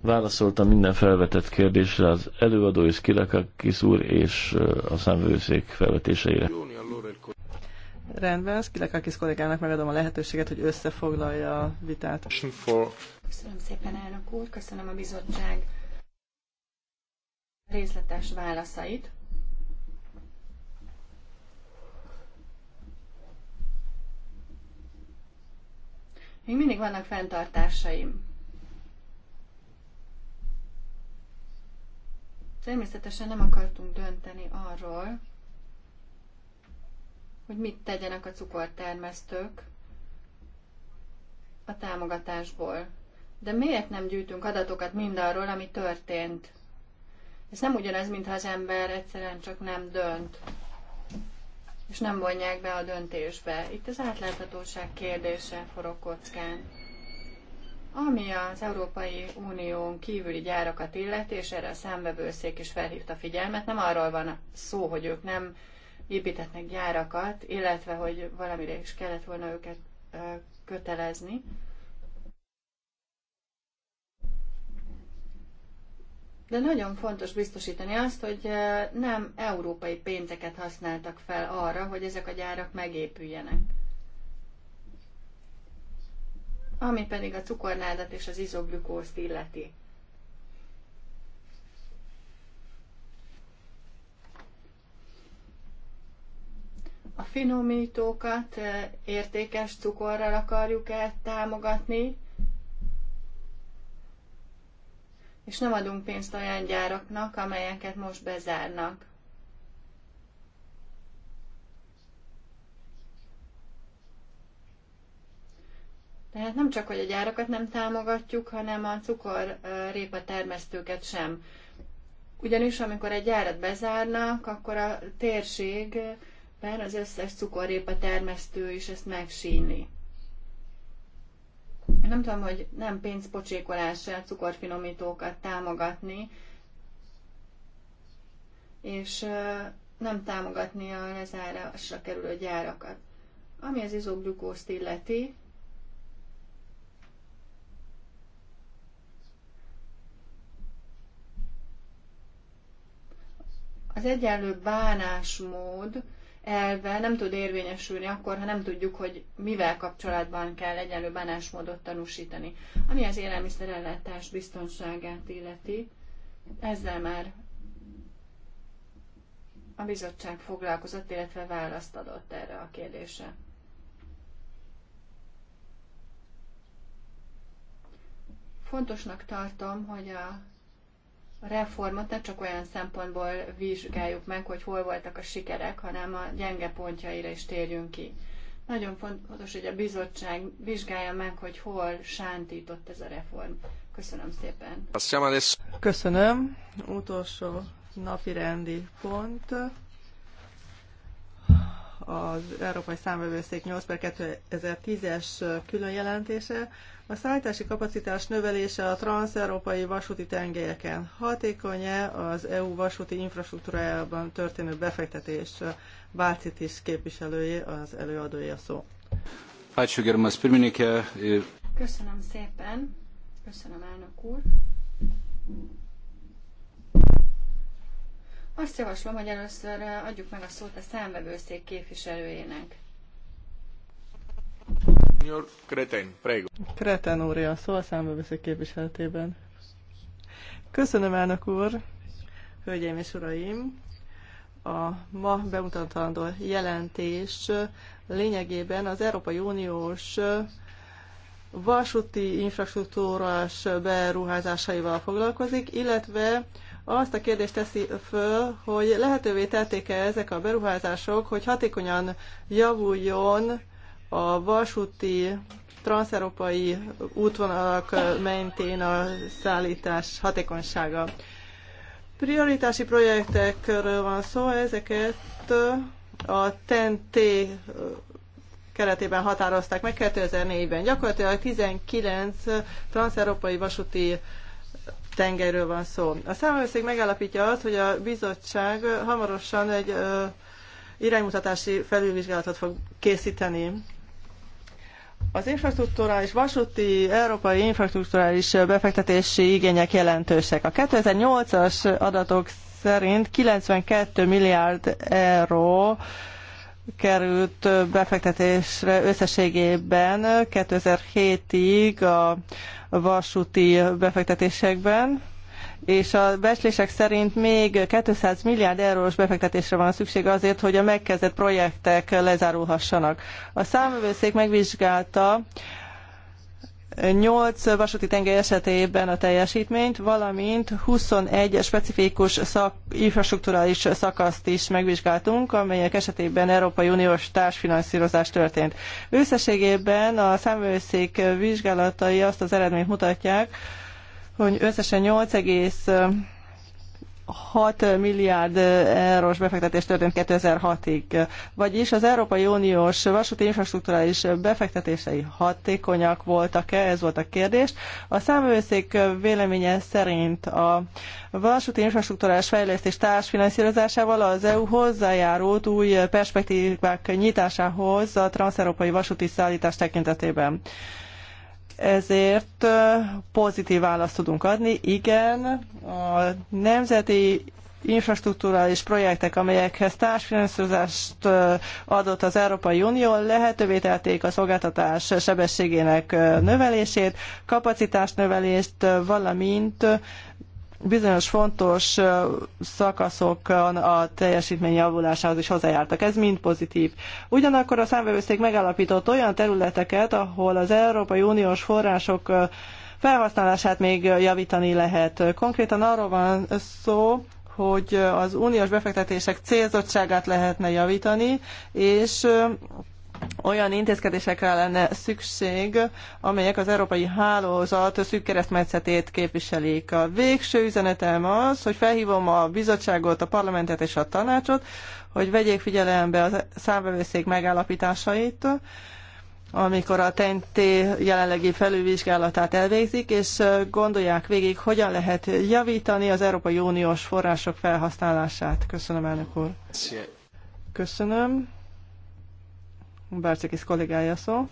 válaszoltam minden felvetett kérdésre az előadó és Kilekakis úr és a számvőszék felvetéseire. Rendben, kis kollégának megadom a lehetőséget, hogy összefoglalja a vitát. Köszönöm szépen, elnök úr, köszönöm a bizottság részletes válaszait. Még mindig vannak fenntartásaim. Természetesen nem akartunk dönteni arról, hogy mit tegyenek a cukortermesztők a támogatásból. De miért nem gyűjtünk adatokat mindarról, ami történt? Ez nem ugyanaz, mintha az ember egyszerűen csak nem dönt, és nem vonják be a döntésbe. Itt az átláthatóság kérdése forog kockán. Ami az Európai Unión kívüli gyárakat illeti, és erre a számvevőszék is felhívta figyelmet, nem arról van szó, hogy ők nem építetnek gyárakat, illetve hogy valamire is kellett volna őket kötelezni. De nagyon fontos biztosítani azt, hogy nem európai pénzeket használtak fel arra, hogy ezek a gyárak megépüljenek. Ami pedig a cukornádat és az izoglükózt illeti. a finomítókat eh, értékes cukorral akarjuk-e támogatni, és nem adunk pénzt olyan gyáraknak, amelyeket most bezárnak. Tehát nem csak, hogy a gyárakat nem támogatjuk, hanem a cukorrépa eh, termesztőket sem. Ugyanis amikor egy gyárat bezárnak, akkor a térség eh, mindenképpen az összes cukorrépa termesztő is ezt megsínli. Nem tudom, hogy nem pénzpocsékolással cukorfinomítókat támogatni, és nem támogatni a lezárásra kerülő gyárakat. Ami az izoglukózt illeti, az egyenlő bánásmód elve nem tud érvényesülni akkor, ha nem tudjuk, hogy mivel kapcsolatban kell egyenlő bánásmódot tanúsítani. Ami az élelmiszerellátás biztonságát illeti, ezzel már a bizottság foglalkozott, illetve választ adott erre a kérdésre. Fontosnak tartom, hogy a a reformot ne csak olyan szempontból vizsgáljuk meg, hogy hol voltak a sikerek, hanem a gyenge pontjaira is térjünk ki. Nagyon fontos, hogy a bizottság vizsgálja meg, hogy hol sántított ez a reform. Köszönöm szépen. Köszönöm. Utolsó napi rendi pont az Európai Számvevőszék 8 per 2010-es különjelentése, a szállítási kapacitás növelése a transzeurópai vasúti tengelyeken. Hatékony-e az EU vasúti infrastruktúrájában történő befektetés? is képviselője, az előadója szó. Köszönöm szépen, köszönöm elnök úr. Azt javaslom, hogy először adjuk meg a szót a számvevőszék képviselőjének. Kreten, prego. Kreten úr, a szó a számvevőszék képviseletében. Köszönöm, elnök úr, hölgyeim és uraim! A ma bemutatandó jelentés lényegében az Európai Uniós vasúti infrastruktúrás beruházásaival foglalkozik, illetve azt a kérdést teszi föl, hogy lehetővé tették-e ezek a beruházások, hogy hatékonyan javuljon a vasúti transzeurópai útvonalak mentén a szállítás hatékonysága. Prioritási projektekről van szó, ezeket a TNT keretében határozták meg 2004-ben. Gyakorlatilag 19 transzeurópai vasúti tengerről van szó. A számvevőszék megállapítja azt, hogy a bizottság hamarosan egy iránymutatási felülvizsgálatot fog készíteni. Az infrastruktúrális vasúti, európai infrastruktúrális befektetési igények jelentősek. A 2008-as adatok szerint 92 milliárd euró került befektetésre összességében 2007-ig a vasúti befektetésekben, és a becslések szerint még 200 milliárd eurós befektetésre van szükség azért, hogy a megkezdett projektek lezárulhassanak. A számvevőszék megvizsgálta 8 vasúti tengely esetében a teljesítményt, valamint 21 specifikus szak, infrastruktúrális szakaszt is megvizsgáltunk, amelyek esetében Európai Uniós társfinanszírozás történt. Összességében a számvőszék vizsgálatai azt az eredményt mutatják, hogy összesen 8, 6 milliárd eurós befektetés történt 2006-ig. Vagyis az Európai Uniós vasúti infrastruktúrális befektetései hatékonyak voltak-e? Ez volt a kérdés. A számvőszék véleménye szerint a vasúti infrastruktúrális fejlesztés társfinanszírozásával az EU hozzájárult új perspektívák nyitásához a transzeurópai vasúti szállítás tekintetében ezért pozitív választ tudunk adni. Igen, a nemzeti infrastruktúrális projektek, amelyekhez társfinanszírozást adott az Európai Unió, lehetővé tették a szolgáltatás sebességének növelését, kapacitás növelést, valamint bizonyos fontos szakaszok a teljesítmény javulásához is hozzájártak. Ez mind pozitív. Ugyanakkor a számvevőszék megállapított olyan területeket, ahol az Európai Uniós források felhasználását még javítani lehet. Konkrétan arról van szó, hogy az uniós befektetések célzottságát lehetne javítani, és olyan intézkedésekre lenne szükség, amelyek az európai hálózat szűk keresztmetszetét képviselik. A végső üzenetem az, hogy felhívom a bizottságot, a parlamentet és a tanácsot, hogy vegyék figyelembe a számvevőszék megállapításait, amikor a TNT jelenlegi felülvizsgálatát elvégzik, és gondolják végig, hogyan lehet javítani az Európai Uniós források felhasználását. Köszönöm, elnök úr. Köszönöm. Bárcikis kollégája szó.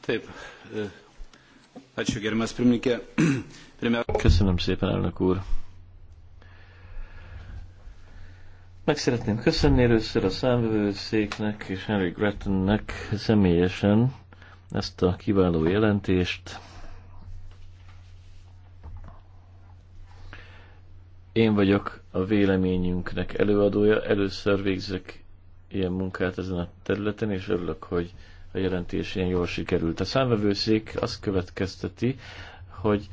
Taip. Köszönöm szépen, elnök úr. Meg szeretném köszönni először a számvevőszéknek és Henry Grattonnek személyesen ezt a kiváló jelentést. Én vagyok a véleményünknek előadója, először végzek ilyen munkát ezen a területen, és örülök, hogy a jelentés ilyen jól sikerült. A számvevőszék azt következteti, hogy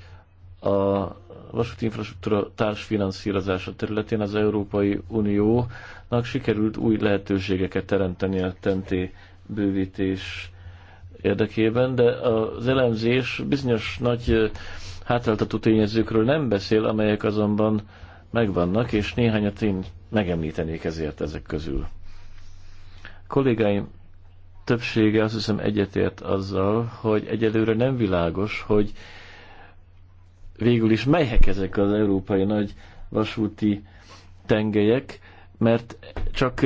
a vasúti infrastruktúra társfinanszírozása területén az Európai Uniónak sikerült új lehetőségeket teremteni a TNT e bővítés érdekében, de az elemzés bizonyos nagy hátráltató tényezőkről nem beszél, amelyek azonban megvannak, és néhányat én megemlítenék ezért ezek közül kollégáim többsége azt hiszem egyetért azzal, hogy egyelőre nem világos, hogy végül is melyek ezek az európai nagy vasúti tengelyek, mert csak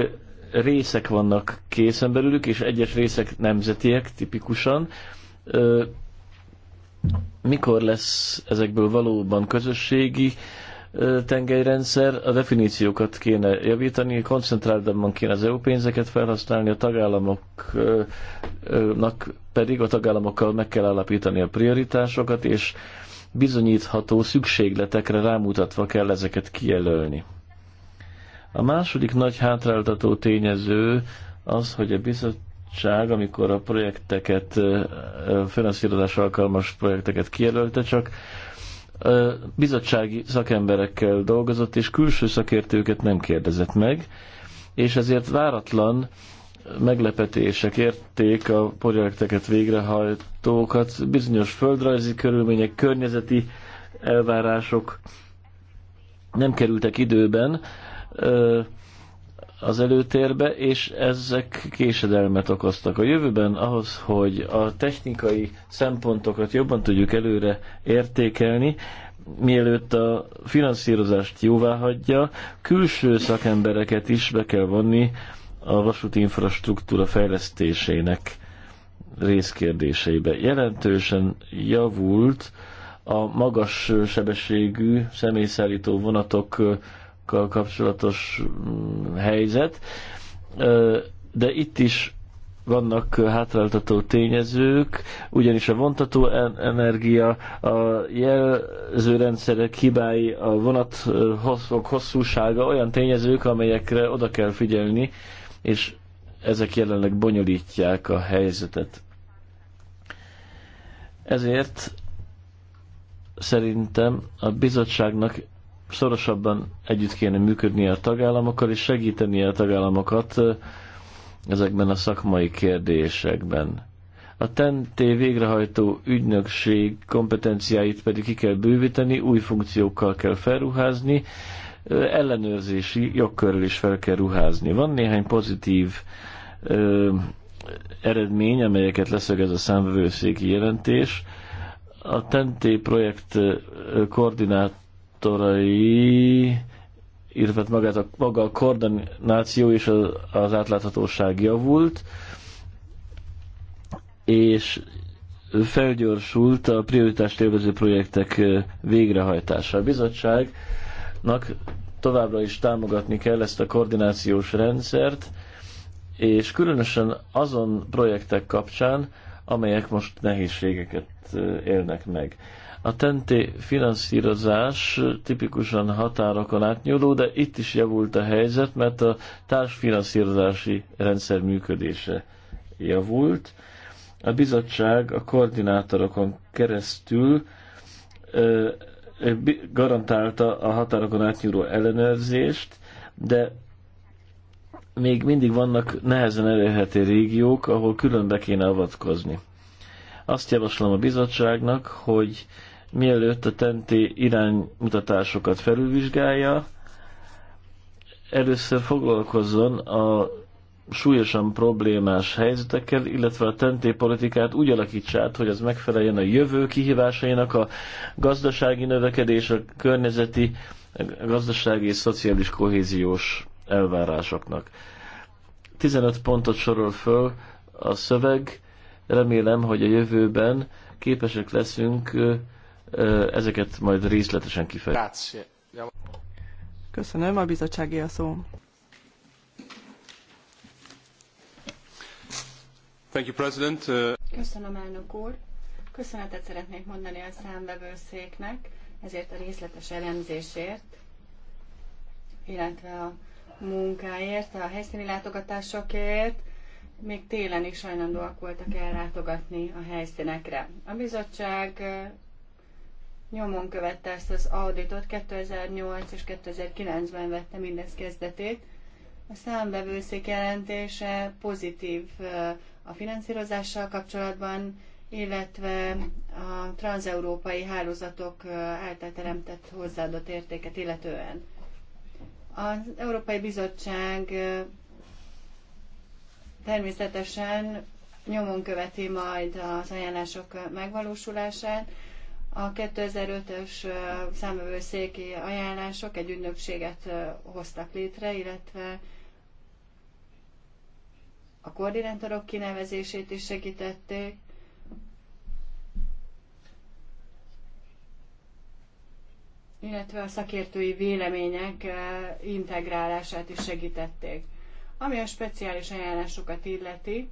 részek vannak készen belőlük, és egyes részek nemzetiek tipikusan. Mikor lesz ezekből valóban közösségi tengelyrendszer, a definíciókat kéne javítani, koncentráltabban kéne az EU pénzeket felhasználni, a tagállamoknak pedig a tagállamokkal meg kell állapítani a prioritásokat, és bizonyítható szükségletekre rámutatva kell ezeket kijelölni. A második nagy hátráltató tényező az, hogy a bizottság, amikor a projekteket, finanszírozás alkalmas projekteket kijelölte, csak bizottsági szakemberekkel dolgozott, és külső szakértőket nem kérdezett meg, és ezért váratlan meglepetések érték a projekteket végrehajtókat, bizonyos földrajzi körülmények, környezeti elvárások nem kerültek időben, az előtérbe, és ezek késedelmet okoztak. A jövőben ahhoz, hogy a technikai szempontokat jobban tudjuk előre értékelni, mielőtt a finanszírozást jóvá hagyja, külső szakembereket is be kell vonni a vasúti infrastruktúra fejlesztésének részkérdéseibe. Jelentősen javult a magas sebességű személyszállító vonatok kutatásokkal kapcsolatos mm, helyzet, de itt is vannak hátráltató tényezők, ugyanis a vontató energia, a jelzőrendszerek hibái, a vonat hosszúsága olyan tényezők, amelyekre oda kell figyelni, és ezek jelenleg bonyolítják a helyzetet. Ezért szerintem a bizottságnak Szorosabban együtt kéne működnie a tagállamokkal, és segítenie a tagállamokat ezekben a szakmai kérdésekben. A TNT végrehajtó ügynökség kompetenciáit pedig ki kell bővíteni, új funkciókkal kell felruházni, ellenőrzési jogkörrel is fel kell ruházni. Van néhány pozitív ö, eredmény, amelyeket leszögez a számvevőszéki jelentés. A TNT projekt koordinát koordinátorai, illetve magát a, maga a koordináció és az, az átláthatóság javult, és felgyorsult a prioritást élvező projektek végrehajtása. A bizottságnak továbbra is támogatni kell ezt a koordinációs rendszert, és különösen azon projektek kapcsán, amelyek most nehézségeket élnek meg. A tenté finanszírozás tipikusan határokon átnyúló, de itt is javult a helyzet, mert a társfinanszírozási rendszer működése javult. A bizottság a koordinátorokon keresztül garantálta a határokon átnyúló ellenőrzést, de még mindig vannak nehezen elérhető régiók, ahol külön be kéne avatkozni. Azt javaslom a bizottságnak, hogy mielőtt a tenti iránymutatásokat felülvizsgálja, először foglalkozzon a súlyosan problémás helyzetekkel, illetve a tenté politikát úgy alakítsát, hogy az megfeleljen a jövő kihívásainak, a gazdasági növekedés, a környezeti, a gazdasági és szociális kohéziós elvárásoknak. 15 pontot sorol föl a szöveg, remélem, hogy a jövőben képesek leszünk ezeket majd részletesen Grazie. Köszönöm, a bizottsági a szó. Thank you, President. Köszönöm, elnök úr. Köszönetet szeretnék mondani a számvevőszéknek ezért a részletes elemzésért, illetve a munkáért, a helyszíni látogatásokért, még télen is hajlandóak voltak ellátogatni a helyszínekre. A bizottság nyomon követte ezt az auditot, 2008 és 2009-ben vette mindez kezdetét. A számbevőszék jelentése pozitív a finanszírozással kapcsolatban, illetve a transeurópai hálózatok által teremtett hozzáadott értéket illetően. Az Európai Bizottság természetesen nyomon követi majd az ajánlások megvalósulását, a 2005-ös számövőszéki ajánlások egy ügynökséget hoztak létre, illetve a koordinátorok kinevezését is segítették. illetve a szakértői vélemények integrálását is segítették. Ami a speciális ajánlásokat illeti,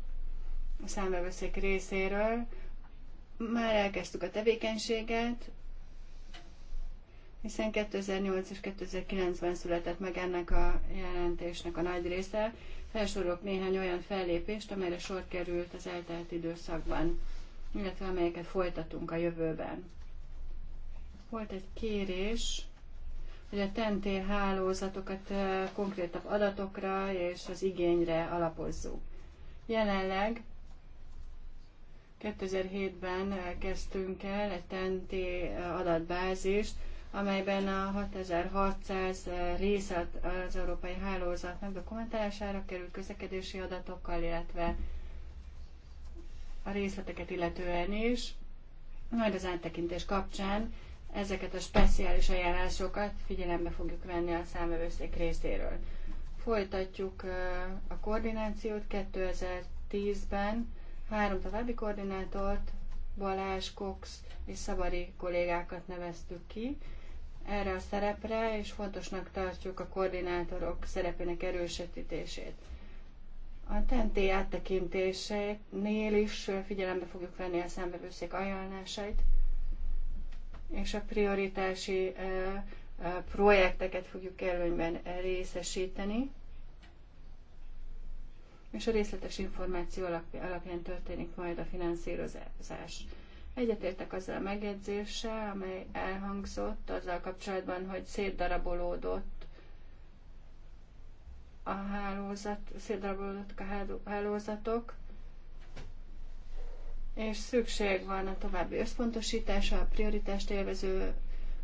a számvevőszék részéről, már elkezdtük a tevékenységet, hiszen 2008 és 2009-ben született meg ennek a jelentésnek a nagy része. Felsorolok néhány olyan fellépést, amelyre sor került az eltelt időszakban, illetve amelyeket folytatunk a jövőben. Volt egy kérés, hogy a TNT hálózatokat konkrétabb adatokra és az igényre alapozzuk. Jelenleg 2007-ben eh, kezdtünk el egy TNT eh, adatbázist, amelyben a 6600 eh, része az európai hálózatnak dokumentálására került közlekedési adatokkal, illetve a részleteket illetően is. Majd az áttekintés kapcsán ezeket a speciális ajánlásokat figyelembe fogjuk venni a számövőszék részéről. Folytatjuk a koordinációt 2010-ben Három további koordinátort, Balázs, Cox és Szabari kollégákat neveztük ki erre a szerepre, és fontosnak tartjuk a koordinátorok szerepének erősítését. A TNT áttekintésénél is figyelembe fogjuk venni a szembevőszék ajánlásait, és a prioritási eh, eh, projekteket fogjuk előnyben részesíteni és a részletes információ alapján történik majd a finanszírozás. Egyetértek azzal a megjegyzéssel, amely elhangzott azzal kapcsolatban, hogy szétdarabolódott a hálózat, szétdarabolódottak a hálózatok, és szükség van a további összpontosításra, a prioritást élvező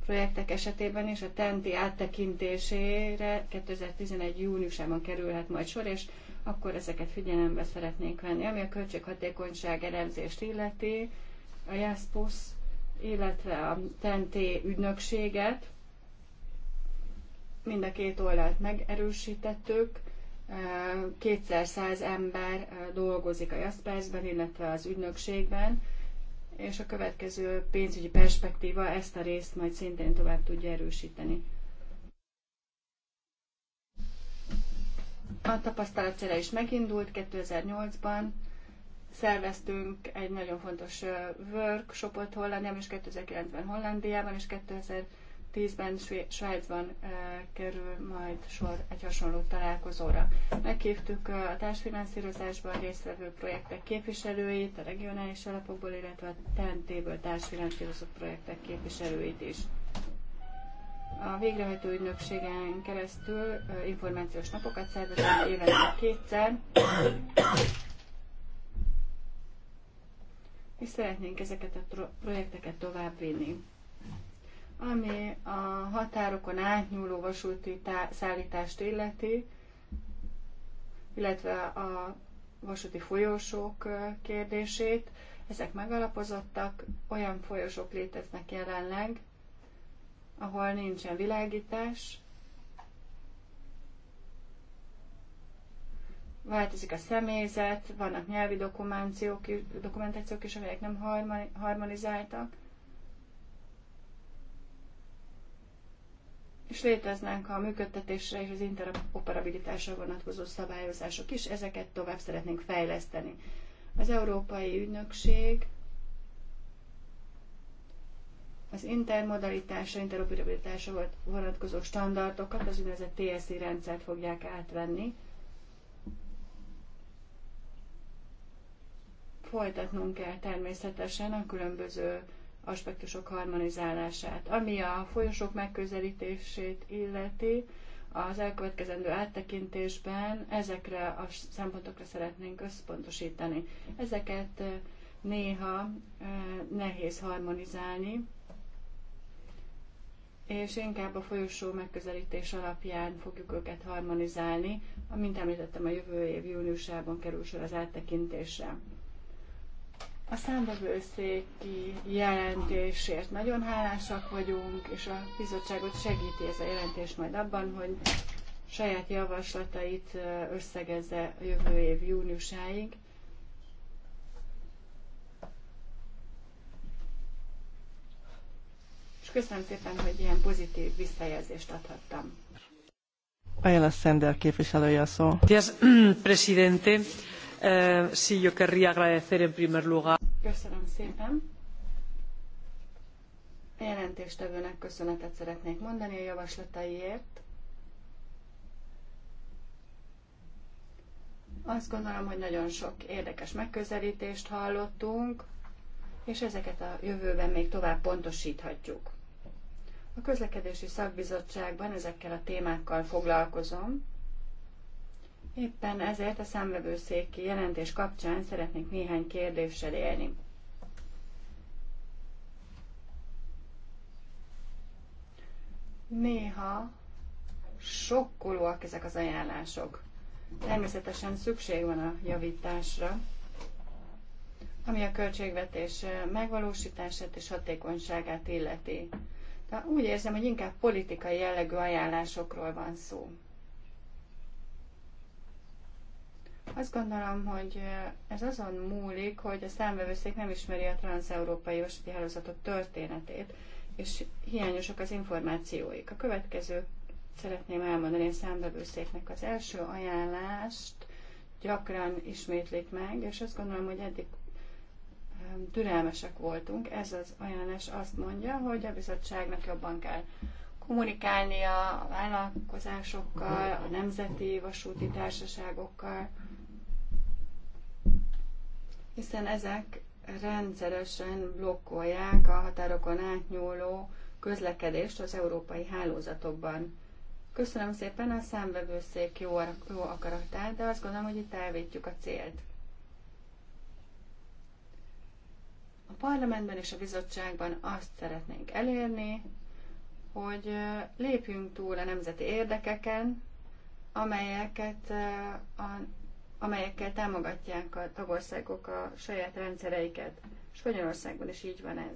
projektek esetében is a TENTI áttekintésére 2011. júniusában kerülhet majd sor, és akkor ezeket figyelembe szeretnénk venni. Ami a költséghatékonyság elemzést illeti, a JASPUS, illetve a TNT ügynökséget, mind a két oldalt megerősítettük, 200 ember dolgozik a Jaspersben, illetve az ügynökségben, és a következő pénzügyi perspektíva ezt a részt majd szintén tovább tudja erősíteni. A tapasztalatcsere is megindult 2008-ban, szerveztünk egy nagyon fontos workshopot Hollandiában, és 2009-ben Hollandiában, és 2010-ben Svájcban kerül majd sor egy hasonló találkozóra. Meghívtuk a társfinanszírozásban résztvevő projektek képviselőit, a regionális alapokból, illetve a TNT-ből társfinanszírozott projektek képviselőit is. A végrehajtó ügynökségen keresztül információs napokat szervezünk évente kétszer, és szeretnénk ezeket a projekteket továbbvinni. Ami a határokon átnyúló vasúti szállítást illeti, illetve a vasúti folyósók kérdését, ezek megalapozottak, olyan folyosók léteznek jelenleg, ahol nincsen világítás, változik a személyzet, vannak nyelvi dokumentációk, dokumentációk is, amelyek nem harmonizáltak, és léteznek a működtetésre és az interoperabilitásra vonatkozó szabályozások is, ezeket tovább szeretnénk fejleszteni. Az Európai Ügynökség az intermodalitásra, interoperabilitásra vonatkozó standardokat, az úgynevezett TSI rendszert fogják átvenni. Folytatnunk kell természetesen a különböző aspektusok harmonizálását. Ami a folyosók megközelítését illeti, az elkövetkezendő áttekintésben ezekre a szempontokra szeretnénk összpontosítani. Ezeket eh, néha eh, nehéz harmonizálni, és inkább a folyosó megközelítés alapján fogjuk őket harmonizálni, amint említettem, a jövő év júniusában kerül sor az áttekintésre. A számbevőszéki jelentésért nagyon hálásak vagyunk, és a bizottságot segíti ez a jelentés majd abban, hogy saját javaslatait összegezze a jövő év júniusáig, Köszönöm szépen, hogy ilyen pozitív visszajelzést adhattam. Ayala Sender képviselője a szó. presidente. Eh, sí, yo querría agradecer en primer lugar. Köszönöm szépen. A jelentéstevőnek köszönetet szeretnék mondani a javaslataiért. Azt gondolom, hogy nagyon sok érdekes megközelítést hallottunk, és ezeket a jövőben még tovább pontosíthatjuk. A közlekedési szakbizottságban ezekkel a témákkal foglalkozom. Éppen ezért a számvevőszéki jelentés kapcsán szeretnék néhány kérdéssel élni. Néha sokkolóak ezek az ajánlások. Természetesen szükség van a javításra, ami a költségvetés megvalósítását és hatékonyságát illeti. De úgy érzem, hogy inkább politikai jellegű ajánlásokról van szó. Azt gondolom, hogy ez azon múlik, hogy a számvevőszék nem ismeri a transeurópai vasúti hálózatok történetét, és hiányosak az információik. A következő szeretném elmondani a számvevőszéknek az első ajánlást, gyakran ismétlik meg, és azt gondolom, hogy eddig türelmesek voltunk. Ez az ajánlás azt mondja, hogy a bizottságnak jobban kell kommunikálnia a vállalkozásokkal, a nemzeti vasúti társaságokkal, hiszen ezek rendszeresen blokkolják a határokon átnyúló közlekedést az európai hálózatokban. Köszönöm szépen a számvevőszék jó, jó akaratát, de azt gondolom, hogy itt elvétjük a célt. A parlamentben és a bizottságban azt szeretnénk elérni, hogy lépjünk túl a nemzeti érdekeken, amelyeket a, amelyekkel támogatják a tagországok a saját rendszereiket. Spanyolországban is így van ez.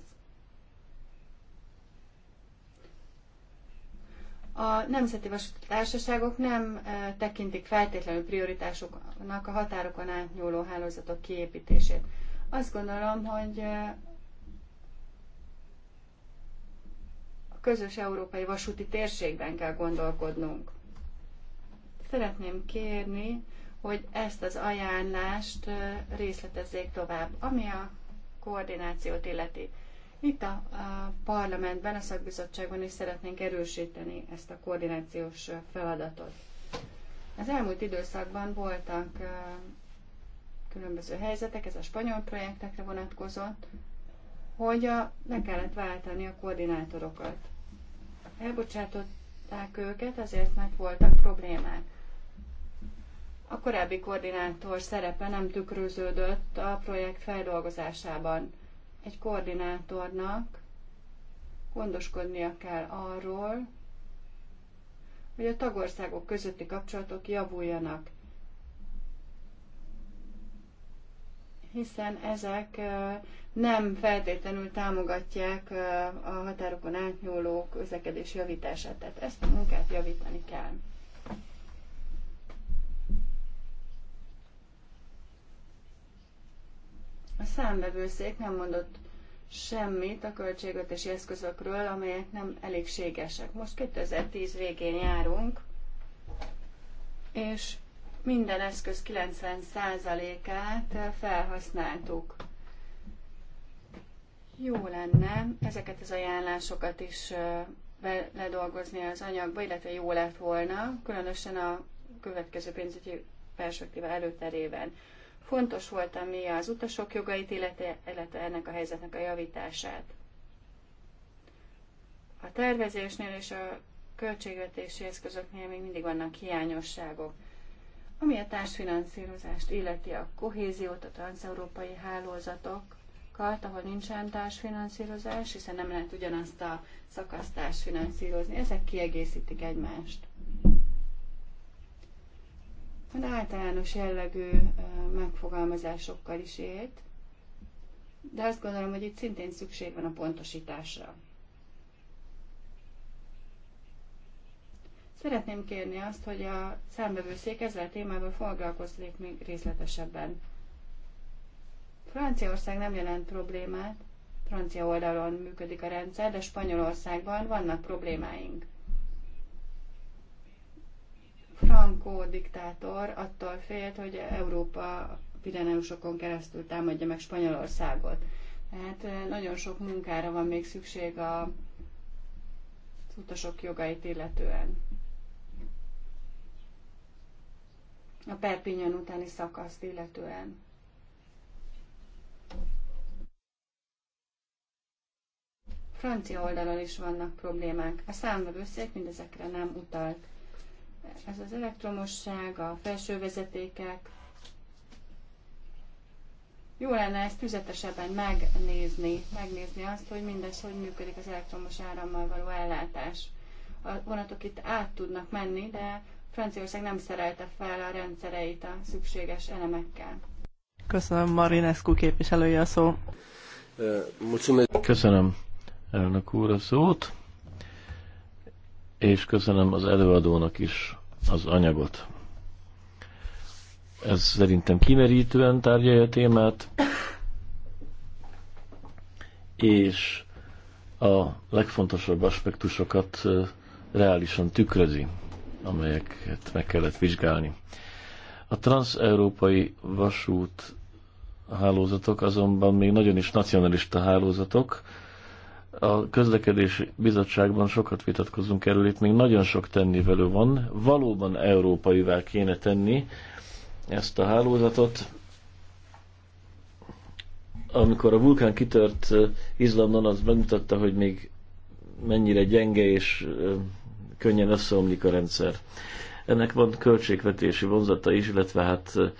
A nemzeti vasúti társaságok nem tekintik feltétlenül prioritásuknak a határokon átnyúló hálózatok kiépítését. Azt gondolom, hogy a közös európai vasúti térségben kell gondolkodnunk. Szeretném kérni, hogy ezt az ajánlást részletezzék tovább, ami a koordinációt illeti. Itt a, a parlamentben, a szakbizottságban is szeretnénk erősíteni ezt a koordinációs feladatot. Az elmúlt időszakban voltak különböző helyzetek, ez a spanyol projektekre vonatkozott, hogy a, le kellett váltani a koordinátorokat. Elbocsátották őket azért, mert voltak problémák. A korábbi koordinátor szerepe nem tükröződött a projekt feldolgozásában. Egy koordinátornak gondoskodnia kell arról, hogy a tagországok közötti kapcsolatok javuljanak. hiszen ezek nem feltétlenül támogatják a határokon átnyúló közlekedés javítását, tehát ezt a munkát javítani kell. A számbevőszék nem mondott semmit a költségvetési eszközökről, amelyek nem elégségesek. Most 2010 végén járunk, és minden eszköz 90%-át felhasználtuk. Jó lenne ezeket az ajánlásokat is ledolgozni az anyagba, illetve jó lett volna, különösen a következő pénzügyi perspektíva előterében. Fontos volt, ami az utasok jogait, illetve, illetve ennek a helyzetnek a javítását. A tervezésnél és a költségvetési eszközöknél még mindig vannak hiányosságok. Ami a társfinanszírozást illeti a kohéziót, a transeurópai hálózatokat, ahol nincsen társfinanszírozás, hiszen nem lehet ugyanazt a szakasztást finanszírozni, ezek kiegészítik egymást. Az általános jellegű megfogalmazásokkal is élt, de azt gondolom, hogy itt szintén szükség van a pontosításra. Szeretném kérni azt, hogy a számbevőszék ezzel a témával foglalkozzék még részletesebben. Franciaország nem jelent problémát, francia oldalon működik a rendszer, de Spanyolországban vannak problémáink. Franco diktátor attól félt, hogy Európa Pireneusokon keresztül támadja meg Spanyolországot. Tehát eh, nagyon sok munkára van még szükség a utasok jogait illetően. a Perpignan utáni szakaszt illetően. Francia oldalon is vannak problémák. A számvevőszék mindezekre nem utalt. Ez az elektromosság, a felső vezetékek. Jó lenne ezt tüzetesebben megnézni, megnézni azt, hogy mindez, hogy működik az elektromos árammal való ellátás. A vonatok itt át tudnak menni, de Franciaország nem szerelte fel a rendszereit a szükséges elemekkel. Köszönöm, Marinescu képviselője a szó. Köszönöm, elnök úr, a szót, és köszönöm az előadónak is az anyagot. Ez szerintem kimerítően tárgyalja a témát, és a legfontosabb aspektusokat reálisan tükrözi amelyeket meg kellett vizsgálni. A transeurópai vasút hálózatok azonban még nagyon is nacionalista hálózatok. A közlekedési bizottságban sokat vitatkozunk erről, itt még nagyon sok tennivelő van. Valóban európaivá kéne tenni ezt a hálózatot. Amikor a vulkán kitört eh, Izlandon, az megmutatta, hogy még mennyire gyenge és eh, könnyen összeomlik a rendszer. Ennek van költségvetési vonzata is, illetve hát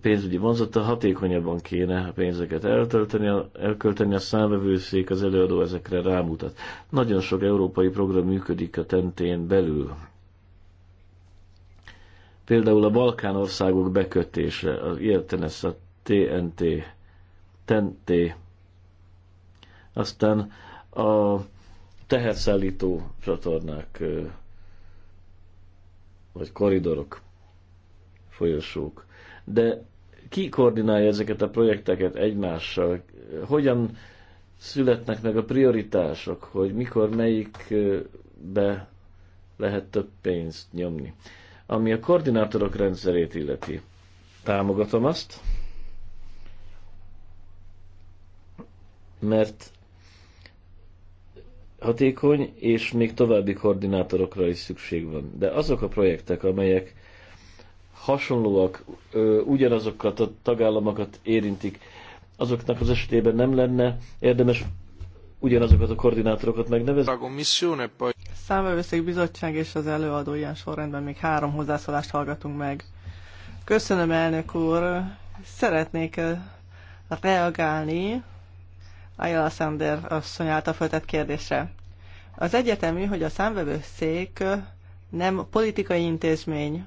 pénzügyi vonzata, hatékonyabban kéne a pénzeket eltölteni, elkölteni, a számvevőszék, az előadó ezekre rámutat. Nagyon sok európai program működik a tentén belül. Például a Balkán országok bekötése, az ilyet a TNT, TNT. Aztán a teherszállító csatornák, vagy koridorok, folyosók. De ki koordinálja ezeket a projekteket egymással? Hogyan születnek meg a prioritások, hogy mikor melyikbe lehet több pénzt nyomni? Ami a koordinátorok rendszerét illeti, támogatom azt, mert hatékony, és még további koordinátorokra is szükség van. De azok a projektek, amelyek hasonlóak, ugyanazokat a tagállamokat érintik, azoknak az esetében nem lenne érdemes ugyanazokat a koordinátorokat megnevezni. E Számbevőszék bizottság és az előadó ilyen sorrendben még három hozzászólást hallgatunk meg. Köszönöm, elnök úr! Szeretnék reagálni Ayala Sander asszony által föltett kérdésre. Az egyetemű, hogy a számvevőszék nem politikai intézmény.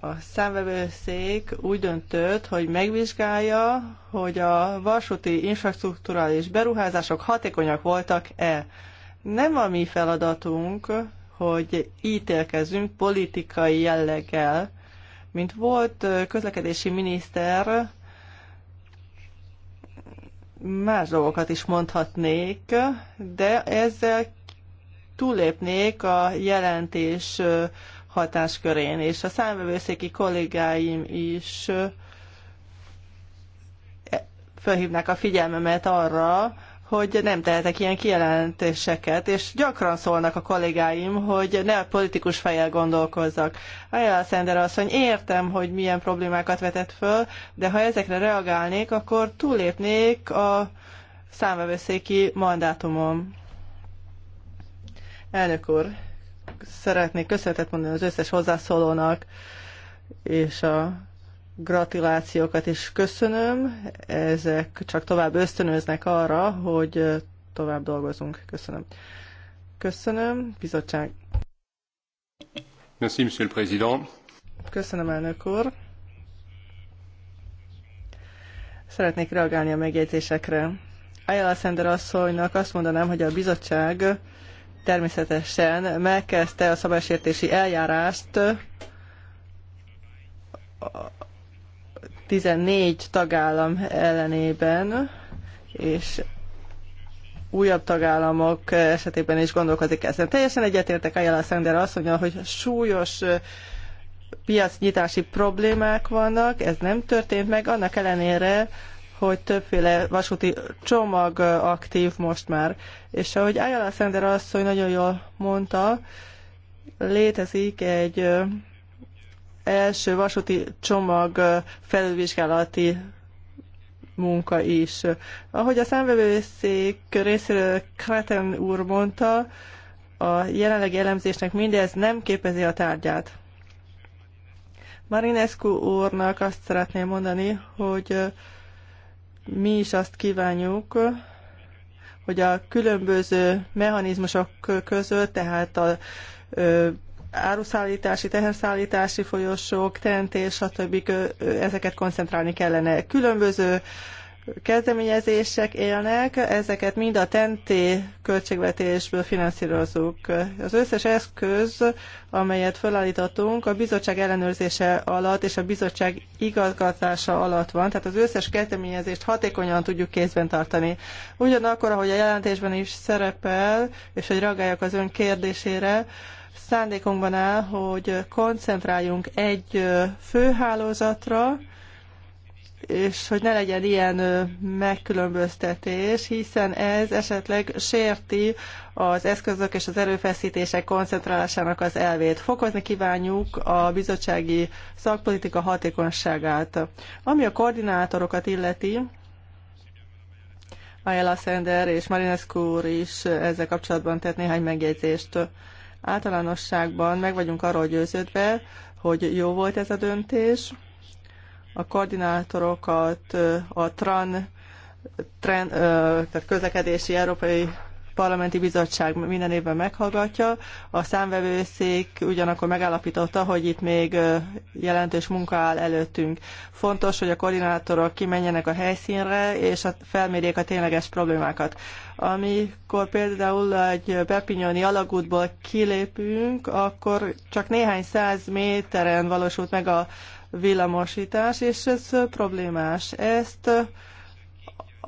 A számvevőszék úgy döntött, hogy megvizsgálja, hogy a vasúti infrastruktúrális beruházások hatékonyak voltak-e. Nem a mi feladatunk, hogy ítélkezünk politikai jelleggel. Mint volt közlekedési miniszter, más dolgokat is mondhatnék, de ezzel túllépnék a jelentés hatáskörén, és a számvevőszéki kollégáim is e, felhívnák a figyelmemet arra, hogy nem tehetek ilyen kijelentéseket, és gyakran szólnak a kollégáim, hogy ne a politikus fejjel gondolkozzak. Ajala Szender asszony, értem, hogy milyen problémákat vetett föl, de ha ezekre reagálnék, akkor túlépnék a számvevőszéki mandátumom. Elnök úr, szeretnék köszönetet mondani az összes hozzászólónak, és a gratulációkat is köszönöm. Ezek csak tovább ösztönöznek arra, hogy tovább dolgozunk. Köszönöm. Köszönöm, bizottság. Merci, monsieur le président. Köszönöm, elnök úr. Szeretnék reagálni a megjegyzésekre. Ayala Sender asszonynak azt mondanám, hogy a bizottság természetesen megkezdte a szabálysértési eljárást 14 tagállam ellenében, és újabb tagállamok esetében is gondolkozik ezen. Teljesen egyetértek Ayala Sender mondja, hogy súlyos piacnyitási problémák vannak, ez nem történt meg, annak ellenére, hogy többféle vasúti csomag aktív most már. És ahogy Ayala Sender asszony nagyon jól mondta, létezik egy első vasúti csomag felülvizsgálati munka is. Ahogy a számvevőszék részéről Kreten úr mondta, a jelenlegi elemzésnek mindez nem képezi a tárgyát. Marinescu úrnak azt szeretném mondani, hogy mi is azt kívánjuk, hogy a különböző mechanizmusok között, tehát a áruszállítási, teherszállítási folyosók, teremtés, stb. ezeket koncentrálni kellene. Különböző kezdeményezések élnek, ezeket mind a TNT költségvetésből finanszírozzuk. Az összes eszköz, amelyet felállítottunk, a bizottság ellenőrzése alatt és a bizottság igazgatása alatt van, tehát az összes kezdeményezést hatékonyan tudjuk kézben tartani. Ugyanakkor, ahogy a jelentésben is szerepel, és hogy reagáljak az ön kérdésére, szándékunkban áll, hogy koncentráljunk egy főhálózatra, és hogy ne legyen ilyen megkülönböztetés, hiszen ez esetleg sérti az eszközök és az erőfeszítések koncentrálásának az elvét. Fokozni kívánjuk a bizottsági szakpolitika hatékonyságát. Ami a koordinátorokat illeti, Ayala Sender és Marinescu úr is ezzel kapcsolatban tett néhány megjegyzést. Általánosságban meg vagyunk arról győződve, hogy jó volt ez a döntés. A koordinátorokat a TRAN, tren, tehát közlekedési európai parlamenti bizottság minden évben meghallgatja. A számvevőszék ugyanakkor megállapította, hogy itt még jelentős munka áll előttünk. Fontos, hogy a koordinátorok kimenjenek a helyszínre, és felmérjék a tényleges problémákat. Amikor például egy bepinyoni alagútból kilépünk, akkor csak néhány száz méteren valósult meg a villamosítás, és ez problémás. Ezt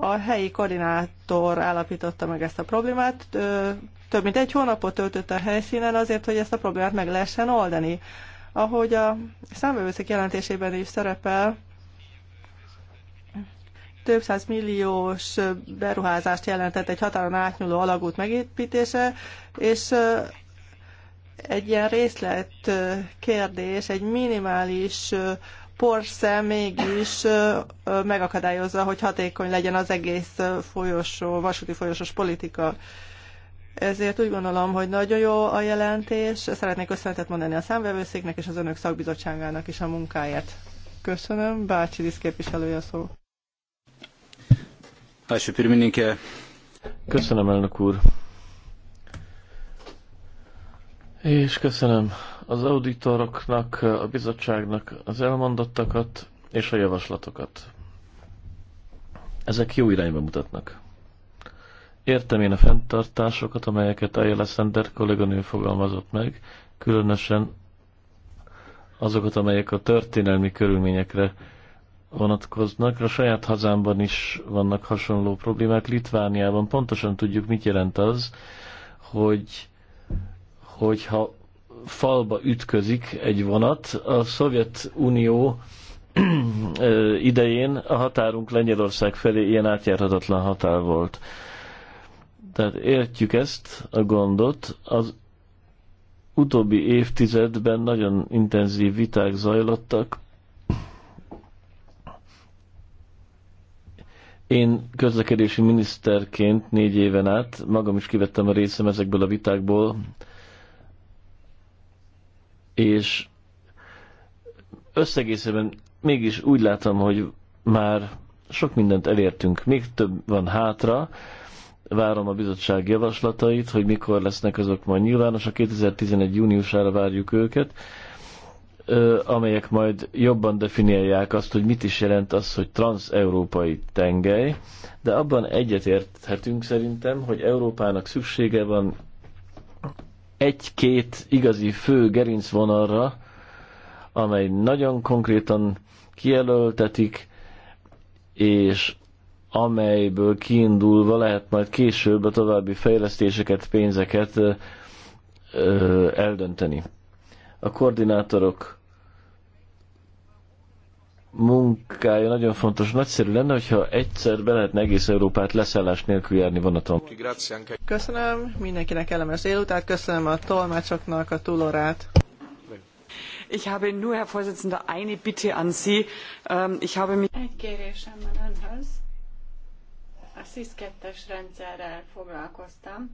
a helyi koordinátor állapította meg ezt a problémát. Több mint egy hónapot töltött a helyszínen azért, hogy ezt a problémát meg lehessen oldani. Ahogy a számbevőszék jelentésében is szerepel, több száz milliós beruházást jelentett egy határon átnyúló alagút megépítése, és egy ilyen részlet kérdés, egy minimális Porsche mégis megakadályozza, hogy hatékony legyen az egész folyosó, vasúti folyosós politika. Ezért úgy gondolom, hogy nagyon jó a jelentés. Szeretnék köszönetet mondani a számvevőszéknek és az önök szakbizottságának is a munkáért. Köszönöm. Bácsi diszképviselője a szó. Első pirmininke. Köszönöm, elnök úr. És köszönöm az auditoroknak, a bizottságnak az elmondottakat és a javaslatokat. Ezek jó irányba mutatnak. Értem én a fenntartásokat, amelyeket a Sender kolléganő fogalmazott meg, különösen azokat, amelyek a történelmi körülményekre vonatkoznak. A saját hazámban is vannak hasonló problémák. Litvániában pontosan tudjuk, mit jelent az, hogy hogyha falba ütközik egy vonat. A Szovjetunió idején a határunk Lengyelország felé ilyen átjárhatatlan határ volt. Tehát értjük ezt a gondot. Az utóbbi évtizedben nagyon intenzív viták zajlottak. Én közlekedési miniszterként négy éven át magam is kivettem a részem ezekből a vitákból, és összegészében mégis úgy látom, hogy már sok mindent elértünk, még több van hátra, várom a bizottság javaslatait, hogy mikor lesznek azok majd nyilvánosak, 2011. júniusára várjuk őket, amelyek majd jobban definiálják azt, hogy mit is jelent az, hogy transeurópai tengely, de abban egyetérthetünk szerintem, hogy Európának szüksége van egy-két igazi fő gerincvonalra, amely nagyon konkrétan kijelöltetik, és amelyből kiindulva lehet majd később a további fejlesztéseket, pénzeket ö, eldönteni. A koordinátorok munkája nagyon fontos. Nagyszerű lenne, hogyha egyszer be lehetne egész Európát leszállás nélkül járni vonaton. Köszönöm mindenkinek kellemes délutát, köszönöm a tolmácsoknak a túlorát. Ich habe nur, Herr Vorsitzender, eine Bitte an Sie. Ähm, ich habe mich Egy kérésem van önhöz. A SIS 2-es rendszerrel foglalkoztam,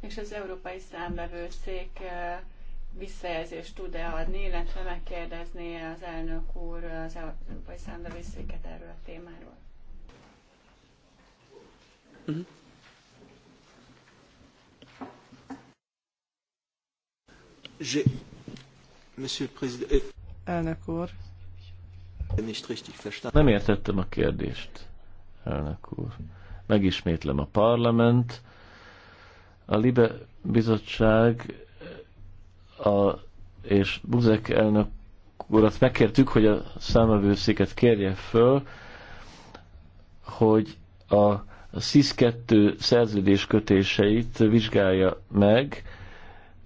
és az Európai Számbevőszék visszajelzést tud-e adni, illetve megkérdezné az elnök úr az Európai Szándaviszéket erről a témáról. Mhm. Euh, elnök úr. Nem értettem a kérdést, elnök úr. Megismétlem a parlament. A Libe bizottság a, és Buzek elnök urat megkértük, hogy a számövőszéket kérje föl, hogy a szisz 2 szerződés kötéseit vizsgálja meg,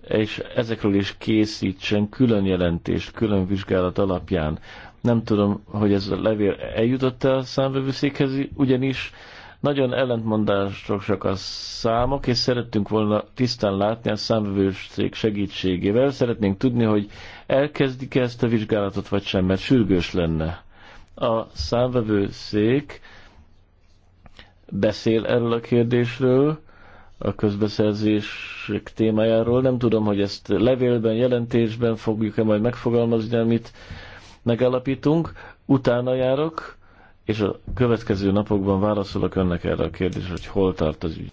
és ezekről is készítsen külön jelentést, külön vizsgálat alapján. Nem tudom, hogy ez a levél eljutott-e a számvevőszékhez, ugyanis nagyon ellentmondásosak a számok, és szerettünk volna tisztán látni a számvevőség segítségével. Szeretnénk tudni, hogy elkezdik -e ezt a vizsgálatot, vagy sem, mert sürgős lenne. A számvevőszék beszél erről a kérdésről, a közbeszerzések témájáról. Nem tudom, hogy ezt levélben, jelentésben fogjuk-e majd megfogalmazni, amit megalapítunk. Utána járok és a következő napokban válaszolok önnek erre a kérdésre, hogy hol tart az ügy.